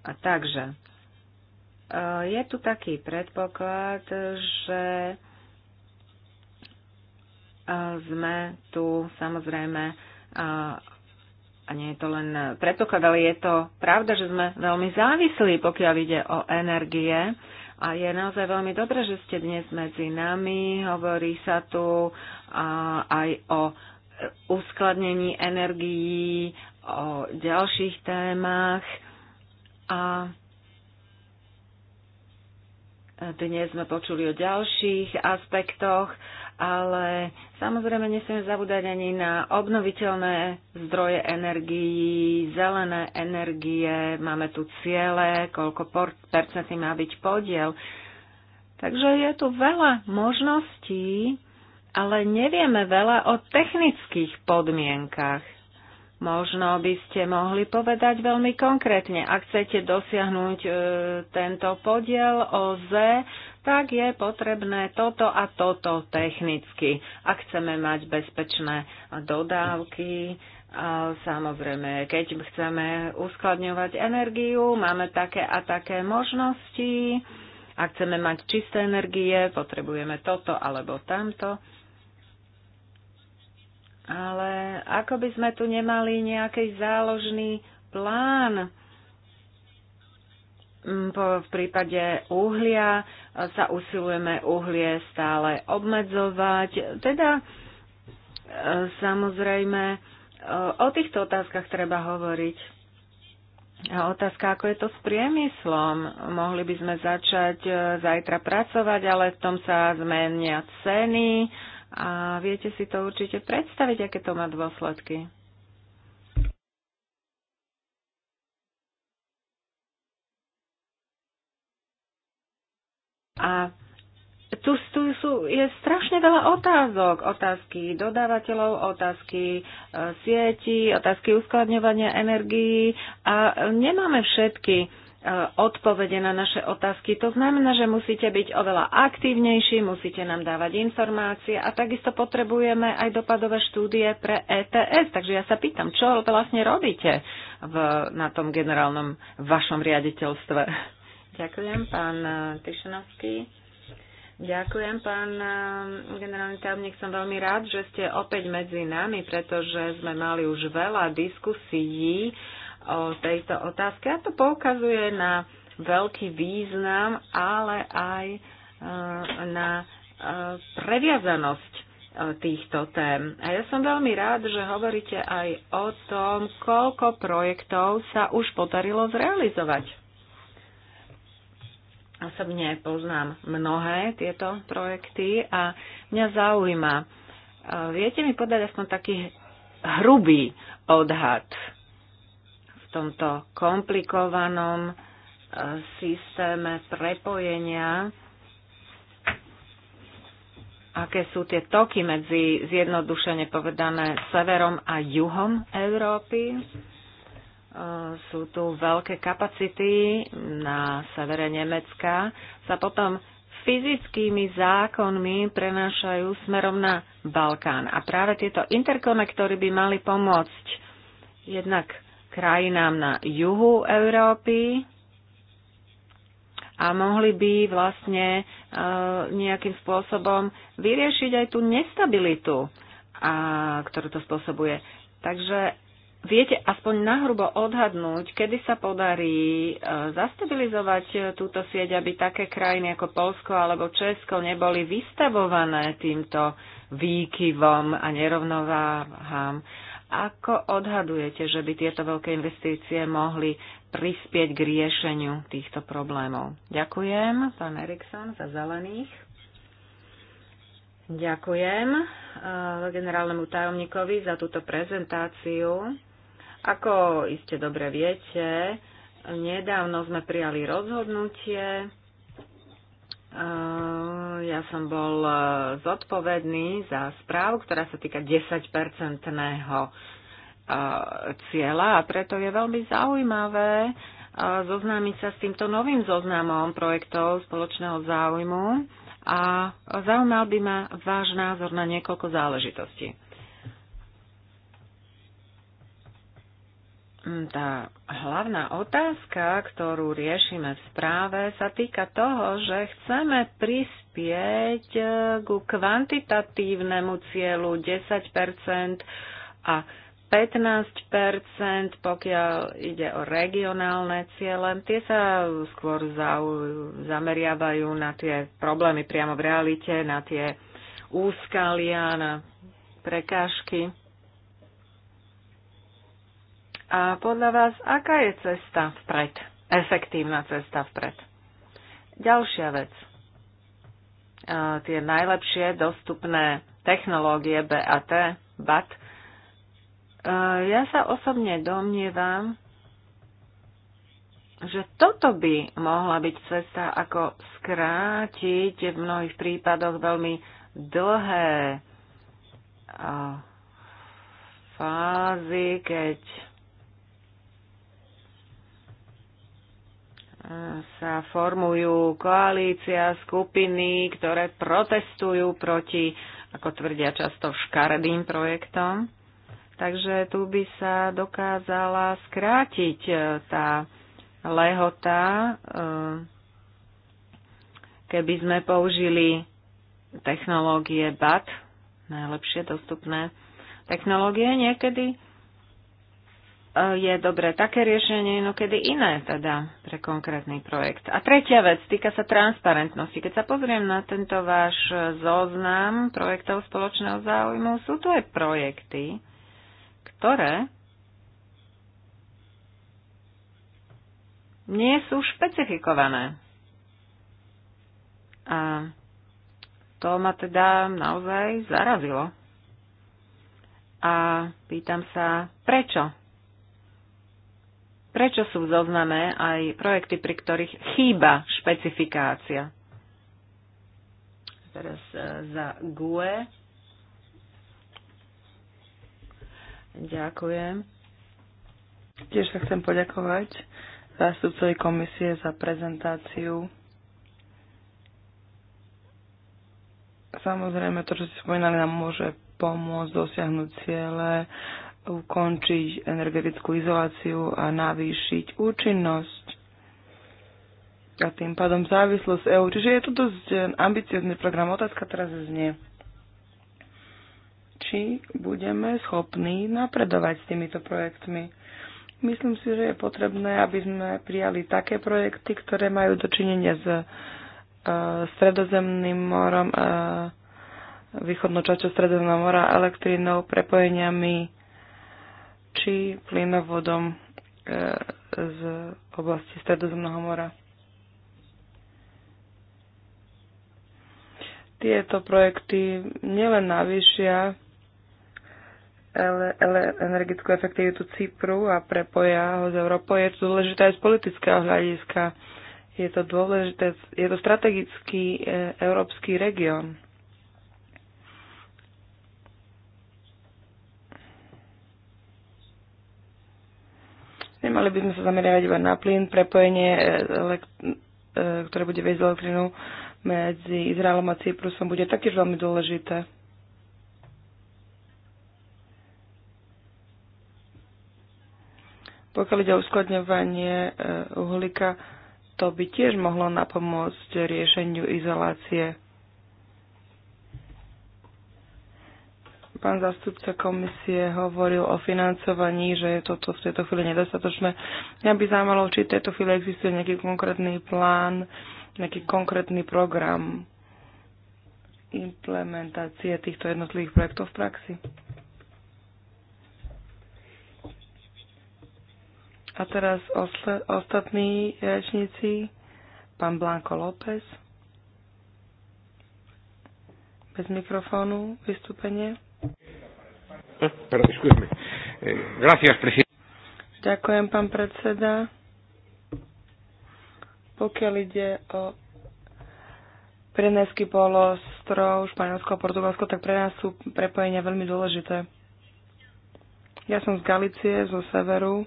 A takže, eh, je tu taký predpoklad, že eh, sme tu samozrejme eh, a nie je to len predpoklad, ale je to pravda, že sme veľmi závislí, pokiaľ ide o energie. A je naozaj veľmi dobré, že ste dnes medzi nami. Hovorí sa tu aj o uskladnení energií, o ďalších témach a dnes sme počuli o ďalších aspektoch, ale samozrejme nesmieme zabúdať ani na obnoviteľné zdroje energií, zelené energie, máme tu ciele, koľko percentný má byť podiel. Takže je tu veľa možností, ale nevieme veľa o technických podmienkach. Možno by ste mohli povedať veľmi konkrétne, ak chcete dosiahnuť e, tento podiel o Z, tak je potrebné toto a toto technicky. Ak chceme mať bezpečné dodávky, a samozrejme, keď chceme uskladňovať energiu, máme také a také možnosti. Ak chceme mať čisté energie, potrebujeme toto alebo tamto. Ale ako by sme tu nemali nejaký záložný plán, mm, v prípade uhlia sa usilujeme uhlie stále obmedzovať. Teda e, samozrejme e, o týchto otázkach treba hovoriť. A otázka, ako je to s priemyslom. Mohli by sme začať e, zajtra pracovať, ale v tom sa zmenia ceny a viete si to určite predstaviť, aké to má dôsledky. A tu, tu sú, je strašne veľa otázok. Otázky dodávateľov, otázky e, sieti, otázky uskladňovania energií a nemáme všetky odpovede na naše otázky. To znamená, že musíte byť oveľa aktívnejší, musíte nám dávať informácie a takisto potrebujeme aj dopadové štúdie pre ETS. Takže ja sa pýtam, čo vlastne robíte v, na tom generálnom vašom riaditeľstve? Ďakujem, pán eh, Tyšanovský. Ďakujem, pán eh, generálny tajomník. Som veľmi rád, že ste opäť medzi nami, pretože sme mali už veľa diskusií o tejto otázke a to poukazuje na veľký význam, ale aj e, na e, previazanosť e, týchto tém. A ja som veľmi rád, že hovoríte aj o tom, koľko projektov sa už podarilo zrealizovať. Osobne poznám mnohé tieto projekty a mňa zaujíma, viete mi podať aspoň taký hrubý odhad tomto komplikovanom e, systéme prepojenia, aké sú tie toky medzi zjednodušene povedané severom a juhom Európy. E, sú tu veľké kapacity na severe Nemecka, sa potom fyzickými zákonmi prenášajú smerom na Balkán. A práve tieto interkonektory by mali pomôcť jednak krajinám na juhu Európy a mohli by vlastne e, nejakým spôsobom vyriešiť aj tú nestabilitu, ktorú to spôsobuje. Takže viete aspoň nahrubo odhadnúť, kedy sa podarí e, zastabilizovať e, túto sieť, aby také krajiny ako Polsko alebo Česko neboli vystavované týmto výkyvom a nerovnováhám. Ako odhadujete, že by tieto veľké investície mohli prispieť k riešeniu týchto problémov? Ďakujem, pán Erikson, za zelených. Ďakujem eh, generálnemu tajomníkovi za túto prezentáciu. Ako iste dobre viete, nedávno sme prijali rozhodnutie, Eh, ja som bol eh, zodpovedný za správu, ktorá sa týka 10-percentného eh, cieľa a preto je veľmi zaujímavé zoznámiť sa s týmto novým zoznamom projektov spoločného záujmu a zaujímal by ma váš názor na niekoľko záležitostí. Mm, tá hlavná otázka, ktorú riešime v správe, sa týka toho, že chceme prispieť e, ku kvantitatívnemu cieľu 10 a 15 pokiaľ ide o regionálne ciele, tie sa skôr zameriavajú na tie problémy priamo v realite, na tie úskalia, na prekážky. A podľa vás, aká je cesta vpred? Efektívna cesta vpred. Ďalšia vec. A tie najlepšie dostupné technológie BAT, BAT. Ja sa osobne domnievam, že toto by mohla byť cesta, ako skrátiť v mnohých prípadoch veľmi dlhé fázy, keď sa formujú koalícia, skupiny, ktoré protestujú proti, ako tvrdia často, škaredým projektom. Takže tu by sa dokázala skrátiť e, tá lehota, e, keby sme použili technológie BAT, najlepšie dostupné technológie. Niekedy je dobré také riešenie, no kedy iné teda pre konkrétny projekt. A tretia vec, týka sa transparentnosti. Keď sa pozriem na tento váš zoznam projektov spoločného záujmu, sú tu aj projekty, ktoré nie sú špecifikované. A to ma teda naozaj zarazilo. A pýtam sa, prečo Prečo sú v zozname aj projekty, pri ktorých chýba špecifikácia? Teraz e, za GUE. Ďakujem. Tiež sa chcem poďakovať zástupcovi komisie za prezentáciu. Samozrejme, to, čo ste spomínali, nám môže pomôcť dosiahnuť ciele ukončiť energetickú izoláciu a navýšiť účinnosť a tým pádom závislosť EÚ. Čiže je to dosť ambiciozný program. Otázka teraz znie, či budeme schopní napredovať s týmito projektmi. Myslím si, že je potrebné, aby sme prijali také projekty, ktoré majú dočinenia s uh, stredozemným morom, uh, e, východnočačo Stredozemného mora, elektrínou, prepojeniami či plynovodom e, z oblasti Stredozemného mora. Tieto projekty nielen navýšia energetickú efektivitu Cypru a prepoja ho s Európou, je to dôležité aj z politického hľadiska. Je to dôležité, je to strategický e, európsky región. Nemali by sme sa zameriavať iba na plyn, prepojenie, e, e, ktoré bude viesť elektrinu medzi Izraelom a Cyprusom, bude taktiež veľmi dôležité. Pokiaľ ide o uskladňovanie e, uhlíka, to by tiež mohlo napomôcť riešeniu izolácie pán zástupca komisie hovoril o financovaní, že je toto v tejto chvíli nedostatočné. Mňa by zaujímalo, či v tejto chvíli existuje nejaký konkrétny plán, nejaký konkrétny program implementácie týchto jednotlivých projektov v praxi. A teraz ostatní rečníci, pán Blanko López. Bez mikrofónu vystúpenie. Eh, Ďakujem, pán predseda. Pokiaľ ide o Pirenejský polostrov, Španielsko a Portugalsko, tak pre nás sú prepojenia veľmi dôležité. Ja som z Galície, zo severu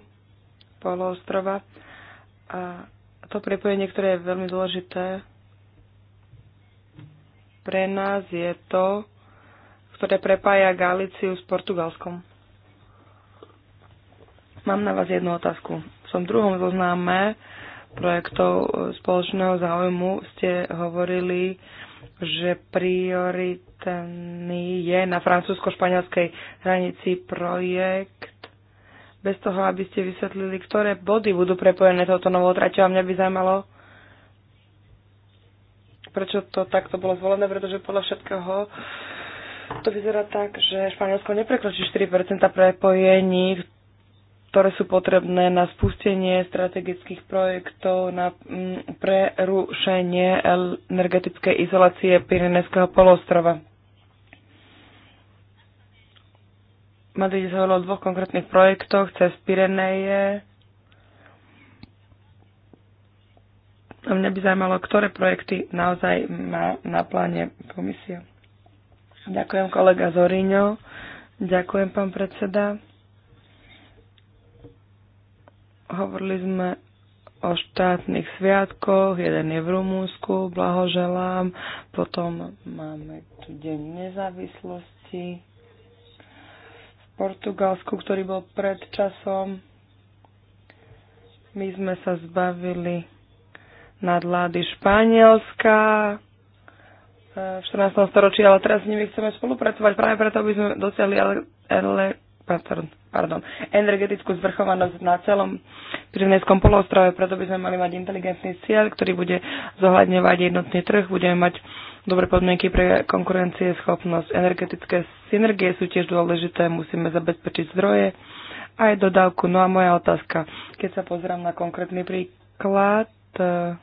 poloostrova a to prepojenie, ktoré je veľmi dôležité pre nás je to, ktoré prepája Galíciu s Portugalskom. Mám na vás jednu otázku. V tom druhom zoznáme projektov spoločného záujmu ste hovorili, že prioritný je na francúzsko-španielskej hranici projekt bez toho, aby ste vysvetlili, ktoré body budú prepojené touto novou traťou. A mňa by zaujímalo, prečo to takto bolo zvolené, pretože podľa všetkého to vyzerá tak, že Španielsko neprekročí 4 prepojení, ktoré sú potrebné na spustenie strategických projektov, na mm, prerušenie energetickej izolácie Pirineského polostrova. Madrid sa o dvoch konkrétnych projektoch cez Pireneje. A mňa by zaujímalo, ktoré projekty naozaj má na pláne komisia. Ďakujem kolega Zoriňo. Ďakujem pán predseda. Hovorili sme o štátnych sviatkoch, jeden je v Rumúnsku, blahoželám, potom máme tu Deň nezávislosti v Portugalsku, ktorý bol pred časom. My sme sa zbavili nadlády Španielska, v 14. storočí, ale teraz s nimi chceme spolupracovať práve preto, aby sme dosiahli ale, ale, pardon, pardon, energetickú zvrchovanosť na celom Pirinejskom polostrove, preto by sme mali mať inteligentný cieľ, ktorý bude zohľadňovať jednotný trh, budeme mať dobré podmienky pre konkurencie, schopnosť. Energetické synergie sú tiež dôležité, musíme zabezpečiť zdroje aj dodávku. No a moja otázka, keď sa pozrám na konkrétny príklad, eh,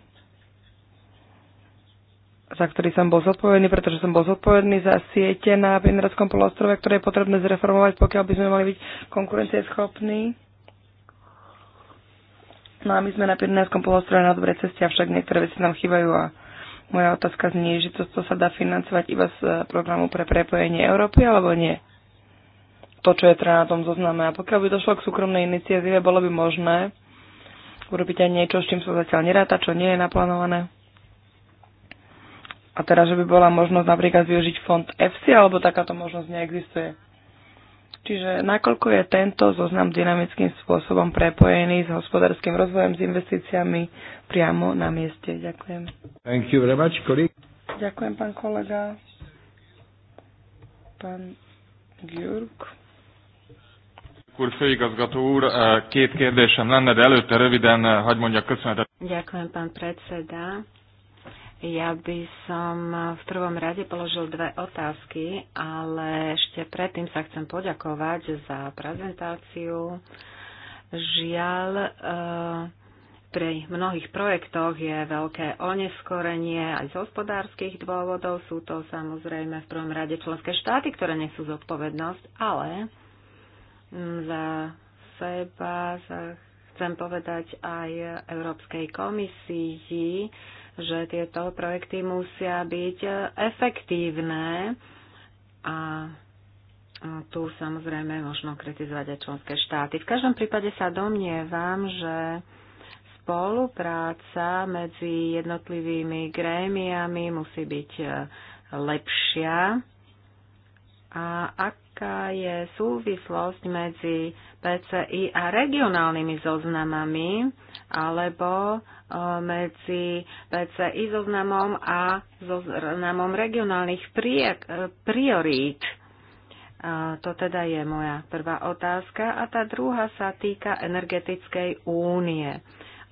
za ktorý som bol zodpovedný, pretože som bol zodpovedný za siete na Vinohradskom polostrove, ktoré je potrebné zreformovať, pokiaľ by sme mali byť konkurencieschopní. No a my sme na Pirinárskom polostrove na dobrej ceste, avšak niektoré veci nám chýbajú a moja otázka znie, že to, to sa dá financovať iba z eh, programu pre prepojenie Európy alebo nie? To, čo je teda na tom zozname. A pokiaľ by došlo k súkromnej iniciatíve, bolo by možné urobiť aj niečo, s čím sa zatiaľ neráta, čo nie je naplánované. A teraz, že by bola možnosť napríklad využiť fond EFSI, alebo takáto možnosť neexistuje. Čiže nakoľko je tento zoznam dynamickým spôsobom prepojený s hospodárskym rozvojom, s investíciami priamo na mieste. Ďakujem. Thank you very much, colleague. Ďakujem, pán kolega. Pán Gyurk. Eh, eh, Ďakujem, pán predseda. Ja by som v prvom rade položil dve otázky, ale ešte predtým sa chcem poďakovať za prezentáciu. Žiaľ, e, pri mnohých projektoch je veľké oneskorenie aj z hospodárskych dôvodov. Sú to samozrejme v prvom rade členské štáty, ktoré nesú zodpovednosť, ale mm, za seba sa chcem povedať aj Európskej komisii, že tieto projekty musia byť efektívne a tu samozrejme možno kritizovať aj členské štáty. V každom prípade sa domnievam, že spolupráca medzi jednotlivými grémiami musí byť e, lepšia. A ak aká je súvislosť medzi PCI a regionálnymi zoznamami alebo e, medzi PCI zoznamom a zoznamom regionálnych e, priorít. E, to teda je moja prvá otázka a tá druhá sa týka energetickej únie.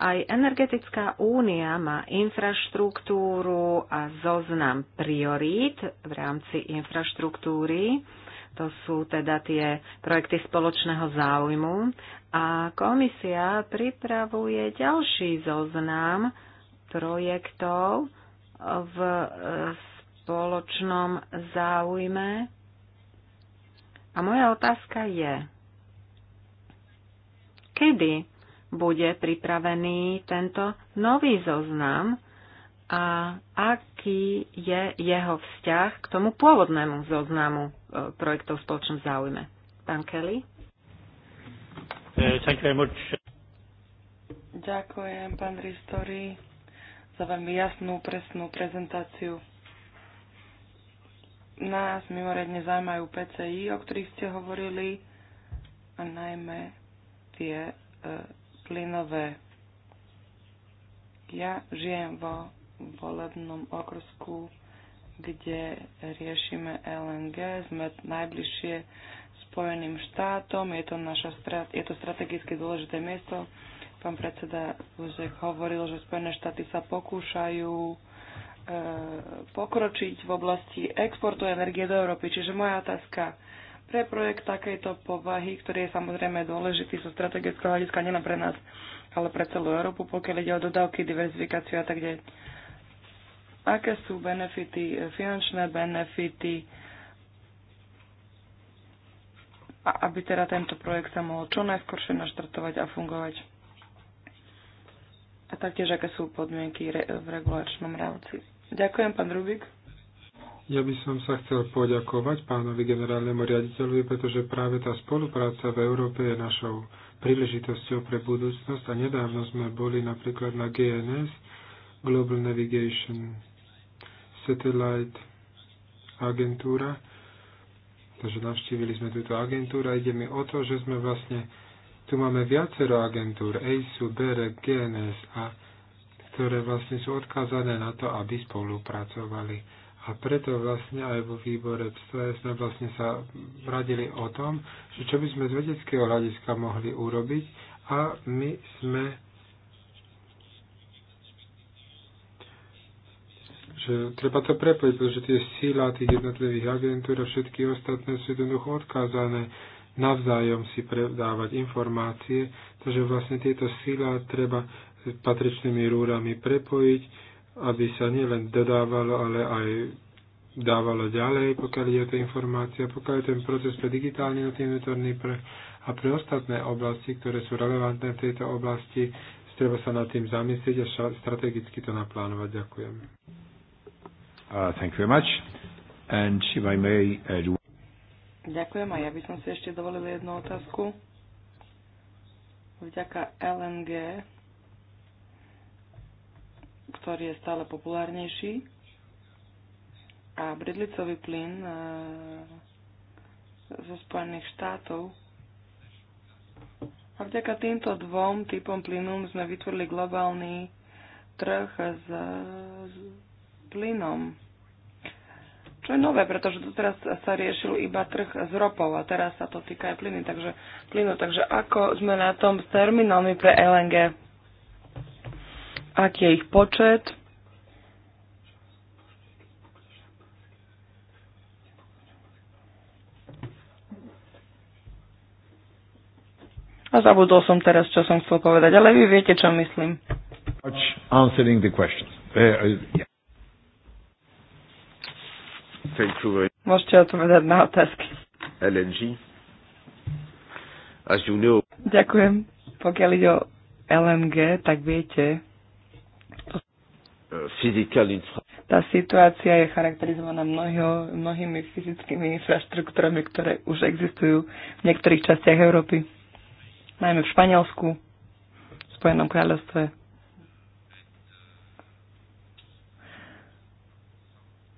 Aj energetická únia má infraštruktúru a zoznam priorít v rámci infraštruktúry to sú teda tie projekty spoločného záujmu. A komisia pripravuje ďalší zoznam projektov v e, spoločnom záujme. A moja otázka je, kedy bude pripravený tento nový zoznam a aký je jeho vzťah k tomu pôvodnému zoznamu e, projektov v spoločnom záujme. Pán Kelly? E, Ďakujem, pán Ristori, za veľmi jasnú, presnú prezentáciu. Nás mimoriadne zaujímajú PCI, o ktorých ste hovorili, a najmä tie e, plynové. Ja žijem vo volebnom okrsku, kde riešime LNG. Sme najbližšie Spojeným štátom, je to, naša strat- je to strategicky dôležité miesto. Pán predseda Buzek hovoril, že Spojené štáty sa pokúšajú e, pokročiť v oblasti exportu energie do Európy. Čiže moja otázka, pre projekt takejto povahy, ktorý je samozrejme dôležitý zo so strategického hľadiska nielen pre nás, ale pre celú Európu, pokiaľ ide o dodávky, diverzifikáciu a tak ďalej aké sú benefity, e, finančné benefity, aby teda tento projekt sa mohol čo najskôršie naštartovať a fungovať. A taktiež, aké sú podmienky v regulačnom rámci. Ďakujem, pán Rubik. Ja by som sa chcel poďakovať pánovi generálnemu riaditeľovi, pretože práve tá spolupráca v Európe je našou príležitosťou pre budúcnosť a nedávno sme boli napríklad na GNS Global Navigation Satellite agentúra. Takže navštívili sme túto agentúru a ide mi o to, že sme vlastne tu máme viacero agentúr, EISu, BEREC, GNS a ktoré vlastne sú odkázané na to, aby spolupracovali. A preto vlastne aj vo výbore PSTE sme vlastne sa radili o tom, že čo by sme z vedeckého hľadiska mohli urobiť a my sme treba to prepojiť, pretože tie síla tých jednotlivých agentúr a všetky ostatné sú jednoducho odkázané navzájom si predávať informácie, takže vlastne tieto síla treba s patričnými rúrami prepojiť, aby sa nielen dodávalo, ale aj dávalo ďalej, pokiaľ je to informácia, pokiaľ je ten proces pre digitálny nutný vnútorný a pre ostatné oblasti, ktoré sú relevantné v tejto oblasti, treba sa nad tým zamyslieť a strategicky to naplánovať. Ďakujem. Uh, thank you very much. And if I may, add... Uh, Ďakujem a ja by som si ešte dovolil jednu otázku. Vďaka LNG, ktorý je stále populárnejší, a bridlicový plyn uh, zo Spojených štátov. A vďaka týmto dvom typom plynu sme vytvorili globálny trh s plynom. Čo je nové, pretože tu teraz sa riešil iba trh z ropou a teraz sa to týka aj plyny, takže, plynu. Takže ako sme na tom s terminálmi pre LNG? Aký je ich počet? A zabudol som teraz, čo som chcel povedať, ale vy viete, čo myslím. Answering the questions. Uh, yeah. Môžete odpovedať na otázky. LNG. As you know. Ďakujem. Pokiaľ ide o LNG, tak viete, uh, tá situácia je charakterizovaná mnoho, mnohými fyzickými infraštruktúrami, ktoré už existujú v niektorých častiach Európy, najmä v Španielsku, v Spojenom kráľovstve.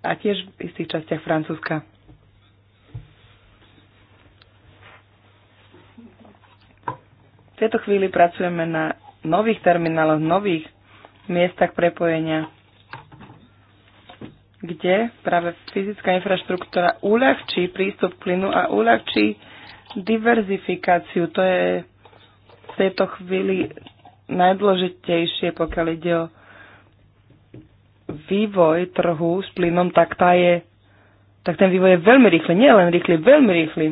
a tiež v istých častiach Francúzska. V tejto chvíli pracujeme na nových termináloch, nových miestach prepojenia, kde práve fyzická infraštruktúra uľahčí prístup plynu a uľahčí diverzifikáciu. To je v tejto chvíli najdôležitejšie, pokiaľ ide o vývoj trhu s plynom, tak, tá je, tak ten vývoj je veľmi rýchly. Nie len rýchly, veľmi rýchly.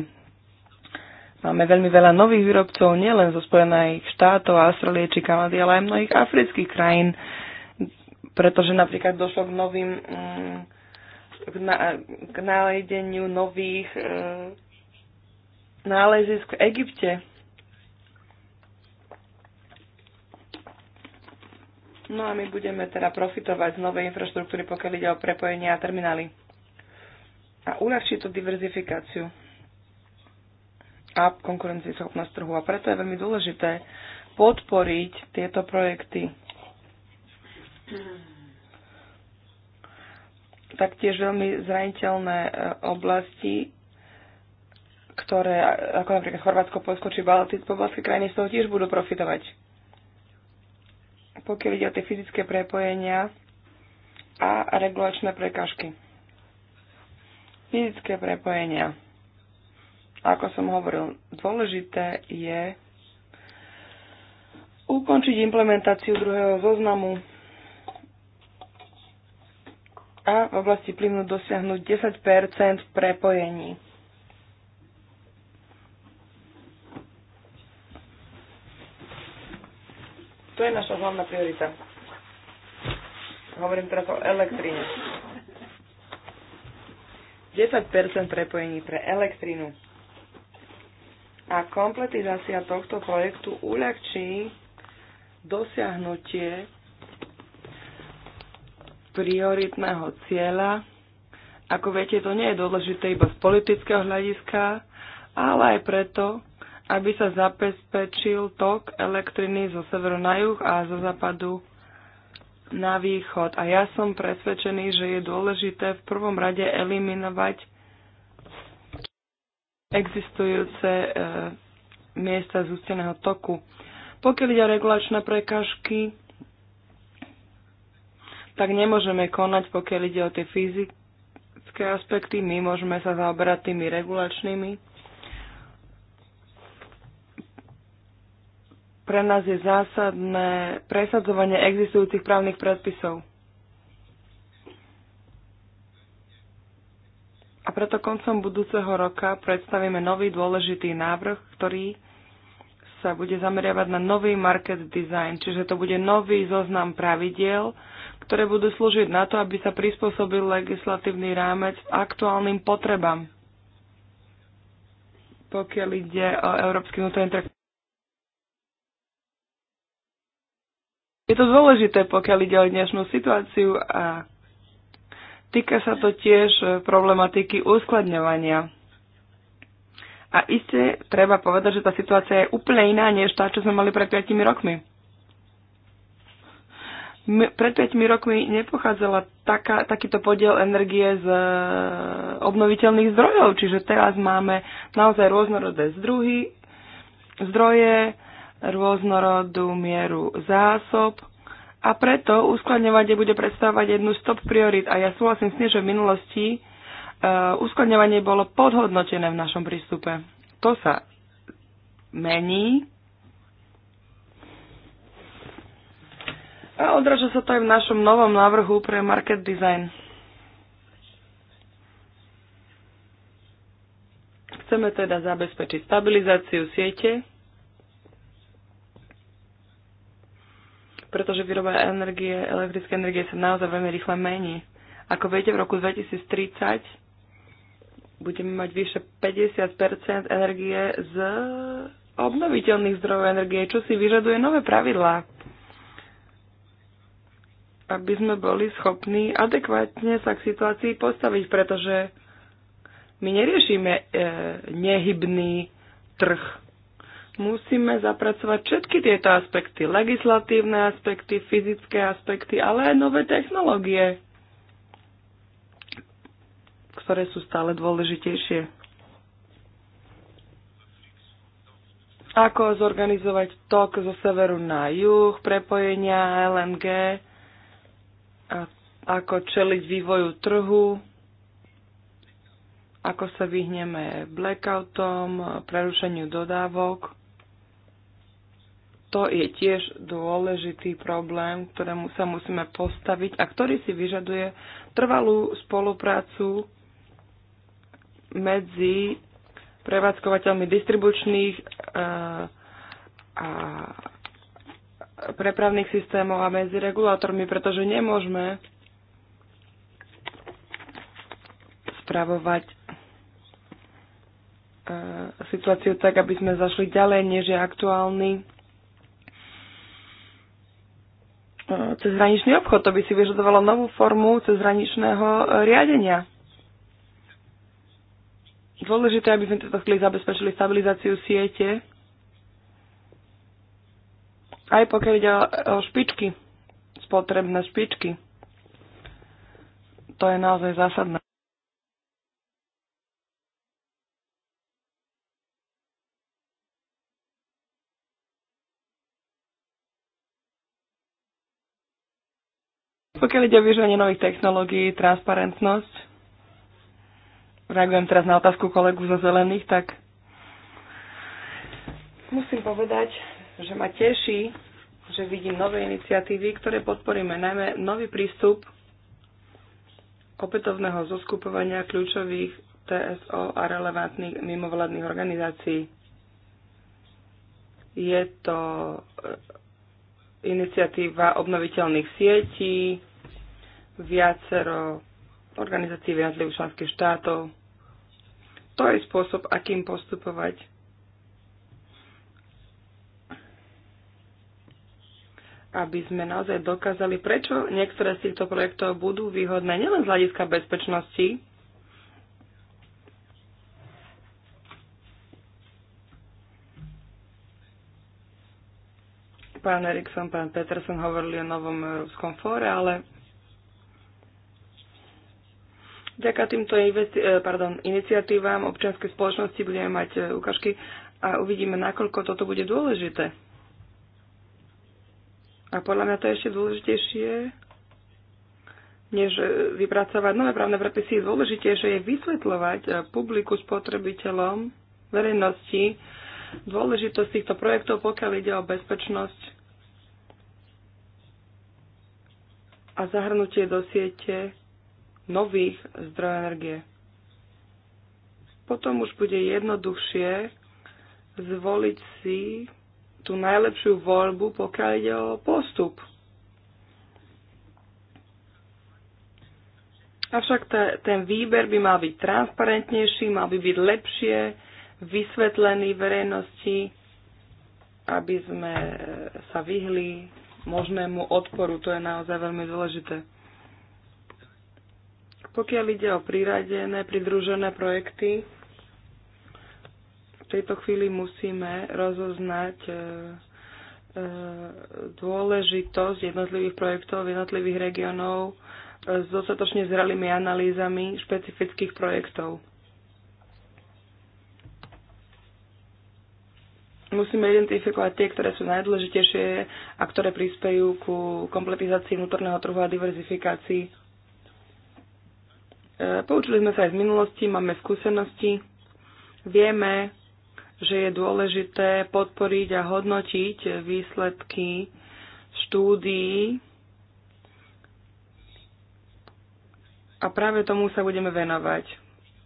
Máme veľmi veľa nových výrobcov, nielen zo Spojených štátov, Austrálie či Kanady, ale aj mnohých afrických krajín, pretože napríklad došlo k novým mm, k, na, k nájdeniu nových e, nálezisk v Egypte. No a my budeme teda profitovať z novej infraštruktúry, pokiaľ ide o prepojenia a terminály. A uľahčí to diverzifikáciu a konkurencieschopnosť trhu. A preto je veľmi dôležité podporiť tieto projekty. Taktiež veľmi zraniteľné e, oblasti, ktoré, ako napríklad Chorvátsko, Polsko či Baltické, oblasti krajiny z toho tiež budú profitovať pokiaľ ide o tie fyzické prepojenia a regulačné prekažky. Fyzické prepojenia. Ako som hovoril, dôležité je ukončiť implementáciu druhého zoznamu a v oblasti plynu dosiahnuť 10 prepojení. To je naša hlavná priorita. Hovorím teraz o elektrine. 10% prepojení pre elektrinu. A kompletizácia tohto projektu uľahčí dosiahnutie prioritného cieľa. Ako viete, to nie je dôležité iba z politického hľadiska, ale aj preto, aby sa zabezpečil tok elektriny zo severu na juh a zo západu na východ. A ja som presvedčený, že je dôležité v prvom rade eliminovať existujúce e, miesta zústeného toku. Pokiaľ ide o regulačné prekážky, tak nemôžeme konať, pokiaľ ide o tie fyzické aspekty, my môžeme sa zaoberať tými regulačnými Pre nás je zásadné presadzovanie existujúcich právnych predpisov. A preto koncom budúceho roka predstavíme nový dôležitý návrh, ktorý sa bude zameriavať na nový market design, čiže to bude nový zoznam pravidiel, ktoré budú slúžiť na to, aby sa prispôsobil legislatívny rámec aktuálnym potrebám, pokiaľ ide o európsky vnútorný trh. Je to dôležité, pokiaľ ide o dnešnú situáciu a týka sa to tiež problematiky uskladňovania. A iste treba povedať, že tá situácia je úplne iná, než tá, čo sme mali pred 5 rokmi. Pred 5 rokmi nepochádzala taká, takýto podiel energie z e, obnoviteľných zdrojov, čiže teraz máme naozaj rôznorodé zdruhy, zdroje, rôznorodú mieru zásob a preto uskladňovanie bude predstavovať jednu z top priorit a ja súhlasím s tým, že v minulosti uh, uskladňovanie bolo podhodnotené v našom prístupe. To sa mení a odraža sa to aj v našom novom návrhu pre market design. Chceme teda zabezpečiť stabilizáciu siete, pretože výroba energie, elektrické energie sa naozaj veľmi rýchle mení. Ako viete, v roku 2030 budeme mať vyše 50 energie z obnoviteľných zdrojov energie, čo si vyžaduje nové pravidlá, aby sme boli schopní adekvátne sa k situácii postaviť, pretože my neriešime e, nehybný trh musíme zapracovať všetky tieto aspekty, legislatívne aspekty, fyzické aspekty, ale aj nové technológie, ktoré sú stále dôležitejšie. Ako zorganizovať tok zo severu na juh, prepojenia LNG, a ako čeliť vývoju trhu, ako sa vyhneme blackoutom, prerušeniu dodávok to je tiež dôležitý problém, ktorému sa musíme postaviť a ktorý si vyžaduje trvalú spoluprácu medzi prevádzkovateľmi distribučných e, a prepravných systémov a medzi regulátormi, pretože nemôžeme spravovať e, situáciu tak, aby sme zašli ďalej, než je aktuálny E, cezhraničný obchod. To by si vyžadovalo novú formu cezhraničného e, riadenia. Dôležité, aby sme tento chvíli zabezpečili stabilizáciu siete, aj pokiaľ ide o špičky, spotrebné špičky. To je naozaj zásadné. Pokiaľ ide o využívanie nových technológií, transparentnosť, reagujem teraz na otázku kolegu zo zelených, tak musím povedať, že ma teší, že vidím nové iniciatívy, ktoré podporíme, najmä nový prístup opätovného zoskupovania kľúčových TSO a relevantných mimovládnych organizácií. Je to e, iniciatíva obnoviteľných sietí, viacero organizácií v jednotlivých členských štátov. To je spôsob, akým postupovať. aby sme naozaj dokázali, prečo niektoré z týchto projektov budú výhodné nielen z hľadiska bezpečnosti, Pán Erikson, pán Peterson hovorili o novom Európskom fóre, ale Vďaka týmto eh, pardon, iniciatívam občianskej spoločnosti budeme mať eh, ukážky a uvidíme, nakoľko toto bude dôležité. A podľa mňa to je ešte dôležitejšie, než eh, vypracovať nové právne predpisy. Dôležitejšie je vysvetľovať publiku, spotrebiteľom, verejnosti dôležitosť týchto projektov, pokiaľ ide o bezpečnosť a zahrnutie do siete nových zdrojov energie. Potom už bude jednoduchšie zvoliť si tú najlepšiu voľbu, pokiaľ ide o postup. Avšak ten výber by mal byť transparentnejší, mal by byť lepšie vysvetlený verejnosti, aby sme sa vyhli možnému odporu. To je naozaj veľmi dôležité. Pokiaľ ide o priradené, pridružené projekty, v tejto chvíli musíme rozoznať e, e, dôležitosť jednotlivých projektov jednotlivých regiónov e, s dostatočne zrelými analýzami špecifických projektov. Musíme identifikovať tie, ktoré sú najdôležitejšie a ktoré prispejú ku kompletizácii vnútorného trhu a diverzifikácii E, poučili sme sa aj z minulosti, máme skúsenosti, vieme, že je dôležité podporiť a hodnotiť výsledky štúdií a práve tomu sa budeme venovať.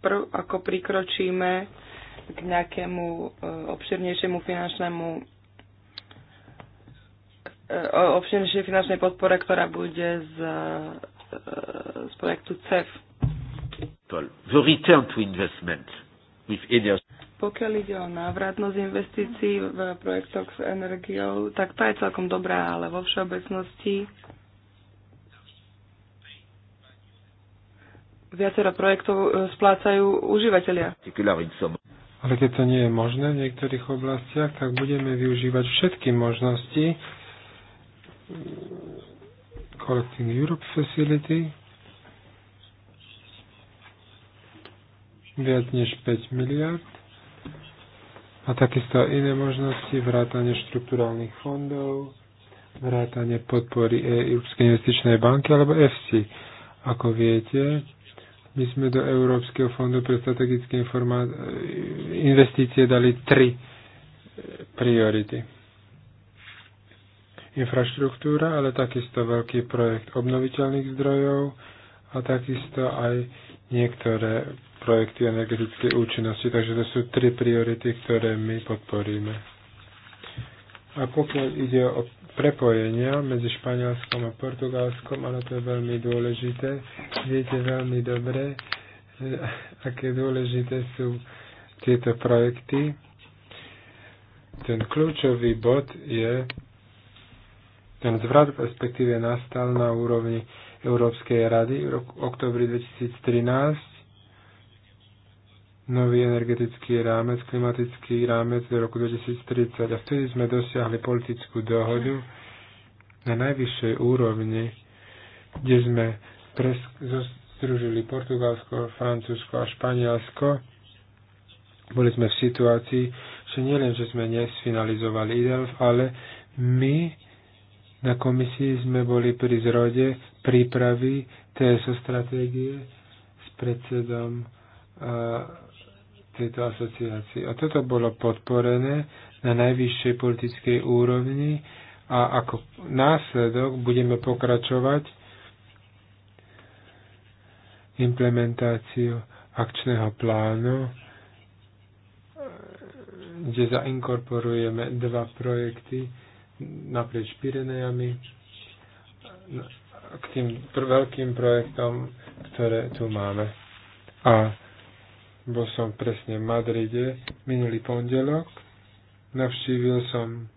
Prv, ako prikročíme k nejakému e, obširnejšiemu finančnému e, obširnejšej finančnej podpore, ktorá bude z, z projektu CEF. The return to investment with energy. Pokiaľ ide o návratnosť investícií v projektoch s energiou, tak tá je celkom dobrá, ale vo všeobecnosti viacero projektov e, splácajú užívateľia. Ale keď to nie je možné v niektorých oblastiach, tak budeme využívať všetky možnosti Collecting Europe Facility, viac než 5 miliard a takisto iné možnosti vrátanie štruktúrálnych fondov, vrátanie podpory e- Európskej investičnej banky alebo EFSI. Ako viete, my sme do Európskeho fondu pre strategické investície dali tri priority. Infraštruktúra, ale takisto veľký projekt obnoviteľných zdrojov a takisto aj niektoré projekty energetickej účinnosti. Takže to sú tri priority, ktoré my podporíme. A pokiaľ ide o prepojenia medzi Španielskom a Portugalskom, ale to je veľmi dôležité. Viete veľmi dobre, aké dôležité sú tieto projekty. Ten kľúčový bod je, ten zvrat v perspektíve nastal na úrovni Európskej rady v oktobri 2013 nový energetický rámec, klimatický rámec do roku 2030. A vtedy sme dosiahli politickú dohodu na najvyššej úrovni, kde sme združili Portugalsko, Francúzsko a Španielsko. Boli sme v situácii, že nielen, že sme nesfinalizovali IDELF, ale my na komisii sme boli pri zrode prípravy TSO stratégie s predsedom uh, tejto asociácii. A toto bolo podporené na najvyššej politickej úrovni a ako následok budeme pokračovať implementáciu akčného plánu, kde zainkorporujeme dva projekty naprieč Pirenejami k tým veľkým projektom, ktoré tu máme. A bol som presne v Madride minulý pondelok. Navštívil som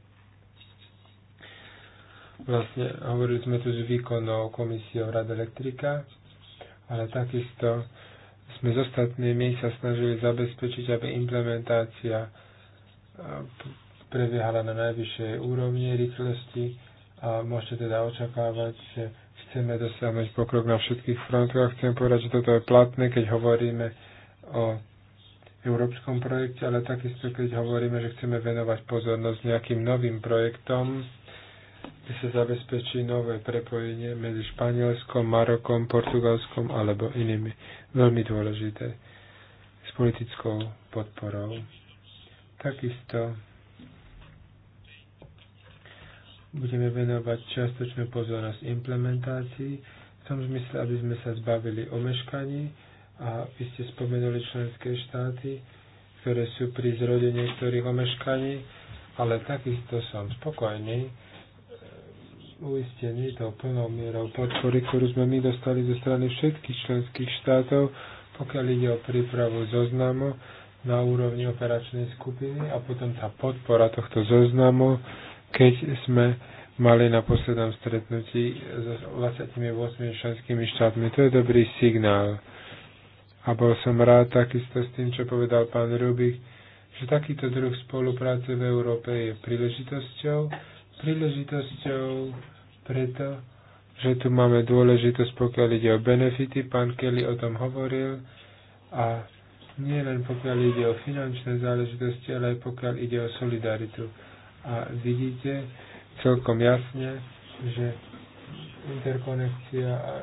vlastne hovorili sme tu s výkonnou komisiou Rad Elektrika, ale takisto sme s ostatnými sa snažili zabezpečiť, aby implementácia prebiehala na najvyššej úrovni rýchlosti a môžete teda očakávať, že chceme dosiahnuť pokrok na všetkých frontoch. Chcem povedať, že toto je platné, keď hovoríme o európskom projekte, ale takisto keď hovoríme, že chceme venovať pozornosť nejakým novým projektom, kde sa zabezpečí nové prepojenie medzi Španielskom, Marokom, Portugalskom alebo inými. Veľmi dôležité s politickou podporou. Takisto budeme venovať čiastočnú pozornosť implementácii v tom zmysle, aby sme sa zbavili omeškaní, a vy ste spomenuli členské štáty, ktoré sú pri zrode niektorých omeškaní, ale takýchto som spokojný, uistený tou plnou mierou podpory, ktorú sme my dostali zo strany všetkých členských štátov, pokiaľ ide o prípravu zoznamu na úrovni operačnej skupiny a potom tá podpora tohto zoznamu, keď sme mali na poslednom stretnutí s 28 členskými štátmi. To je dobrý signál a bol som rád takisto s tým, čo povedal pán Rubik, že takýto druh spolupráce v Európe je príležitosťou, príležitosťou preto, že tu máme dôležitosť, pokiaľ ide o benefity, pán Kelly o tom hovoril, a nie len pokiaľ ide o finančné záležitosti, ale aj pokiaľ ide o solidaritu. A vidíte celkom jasne, že interkonekcia a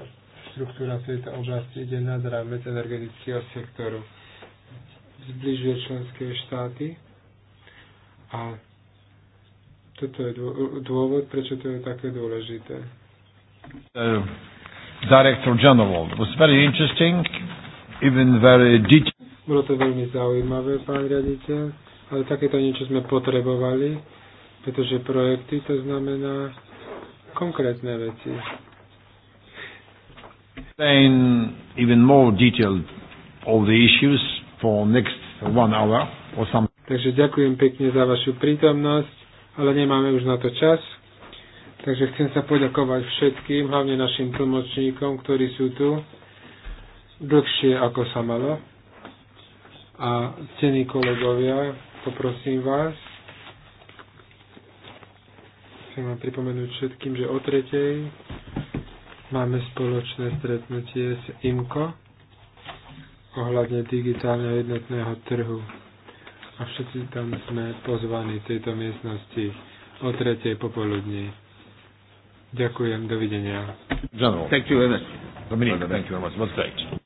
štruktúra v tejto oblasti ide nad rámec energetického sektoru. Zbližuje členské štáty a toto je dôvod, prečo to je také dôležité. Uh, Director General was very interesting, even very detailed. Bolo to veľmi zaujímavé, pán riaditeľ, ale takéto niečo sme potrebovali, pretože projekty to znamená konkrétne veci explain even more detailed all the issues for next one hour or some. Takže ďakujem pekne za vašu prítomnosť, ale nemáme už na to čas. Takže chcem sa poďakovať všetkým, hlavne našim tlmočníkom, ktorí sú tu dlhšie ako sa malo. A cení kolegovia, poprosím vás, chcem vám pripomenúť všetkým, že o tretej Máme spoločné stretnutie s IMCO ohľadne digitálneho jednotného trhu. A všetci tam sme pozvaní v tejto miestnosti o tretej popoludní. Ďakujem, dovidenia. General. Thank you very much. Dominique, thank you very much. It was great.